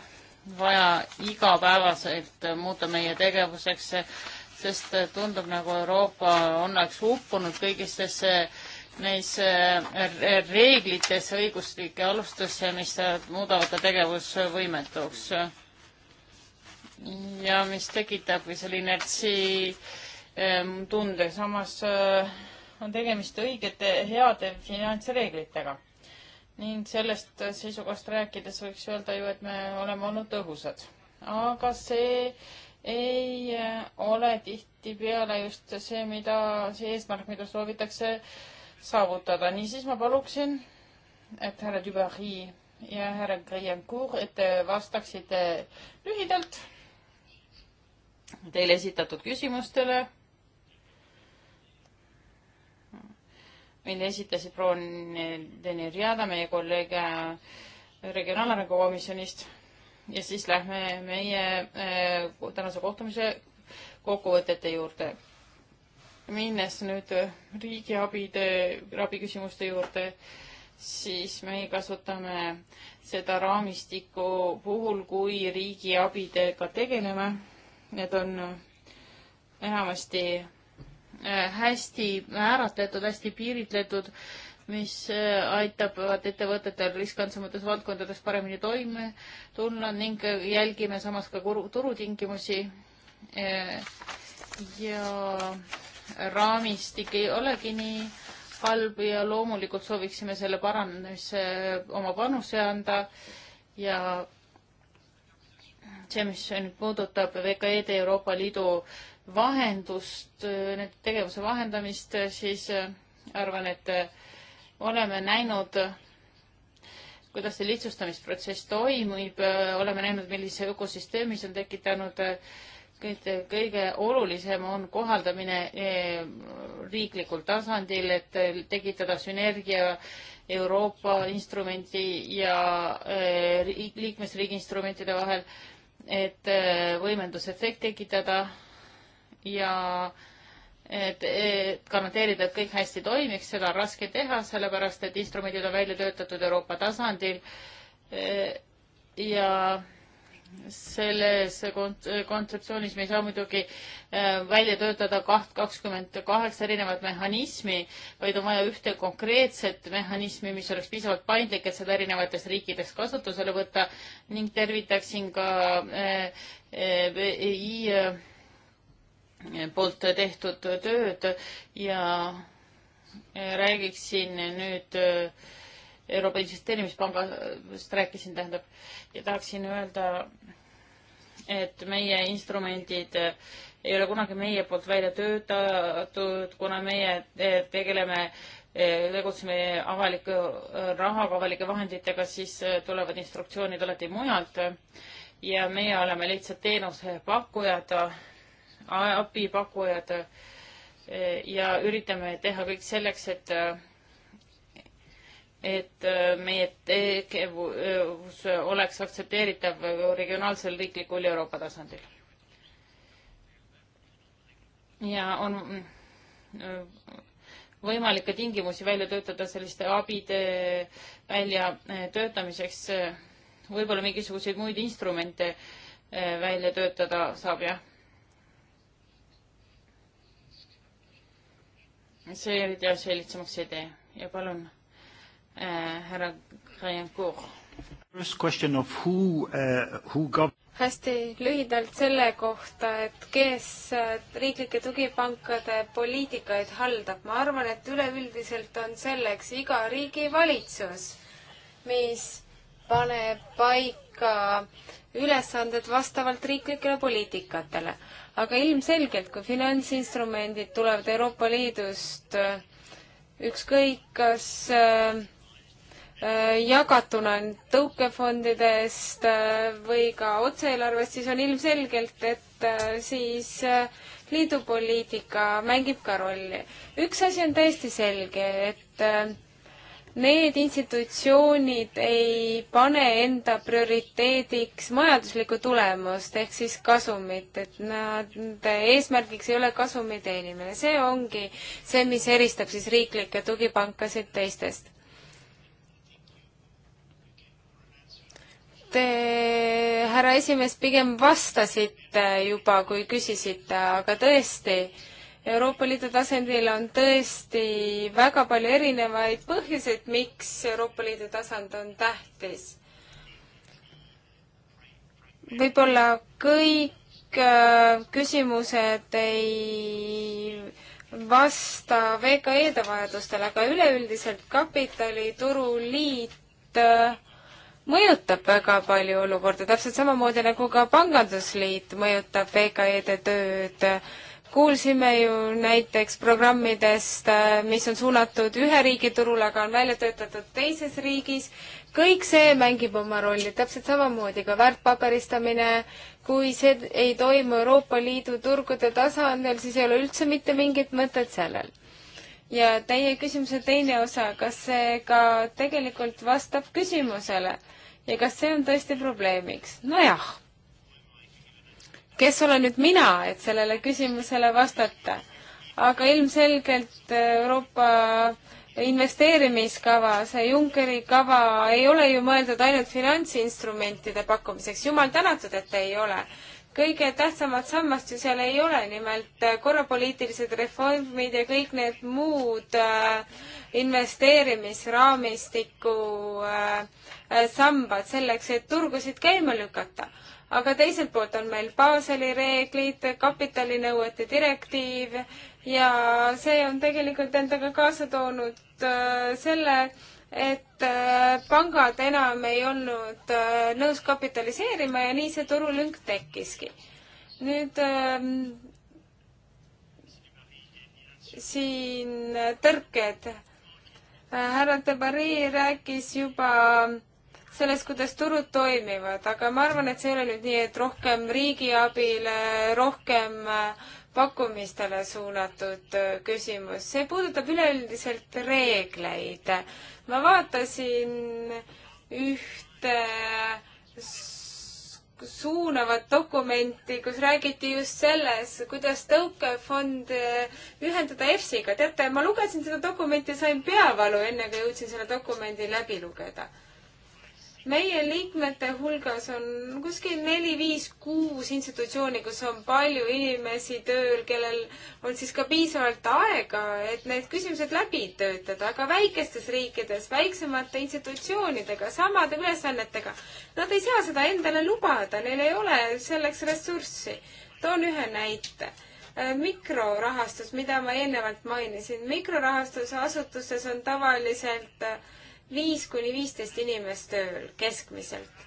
vaja igapäevaselt muuta meie tegevuseks, sest tundub nagu Euroopa oleks uppunud kõigistesse neis reeglites, õiguslike alustesse, mis muudavad ta tegevusvõimetuks. ja mis tekitabki selle inertsi ehm, tunde, samas äh, on tegemist õigete, heade finantsreeglitega ning sellest seisukohast rääkides võiks öelda ju, et me oleme olnud tõhusad. aga see ei ole tihtipeale just see, mida, see eesmärk, mida soovitakse saavutada. niisiis ma paluksin, et härra Dubarry ja härra Griancourt, et te vastaksite lühidalt teile esitatud küsimustele mille esitasid proua Denirjada, meie kolleeg äh, Regionaalarengu Komisjonist ja siis lähme meie äh, tänase kohtumise kokkuvõtete juurde. minnes nüüd riigiabide, abiküsimuste juurde, siis meie kasutame seda raamistiku puhul, kui riigiabidega tegeleme. Need on enamasti Äh, hästi määratletud, hästi piiritletud, mis äh, aitab ettevõtetel riskantsemates valdkondades paremini toime tulla ning äh, jälgime samas ka turutingimusi. ja raamistik ei olegi nii halb ja loomulikult sooviksime selle paranemise oma panuse anda ja see, mis nüüd puudutab VKE-de Euroopa Liidu vahendust, nende tegevuse vahendamist, siis äh, arvan, et äh, oleme näinud, kuidas see lihtsustamisprotsess toimub, äh, oleme näinud, millise ökosüsteemi see on tekitanud. kõige, kõige olulisem on kohaldamine riiklikul tasandil, et tekitada sünergia Euroopa instrumendi ja liikmesriigi instrumentide vahel et äh, võimendusefekt tekitada ja et, et garanteerida, et kõik hästi toimiks, seda on raske teha, sellepärast et instrumendid on välja töötatud Euroopa tasandil äh, ja selles kont-, kontseptsioonis me ei saa muidugi äh, välja töötada kaht-, kakskümmend kaheksa erinevat mehhanismi, vaid on vaja ühte konkreetset mehhanismi, mis oleks piisavalt paindlik, et seda erinevates riikides kasutusele võtta ning tervitaksin ka EI äh, äh, poolt tehtud tööd ja räägiksin nüüd äh, Euroopa Investeerimispangast rääkisin, tähendab, ja tahaksin öelda, et meie instrumendid ei ole kunagi meie poolt välja töötatud, kuna meie e, tegeleme, e, tegutseme avaliku rahaga, avalike vahenditega, siis e, tulevad instruktsioonid alati mujalt ja meie oleme lihtsalt teenusepakkujad, abipakkujad ja üritame teha kõik selleks, et et äh, meie tegevus äh, oleks aktsepteeritav regionaalsel, riiklikul ja Euroopa tasandil. ja on äh, võimalikke tingimusi välja töötada selliste abide väljatöötamiseks, võib-olla mingisuguseid muid instrumente välja töötada saab, jah. see eriti asja lihtsamaks ei tee ja palun Eh, härra Kajankoh. First question of who uh,, who gov-? hästi lühidalt selle kohta, et kes eh, riiklike tugipankade poliitikaid haldab. ma arvan, et üleüldiselt on selleks iga riigi valitsus, mis paneb paika ülesanded vastavalt riiklikele poliitikatele. aga ilmselgelt, kui finantsinstrumendid tulevad Euroopa Liidust ükskõik kas äh, Äh, jagatuna tõukefondidest äh, või ka otse-eelarvest, siis on ilmselgelt, et äh, siis liidupoliitika mängib ka rolli. üks asi on täiesti selge, et need institutsioonid ei pane enda prioriteediks majanduslikku tulemust ehk siis kasumit, et nende eesmärgiks ei ole kasumi teenimine. see ongi see, mis eristab siis riiklikke tugipankasid teistest Te, härra esimees, pigem vastasite juba, kui küsisite, aga tõesti, Euroopa Liidu tasandil on tõesti väga palju erinevaid põhjuseid, miks Euroopa Liidu tasand on tähtis. võib-olla kõik äh, küsimused ei vasta VKE-de vajadustele, aga üleüldiselt kapitalituru liit äh, mõjutab väga palju olukorda, täpselt samamoodi nagu ka Pangandusliit mõjutab VKE-de tööd. kuulsime ju näiteks programmidest, mis on suunatud ühe riigi turule, aga on välja töötatud teises riigis, kõik see mängib oma rolli, täpselt samamoodi ka väärtpaberistamine, kui see ei toimu Euroopa Liidu turgude tasandil, siis ei ole üldse mitte mingit mõtet sellel ja teie küsimuse teine osa, kas see ka tegelikult vastab küsimusele? ja kas see on tõesti probleemiks? nojah. kes olen nüüd mina, et sellele küsimusele vastata? aga ilmselgelt Euroopa investeerimiskava, see Junckeri kava ei ole ju mõeldud ainult finantsinstrumentide pakkumiseks, jumal tänatud, et ei ole. kõige tähtsamat sammast ju seal ei ole, nimelt äh, korrapoliitilised reformid ja kõik need muud äh, investeerimisraamistiku äh, Äh, sambad selleks, et turgusid käima lükata. aga teiselt poolt on meil Baseli reeglid, kapitalinõuete direktiiv ja see on tegelikult endaga kaasa toonud äh, selle, et äh, pangad enam ei olnud nõus kapitaliseerima ja nii see turulünk tekkiski. nüüd ähm, siin tõrked. härra Tabari rääkis juba sellest, kuidas turud toimivad, aga ma arvan, et see ei ole nüüd nii, et rohkem riigiabile, rohkem äh, pakkumistele suunatud äh, küsimus, see puudutab üleüldiselt reegleid. ma vaatasin ühte äh, suunavat dokumenti, kus räägiti just selles, kuidas tõukefond ühendada EFSiga. teate, ma lugesin seda dokumenti ja sain peavalu, enne kui jõudsin selle dokumendi läbi lugeda meie liikmete hulgas on kuskil neli, viis, kuus institutsiooni, kus on palju inimesi tööl, kellel on siis ka piisavalt aega, et need küsimused läbi töötada, aga väikestes riikides, väiksemate institutsioonidega, samade ülesannetega, nad ei saa seda endale lubada, neil ei ole selleks ressurssi. toon ühe näite äh, mikrorahastus, mida ma eelnevalt mainisin, mikrorahastusasutustes on tavaliselt äh, viis kuni viisteist inimest tööl keskmiselt.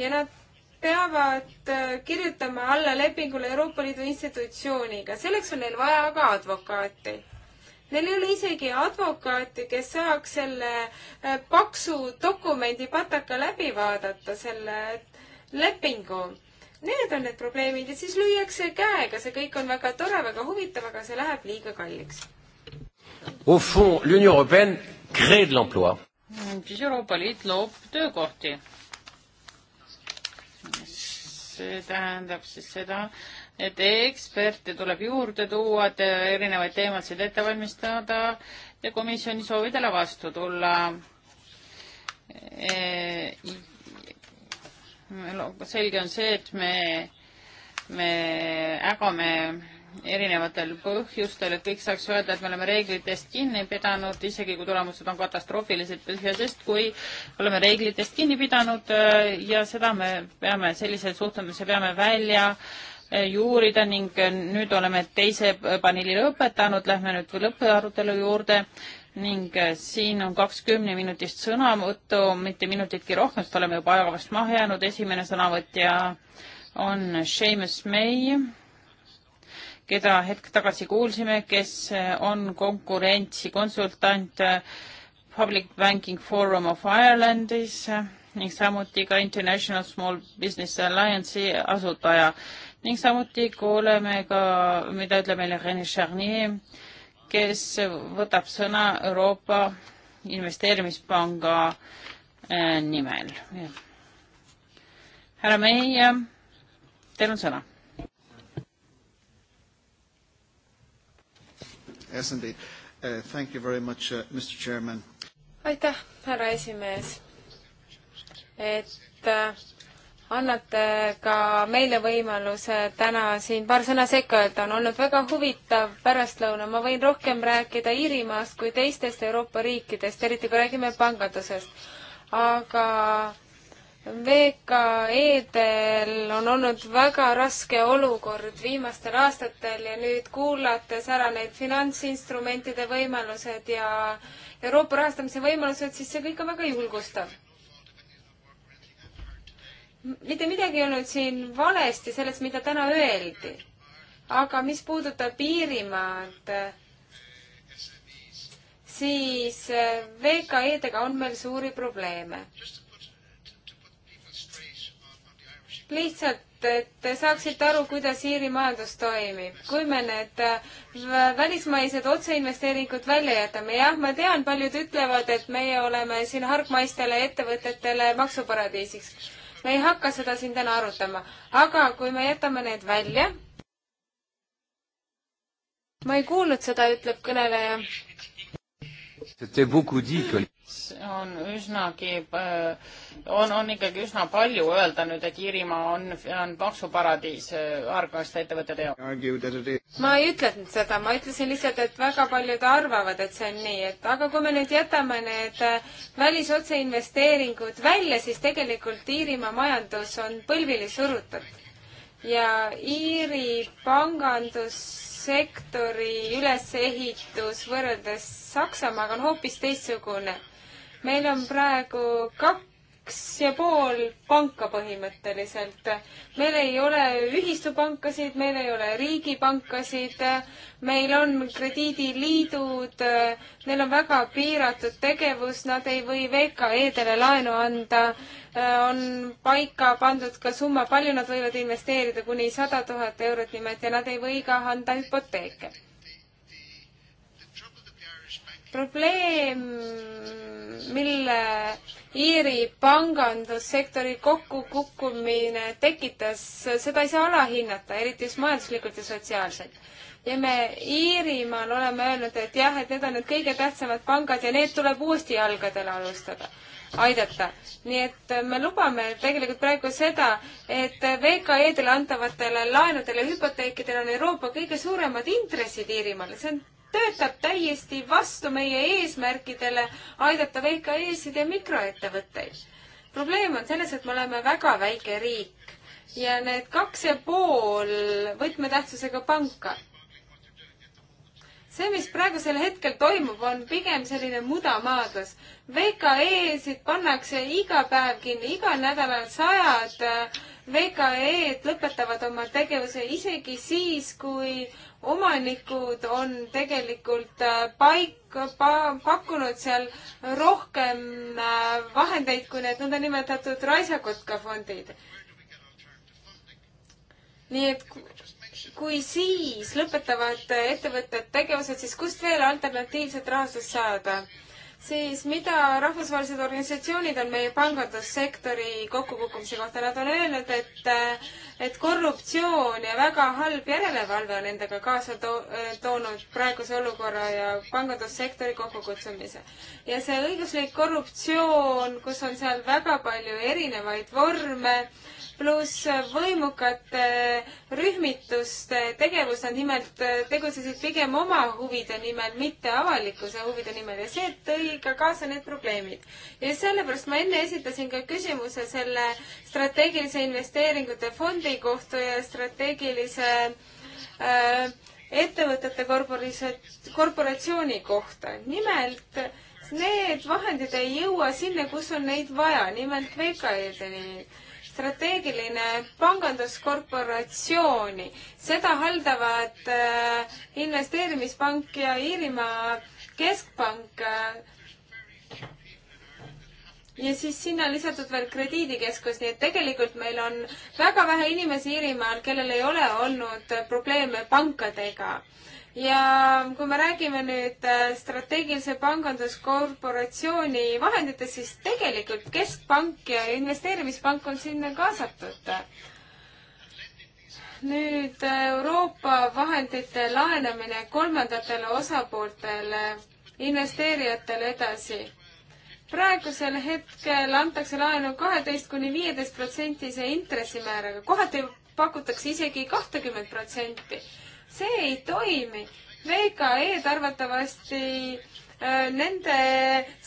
ja nad peavad äh, kirjutama alla lepingule Euroopa Liidu institutsiooniga, selleks on neil vaja ka advokaati. Neil ei ole isegi advokaati, kes saaks selle äh, paksu dokumendipataka läbi vaadata, selle äh, lepingu. Need on need probleemid ja siis lüüakse käega, see kõik on väga tore, väga huvitav, aga see läheb liiga kalliks au fond, l'Union européenne crée de l'emploi. Hm, siis Euroopa Liit loob töökohti. see tähendab siis seda, et eksperte tuleb juurde tuua, et erinevaid teemasid ette valmistada ja komisjoni soovidele vastu tulla e. selge on see, et me, me ägame erinevatel põhjustel, et kõik saaks öelda, et me oleme reeglitest kinni pidanud, isegi kui tulemused on katastroofilised põhjusest, kui oleme reeglitest kinni pidanud äh, ja seda me peame, sellise suhtumise peame välja äh, juurida ning äh, nüüd oleme teise paneeli lõpetanud, lähme nüüd lõpparutelu juurde ning siin on kaks kümneminutist sõnavõttu, mitte minutitki rohkem, sest oleme juba ajakavast maha jäänud, esimene sõnavõtja on Seamus May keda hetk tagasi kuulsime, kes eh, on konkurentsi konsultant eh, Public Banking Forum of Irelandis eh, ning samuti ka International Small Business Alliance'i asutaja ning samuti kuuleme ka, mida ütleb meile René Charnier, kes võtab sõna Euroopa Investeerimispanga nimel. härra Meie, teil on sõna Yes, indeed. Uh, thank you very much, uh, Mr Chairman. aitäh, härra esimees, et äh, annate ka meile võimaluse täna siin paar sõna sekka öelda. on olnud väga huvitav pärastlõuna. ma võin rohkem rääkida Iirimaast kui teistest Euroopa riikidest, eriti kui räägime pangandusest. aga VKE-del on olnud väga raske olukord viimastel aastatel ja nüüd kuulates ära need finantsinstrumentide võimalused ja Euroopa rahastamise võimalused, siis see kõik on väga julgustav. mitte midagi ei olnud siin valesti selles, mida täna öeldi. aga mis puudutab Iirimaad, siis VKE-dega on meil suuri probleeme lihtsalt, et te saaksite aru, kuidas Iiri majandus toimib. kui me need äh, välismaised otseinvesteeringud välja jätame, jah, ma tean, paljud ütlevad, et meie oleme siin hargmaistele ettevõtetele maksuparadiisiks. me ei hakka seda siin täna arutama, aga kui me jätame need välja, ma ei kuulnud seda, ütleb kõneleja on üsnagi, äh, on, on ikkagi üsna palju öelda nüüd, et Iirimaa on, on maksuparadiis äh, argmaste ettevõtete jaoks. ma ei ütlenud seda, ma ütlesin lihtsalt, et väga paljud arvavad, et see on nii, et aga kui me nüüd jätame need äh, välisotseinvesteeringud välja, siis tegelikult Iirimaa majandus on põlvili surutud. ja Iiri pangandussektori ülesehitus võrreldes Saksamaaga on hoopis teistsugune meil on praegu kaks ja pool panka põhimõtteliselt. meil ei ole ühistupankasid, meil ei ole riigipankasid, meil on krediidiliidud, neil on väga piiratud tegevus, nad ei või VKE-dele laenu anda, on paika pandud ka summa, palju nad võivad investeerida, kuni sada tuhat eurot nimelt, ja nad ei või ka anda hüpoteeke probleem mille Iiri pangandussektori kokkukukkumine tekitas, seda ei saa alahinnata, eriti just majanduslikult ja sotsiaalselt. ja me Iirimaal oleme öelnud, et jah, et need on need kõige tähtsamad pangad ja need tuleb uuesti jalgadele alustada, aidata. nii et me lubame tegelikult praegu seda, et VKE-dele antavatele laenudele, hüpoteekidele on Euroopa kõige suuremad intressid Iirimaal, see on töötab täiesti vastu meie eesmärkidele aidata VKE-sid ja mikroettevõtteid. probleem on selles, et me oleme väga väike riik ja need kaks ja pool võtmetähtsusega panka see, mis praegusel hetkel toimub, on pigem selline mudamaadlus. VKE-sid pannakse iga päev kinni, igal nädalal sajad äh, VKE-d lõpetavad oma tegevuse isegi siis, kui omanikud on tegelikult äh, paik pa,, pakkunud seal rohkem äh, vahendeid kui need nõndanimetatud raisakotka fondid. nii et kui siis lõpetavad ettevõtted tegevused, siis kust veel alternatiivset rahastust saada? siis mida rahvusvahelised organisatsioonid on meie pangandussektori kokkukukkumise kohta, nad on öelnud, et, et korruptsioon ja väga halb järelevalve on endaga kaasa to-, toonud praeguse olukorra ja pangandussektori kokkukutsumise. ja see õiguslik korruptsioon, kus on seal väga palju erinevaid vorme, pluss võimukate rühmituste tegevus, nad nimelt tegutsesid pigem oma huvide nimel, mitte avalikkuse huvide nimel ja see tõi ka kaasa need probleemid. ja sellepärast ma enne esitasin ka küsimuse selle strateegilise investeeringute fondi kohta ja strateegilise äh, ettevõtete korporatsiooni kohta. nimelt need vahendid ei jõua sinna, kus on neid vaja, nimelt VKE-deni strateegiline panganduskorporatsiooni. seda haldavad äh, investeerimispank ja Iirimaa keskpank. ja siis sinna on lisatud veel krediidikeskus, nii et tegelikult meil on väga vähe inimesi Iirimaal, kellel ei ole olnud probleeme pankadega ja kui me räägime nüüd äh, strateegilise panganduskorporatsiooni vahenditest, siis tegelikult Keskpank ja Investeerimispank on sinna kaasatud. nüüd äh, Euroopa vahendite laenamine kolmandatele osapooltele, investeerijatele edasi praegusel hetkel antakse laenu kaheteist kuni viieteist protsentise intressimääraga, kohati pakutakse isegi kahtekümmet protsenti see ei toimi. VKE-d arvatavasti äh, nende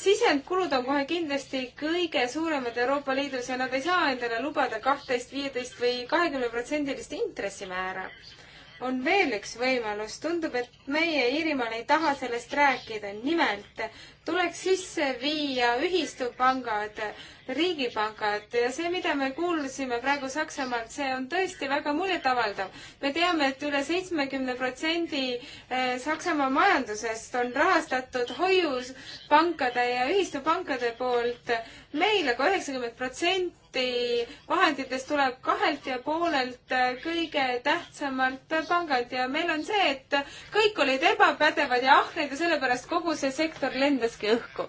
sisendkulud on kohe kindlasti kõige suuremad Euroopa Liidus ja nad ei saa endale lubada kahtteist, viieteist või kahekümne protsendilist intressimäära. Intressi on veel üks võimalus. tundub, et meie Iirimaal ei taha sellest rääkida. nimelt tuleks sisse viia ühistupangad, riigipangad ja see, mida me kuulsime praegu Saksamaalt, see on tõesti väga muljetavaldav. me teame et, et üle seitsmekümne protsendi eh, Saksamaa majandusest on rahastatud hoiuspankade ja ühistupankade poolt meil. meil aga üheksakümmend protsenti protsenti vahenditest tuleb kahelt ja poolelt kõige tähtsamalt pangalt ja meil on see, et kõik olid ebapädevad ja ahned ja sellepärast kogu see sektor lendaski õhku.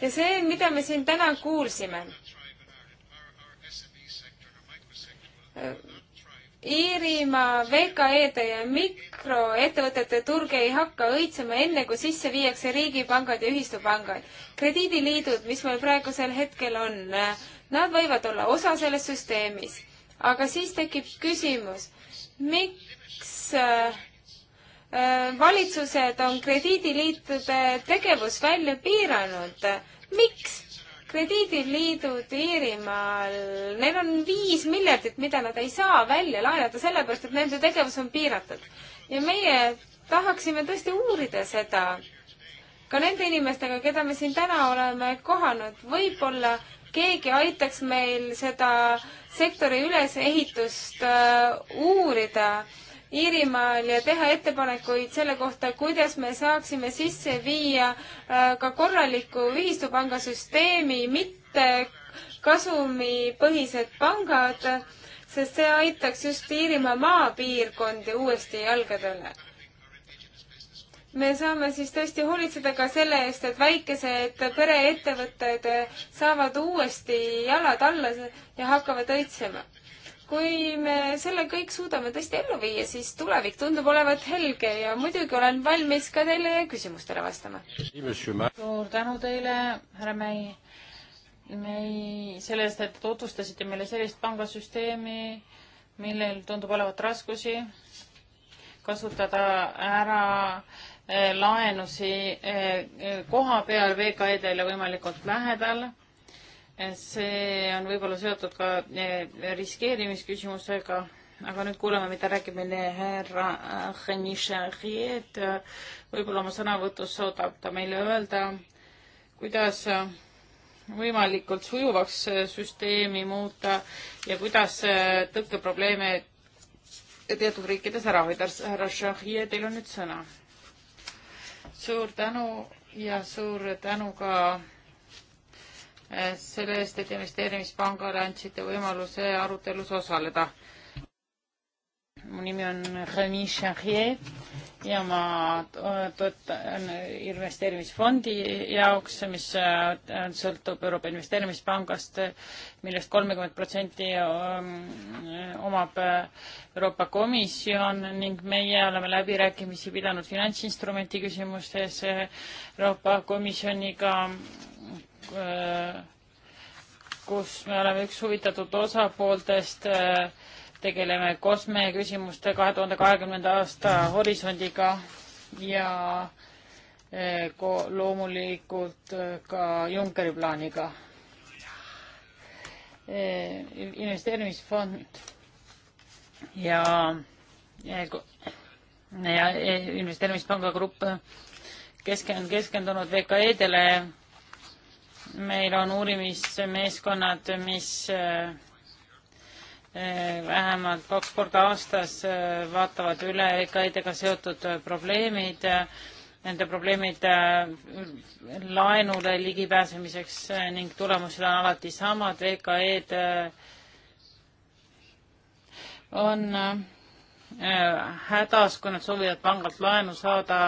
ja see, mida me siin täna kuulsime. Iirimaa VKE-de ja mikroettevõtete turg ei hakka õitsema enne, kui sisse viiakse riigipangad ja ühistupangad. krediidiliidud, mis meil praegusel hetkel on äh,, Nad võivad olla osa selles süsteemis, aga siis tekib küsimus, miks äh, äh, valitsused on krediidiliitude tegevus välja piiranud. miks? krediidiliidud Iirimaal, neil on viis miljardit, mida nad ei saa välja laenata, sellepärast et nende tegevus on piiratud. ja meie tahaksime tõesti uurida seda, ka nende inimestega, keda me siin täna oleme kohanud, võib-olla keegi aitaks meil seda sektori ülesehitust äh, uurida Iirimaal ja teha ettepanekuid selle kohta, kuidas me saaksime sisse viia äh, ka korraliku ühistupangasüsteemi, mitte kasumipõhised pangad, sest see aitaks just Iirimaa maapiirkondi uuesti jalgadele me saame siis tõesti hoolitseda ka selle eest, et väikesed pereettevõtted saavad uuesti jalad alla ja hakkavad õitsema. kui me selle kõik suudame tõesti ellu viia, siis tulevik tundub olevat helge ja muidugi olen valmis ka teile küsimustele vastama. suur tänu teile, härra Mäi. me ei, selle eest, et tutvustasite meile sellist pangasüsteemi, millel tundub olevat raskusi kasutada ära äh, Äh, laenusi äh, äh, koha peal VKE-dele võimalikult lähedal. see on võib-olla seotud ka riskeerimisküsimusega, aga nüüd kuulame, mida räägib meile härra Henišahiev. võib-olla oma sõnavõtus suudab ta meile öelda, kuidas võimalikult sujuvaks süsteemi muuta ja kuidas tõkkeprobleeme teatud riikides ära hoida. härra Šahie, teil on nüüd sõna suur tänu ja suur tänu ka eh, selle eest, et investeerimispangale andsite võimaluse arutelus osaleda mu nimi on Remi Charrier ja ma toetan investeerimisfondi jaoks, mis äh, sõltub Euroopa Investeerimispangast millest, millest kolmkümmend protsenti ähm, omab äh, Euroopa Komisjon ning meie oleme läbirääkimisi pidanud finantsinstrumenti küsimustes äh, Euroopa Komisjoniga, kus me oleme üks huvitatud osapooltest äh, tegeleme kosme küsimuste kahe tuhande kahekümnenda aasta horisondiga ja eh, loomulikult eh, ka Junckeri plaaniga. Eh, investeerimisfond ja, ja investeerimispanga grupp keskend, keskendunud VKE-dele. meil on uurimismeeskonnad, mis äh, vähemalt kaks korda aastas äh, vaatavad üle EKI-dega seotud äh, probleemid, äh, nende probleemide laenule ligipääsemiseks ning tulemused on alati samad, VKE-d on hädas, kui nad soovivad pangalt laenu saada,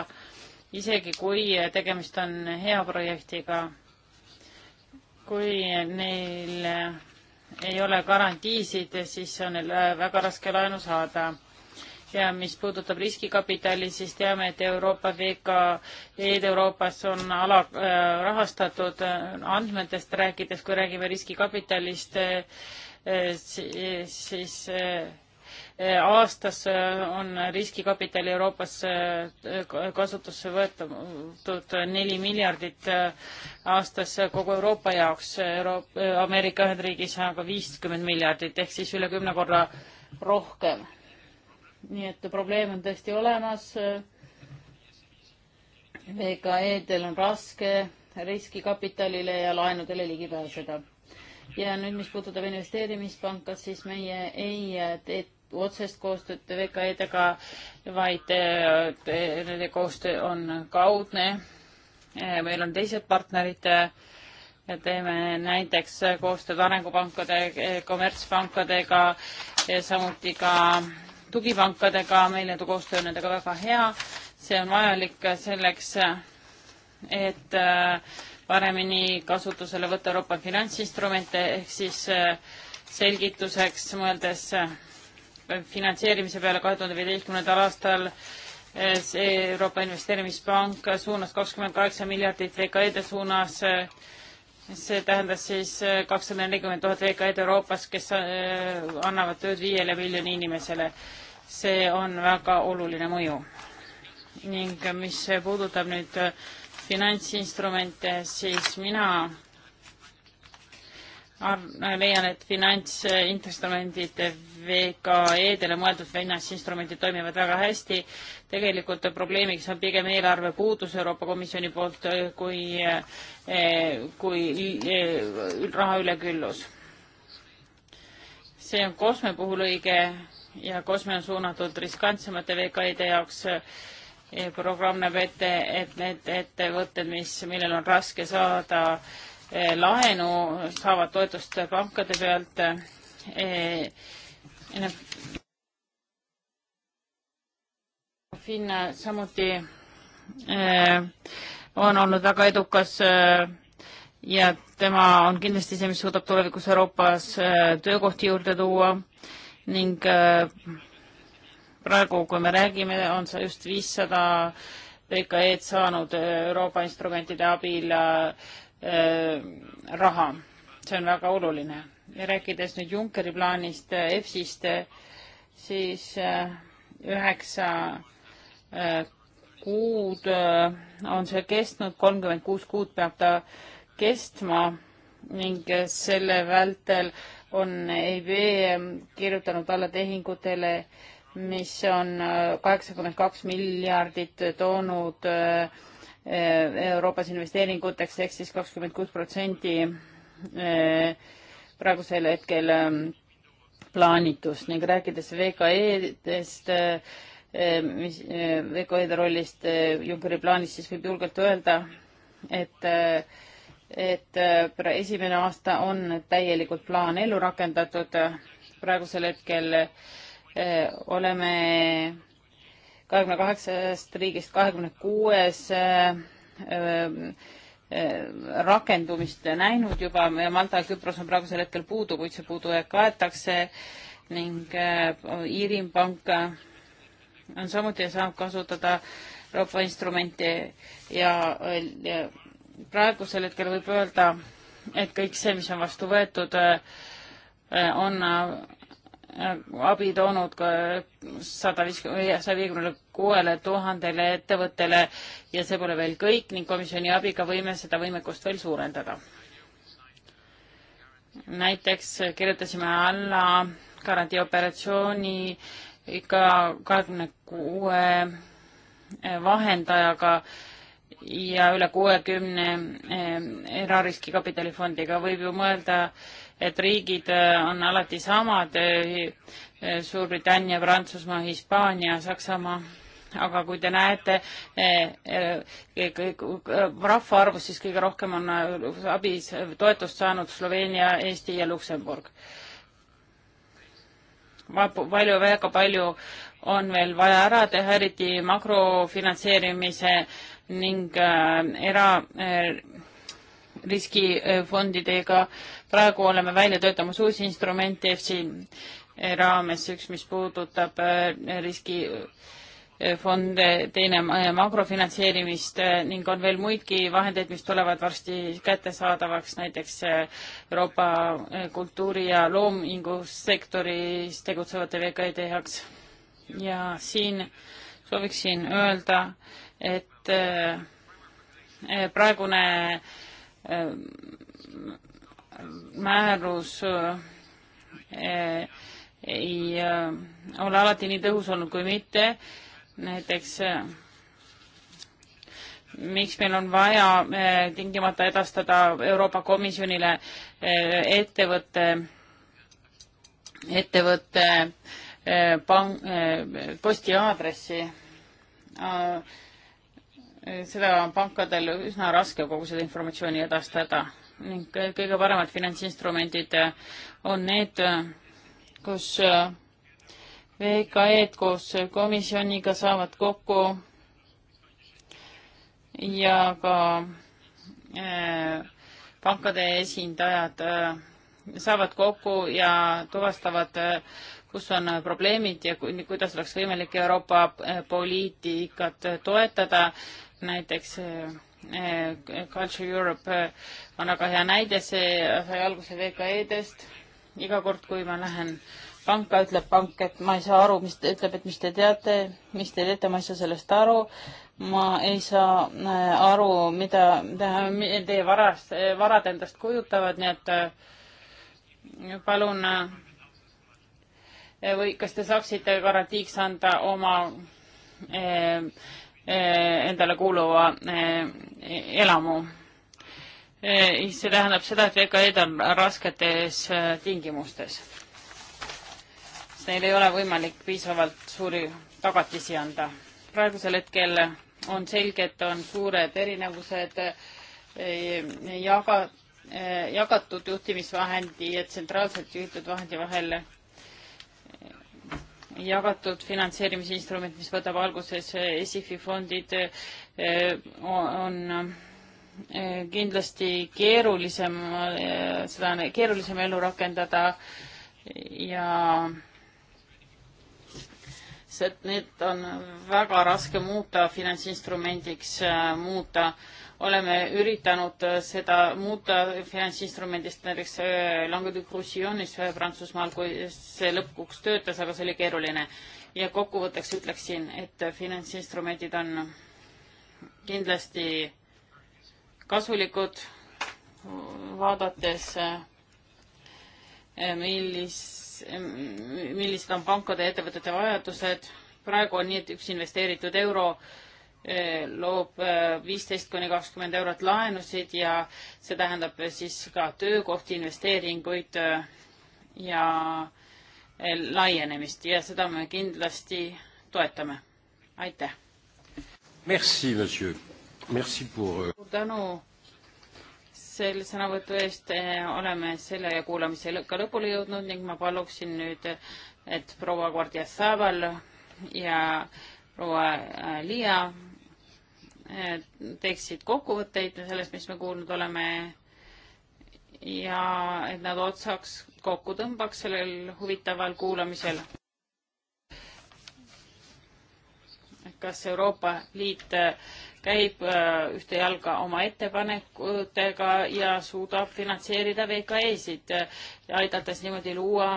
isegi kui tegemist on hea projektiga, kui neil ei ole garantiisid, siis on neil äh, väga raske laenu saada. ja mis puudutab riskikapitali, siis teame, et Euroopa VKE-d Euroopas on alarahastatud äh, äh, andmetest rääkides, kui räägime riskikapitalist, siis aastas äh, on riskikapitali Euroopas äh, kasutusse võetud neli miljardit äh, aastas kogu Euroopa jaoks Euroop, Ameerika Ühendriigis aga viiskümmend miljardit ehk siis üle kümne korra rohkem. nii et probleem on tõesti olemas. VKE-del on raske riskikapitalile ja laenudele ligi pääseda ja nüüd, mis puudutab investeerimispanka, siis meie ei tee otsest koostööd VKE-dega, vaid eh, nende koostöö on kaudne. Eh, meil on teised partnerid eh, ja teeme näiteks koostööd arengupankade, kommertspankadega, samuti ka tugipankadega, meile koostöö on nendega väga hea. see on vajalik selleks, et paremini kasutusele võtta Euroopa finantsinstrumente ehk siis selgituseks mõeldes finantseerimise peale kahe tuhande viieteistkümnendal aastal eh, see Euroopa Investeerimispank suunas kakskümmend kaheksa miljardit VKE-de suunas. Eh, see tähendas siis eh, kakssada nelikümmend tuhat VKE-d Euroopas, kes annavad tööd viiele miljoni inimesele. see on väga oluline mõju. ning mis puudutab nüüd finantsinstrumente, siis mina leian, et finantsinstrumendid, VKE-dele mõeldud finantsinstrumendid toimivad väga hästi. tegelikult probleemiks on pigem eelarve puudus Euroopa Komisjoni poolt äh, kui, äh, kui äh, raha üleküllus. see on Kosme puhul õige ja Kosme on suunatud riskantsemate VKE-de jaoks programm näeb ette, et need ettevõtted, mis, millel on raske saada äh, Eh, laenu, saavad toetust pankade pealt. Eh, Finn samuti eh, on olnud väga edukas ja tema on kindlasti see, mis suudab tulevikus Euroopas töökohti juurde tuua ning praegu, kui me räägime, on see just viissada VKE-d saanud Euroopa instrumentide abil Äh, raha. see on väga oluline. ja rääkides nüüd Junckeri plaanist, äh, EFSist, äh, siis üheksa kuud on see kestnud, kolmkümmend kuus kuud peab ta kestma ning selle vältel on EIB ähm, kirjutanud alla tehingutele, mis on kaheksakümmend kaks miljardit toonud äh, Eh, Euroopas investeeringuteks ehk siis kakskümmend kuus protsenti eh, praegusel hetkel eh, plaanitust ning rääkides VKE-dest, mis VKE-de rollist Junckeri plaanis, siis võib julgelt öelda, et et esimene aasta on täielikult plaan ellu rakendatud. praegusel hetkel oleme kahekümne kaheksast riigist kahekümne kuues äh, äh, rakendumist näinud juba, Malta ja Küpros on praegusel hetkel puudu, kuid see puudujääk kaetakse ning äh, Iiri pank on samuti saanud kasutada Euroopa instrumente ja, ja praegusel hetkel võib öelda, et kõik see, mis on vastu võetud, on abi toonud ka sada viiskümmend, saja viiekümnele kuuele tuhandele ettevõttele ja see pole veel kõik ning komisjoni abiga võime seda võimekust veel suurendada. näiteks kirjutasime alla garantiioperatsiooni ikka kahekümne kuue vahendajaga ja üle kuuekümne eh, erariski kapitalifondiga võib ju mõelda äh, et riigid äh, on alati samad, äh, äh, Suurbritannia, Prantsusmaa, Hispaania, Saksamaa, aga kui te näete rahvaarvus, siis kõige rohkem on abi, toetust saanud Sloveenia, Eesti ja Luksemburg. palju, väga palju on veel vaja ära teha, eriti makrofinantseerimise ning erariskifondidega äh, praegu oleme välja töötamas uusi instrumente EFSI raames, üks, mis puudutab äh, riskifonde, äh, teine äh, makrofinantseerimist ning on veel muidki vahendeid, mis tulevad varsti kättesaadavaks, näiteks Euroopa kultuuri- ja loomingusektoris tegutsevate VKD heaks. ja siin sooviksin öelda, et praegune määrus äh, ei äh, ole alati nii tõhus olnud kui mitte. näiteks äh, miks meil on vaja tingimata edastada Euroopa Komisjonile ettevõtte, ettevõtte pang-, postiaadressi. seda on pankadel üsna raske kogu seda informatsiooni edastada ning kõige paremad finantsinstrumendid äh, on need, äh, kus äh, VKE-d koos komisjoniga saavad kokku ja ka pankade esindajad saavad kokku ja tuvastavad, kus on probleemid ja kuidas oleks võimalik Euroopa poliitikat toetada, näiteks Eh, Culture Europe eh, on väga hea näide, see sai alguse VKE-dest. iga kord, kui ma lähen panka, ütleb pank, et ma ei saa aru, mis ta ütleb, et mis te teate, mis te teete, ma ei saa sellest aru. ma ei saa eh, aru, mida teie varast, varad endast kujutavad, nii et palun või kas te saaksite garantiiks anda oma Eh, endale kuuluva eh, elamu. Eh, see tähendab seda, et VKE-d on rasketes tingimustes. sest neil ei ole võimalik piisavalt suuri tagatisi anda. praegusel hetkel on selge, et on suured erinevused jaga, jagatud juhtimisvahendi ja tsentraalselt juhitud vahendi vahel jagatud finantseerimisinstrument, mis võtab alguses eh, ESIFi fondid, eh, on eh, kindlasti keerulisem, seda on keerulisem ellu rakendada ja see, et need on väga raske muuta finantsinstrumendiks, muuta äh, oleme üritanud äh, seda muuta finantsinstrumendist näiteks äh, Languedoc-Roussillon'is äh, Prantsusmaal, kui see lõpuks töötas, aga see oli keeruline. ja kokkuvõtteks ütleksin, et finantsinstrumendid on kindlasti kasulikud, vaadates millis, millised on pankade ja ettevõtete vajadused. praegu on nii, et üks investeeritud euro Eh, loob eh, viisteist kuni kakskümmend eurot laenusid ja see tähendab siis ka töökohti, investeeringuid eh, ja laienemist ja seda me kindlasti toetame. aitäh! Merci, monsieur. Merci pour... Euh, suur tänu selle sõnavõtu eest, oleme selle kuulamise ka lõpule jõudnud ning ma paluksin nüüd, et proua Guardia Zaval ja proua Liia teeksid kokkuvõtteid sellest, mis me kuulnud oleme ja et nad otsaks kokku tõmbaks sellel huvitaval kuulamisel. kas Euroopa Liit äh, käib äh, ühte jalga oma ettepanekutega ja suudab finantseerida VKE-sid, äh, aidates niimoodi luua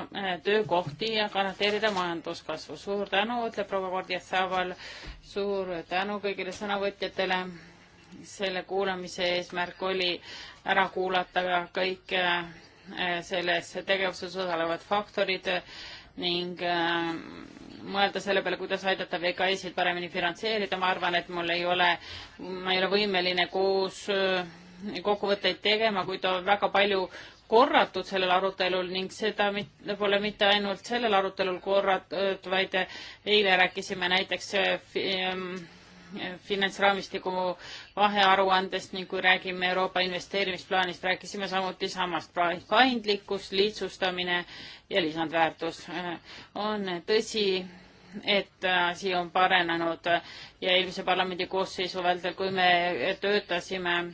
töökohti ja garanteerida majanduskasvu. suur tänu, ütleb proua Kordjasaval, suur tänu kõigile sõnavõtjatele. selle kuulamise eesmärk oli ära kuulata kõik selles tegevuses osalevad faktorid ning mõelda selle peale, kuidas aidata VKI-sid paremini finantseerida, ma arvan, et mul ei ole, ma ei ole võimeline koos äh, kokkuvõtteid tegema, kuid on väga palju korratud sellel arutelul ning seda mit, pole mitte ainult sellel arutelul korratud, vaid eile rääkisime näiteks äh, ähm, finantsraamistiku vahearuandest ning kui räägime Euroopa investeerimisplaanist, rääkisime samuti samast paindlikkus, lihtsustamine ja lisandväärtus. on tõsi, et asi on parenenud ja eelmise parlamendi koosseisu vältel, kui me töötasime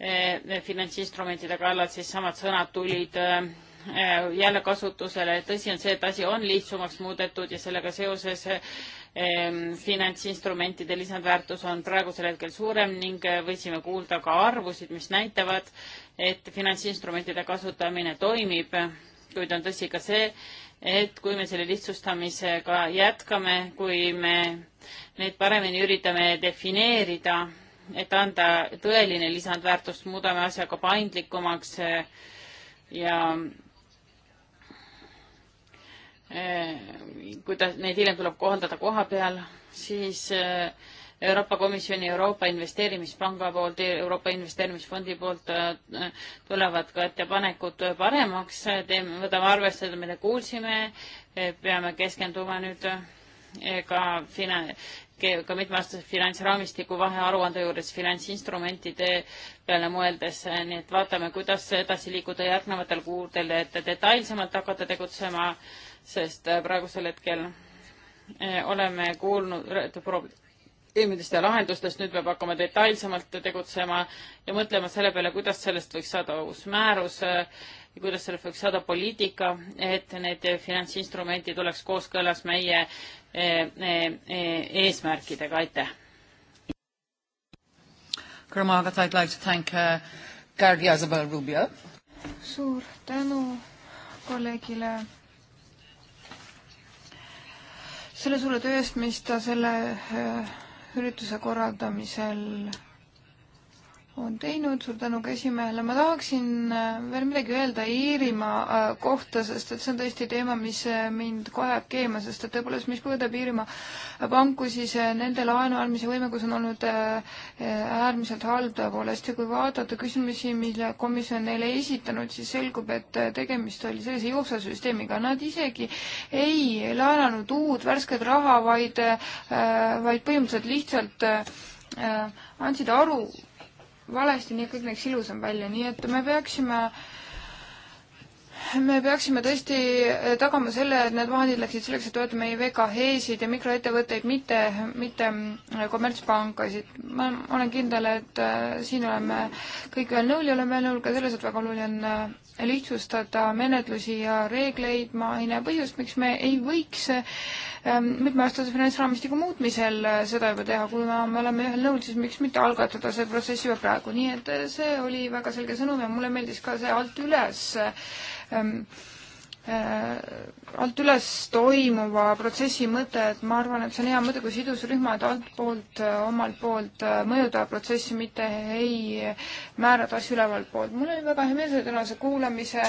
eh, finantsinstrumentide kallal, siis samad sõnad tulid eh, Äh, jälle kasutusele. tõsi on see, et asi on lihtsamaks muudetud ja sellega seoses ähm, finantsinstrumentide lisandväärtus on praegusel hetkel suurem ning äh, võisime kuulda ka arvusid, mis näitavad, et finantsinstrumentide kasutamine toimib, kuid on tõsi ka see, et kui me selle lihtsustamisega jätkame, kui me neid paremini üritame defineerida, et anda tõeline lisandväärtust, muudame asja ka paindlikumaks äh, ja Eh, kuidas neid hiljem tuleb kohaldada koha peal, siis eh, Euroopa Komisjoni, Euroopa Investeerimispanga poolt, Euroopa Investeerimisfondi poolt eh, tulevad ka ettepanekud paremaks, teeme, võtame arvesse, mida kuulsime, peame keskenduma nüüd ka fina-, ka mitmeaastase finantsraamistiku vahearuande juures finantsinstrumentide peale mõeldes, nii et vaatame, kuidas edasi liikuda järgnevatel kuudel, et detailsemalt hakata tegutsema äh, sest äh, praegusel hetkel äh, oleme kuulnud probleemidest ja lahendustest, nüüd peab hakkama detailsemalt tegutsema ja mõtlema selle peale, kuidas sellest võiks saada uus määrus äh, ja kuidas sellest võiks saada poliitika, et need finantsinstrumendid oleks kooskõlas meie eesmärkidega, aitäh. Uh, suur tänu kolleegile selle suure töö eest, mis ta selle äh, ürituse korraldamisel on teinud, suur tänu ka esimehele, ma tahaksin äh, veel midagi öelda Iirimaa äh, kohta, sest et see on tõesti teema, mis äh, mind kohe jääb keema, sest et tõepoolest, mis puudutab Iirimaa panku, siis nende laenu andmise võimekus on olnud äärmiselt halb tõepoolest ja kui vaadata küsimusi, mille komisjon neile esitanud, siis selgub, et tegemist oli sellise jooksva süsteemiga, nad isegi ei laenanud uut värsket raha, vaid, vaid põhimõtteliselt lihtsalt andsid aru valesti, nii et kõik näeks ilusam välja, nii et me peaksime äh, me peaksime tõesti eh, tagama selle, et need vahendid läksid selleks, et toetada meie VKH-sid ja mikroettevõtteid, mitte, mitte eh, kommertspankasid. ma olen kindel, et eh, siin oleme kõik ühel nõul ja oleme ühel nõul ka selles, et väga oluline on lihtsustada menetlusi ja reegleid. ma ei näe põhjust, miks me ei võiks mitmeaastase finantsraamistiku muutmisel seda juba teha. kui me oleme ühel nõul, siis miks mitte algatada see protsess juba praegu. nii et see oli väga selge sõnum ja mulle meeldis ka see alt üles ähm, Äh, alt üles toimuva protsessi mõte, et ma arvan, et see on hea mõte, kui sidusrühmad altpoolt, äh, omalt poolt äh, mõjutavad protsessi, mitte ei määrata asju ülevalt poolt. mul oli väga hea meel selle tänase kuulamise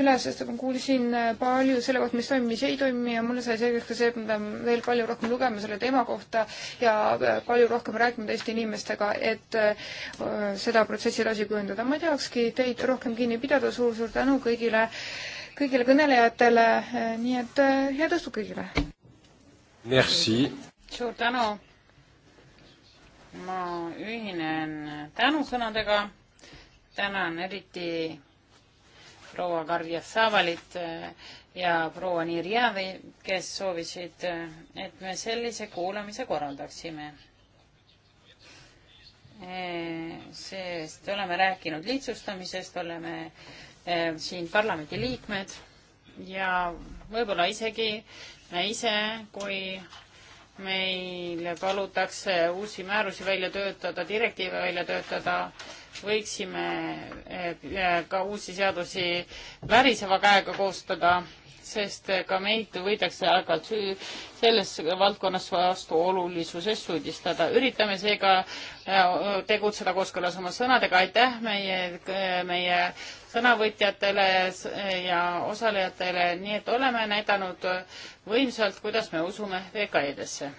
üle, sest ma kuulsin palju selle kohta, mis toimib, mis ei toimi ja mulle sai selgeks ka see, et me peame veel palju rohkem lugema selle teema kohta ja palju rohkem rääkima teiste inimestega, et seda protsessi edasi kujundada. ma ei tahakski teid rohkem kinni pidada suur,, suur-suur tänu kõigile kõigile kõnelejatele, eh, nii et eh, head õhtut kõigile! Merci! suur tänu! ma ühinen tänusõnadega, tänan eriti proua Karja Savalit eh, ja proua Nirjavi, kes soovisid, et me sellise kuulamise korraldaksime sest oleme rääkinud lihtsustamisest, oleme Eh, siin parlamendi liikmed ja võib-olla isegi me ise, kui meil palutakse uusi määrusi välja töötada, direktiive välja töötada, võiksime eh, ka uusi seadusi väriseva käega koostada sest ka meid võidakse aeg-ajalt selles valdkonnas vastuolulisuses süüdistada. üritame seega äh, tegutseda kooskõlas oma sõnadega. aitäh meie, meie sõnavõtjatele ja osalejatele, nii et oleme näidanud võimsalt, kuidas me usume VKI-desse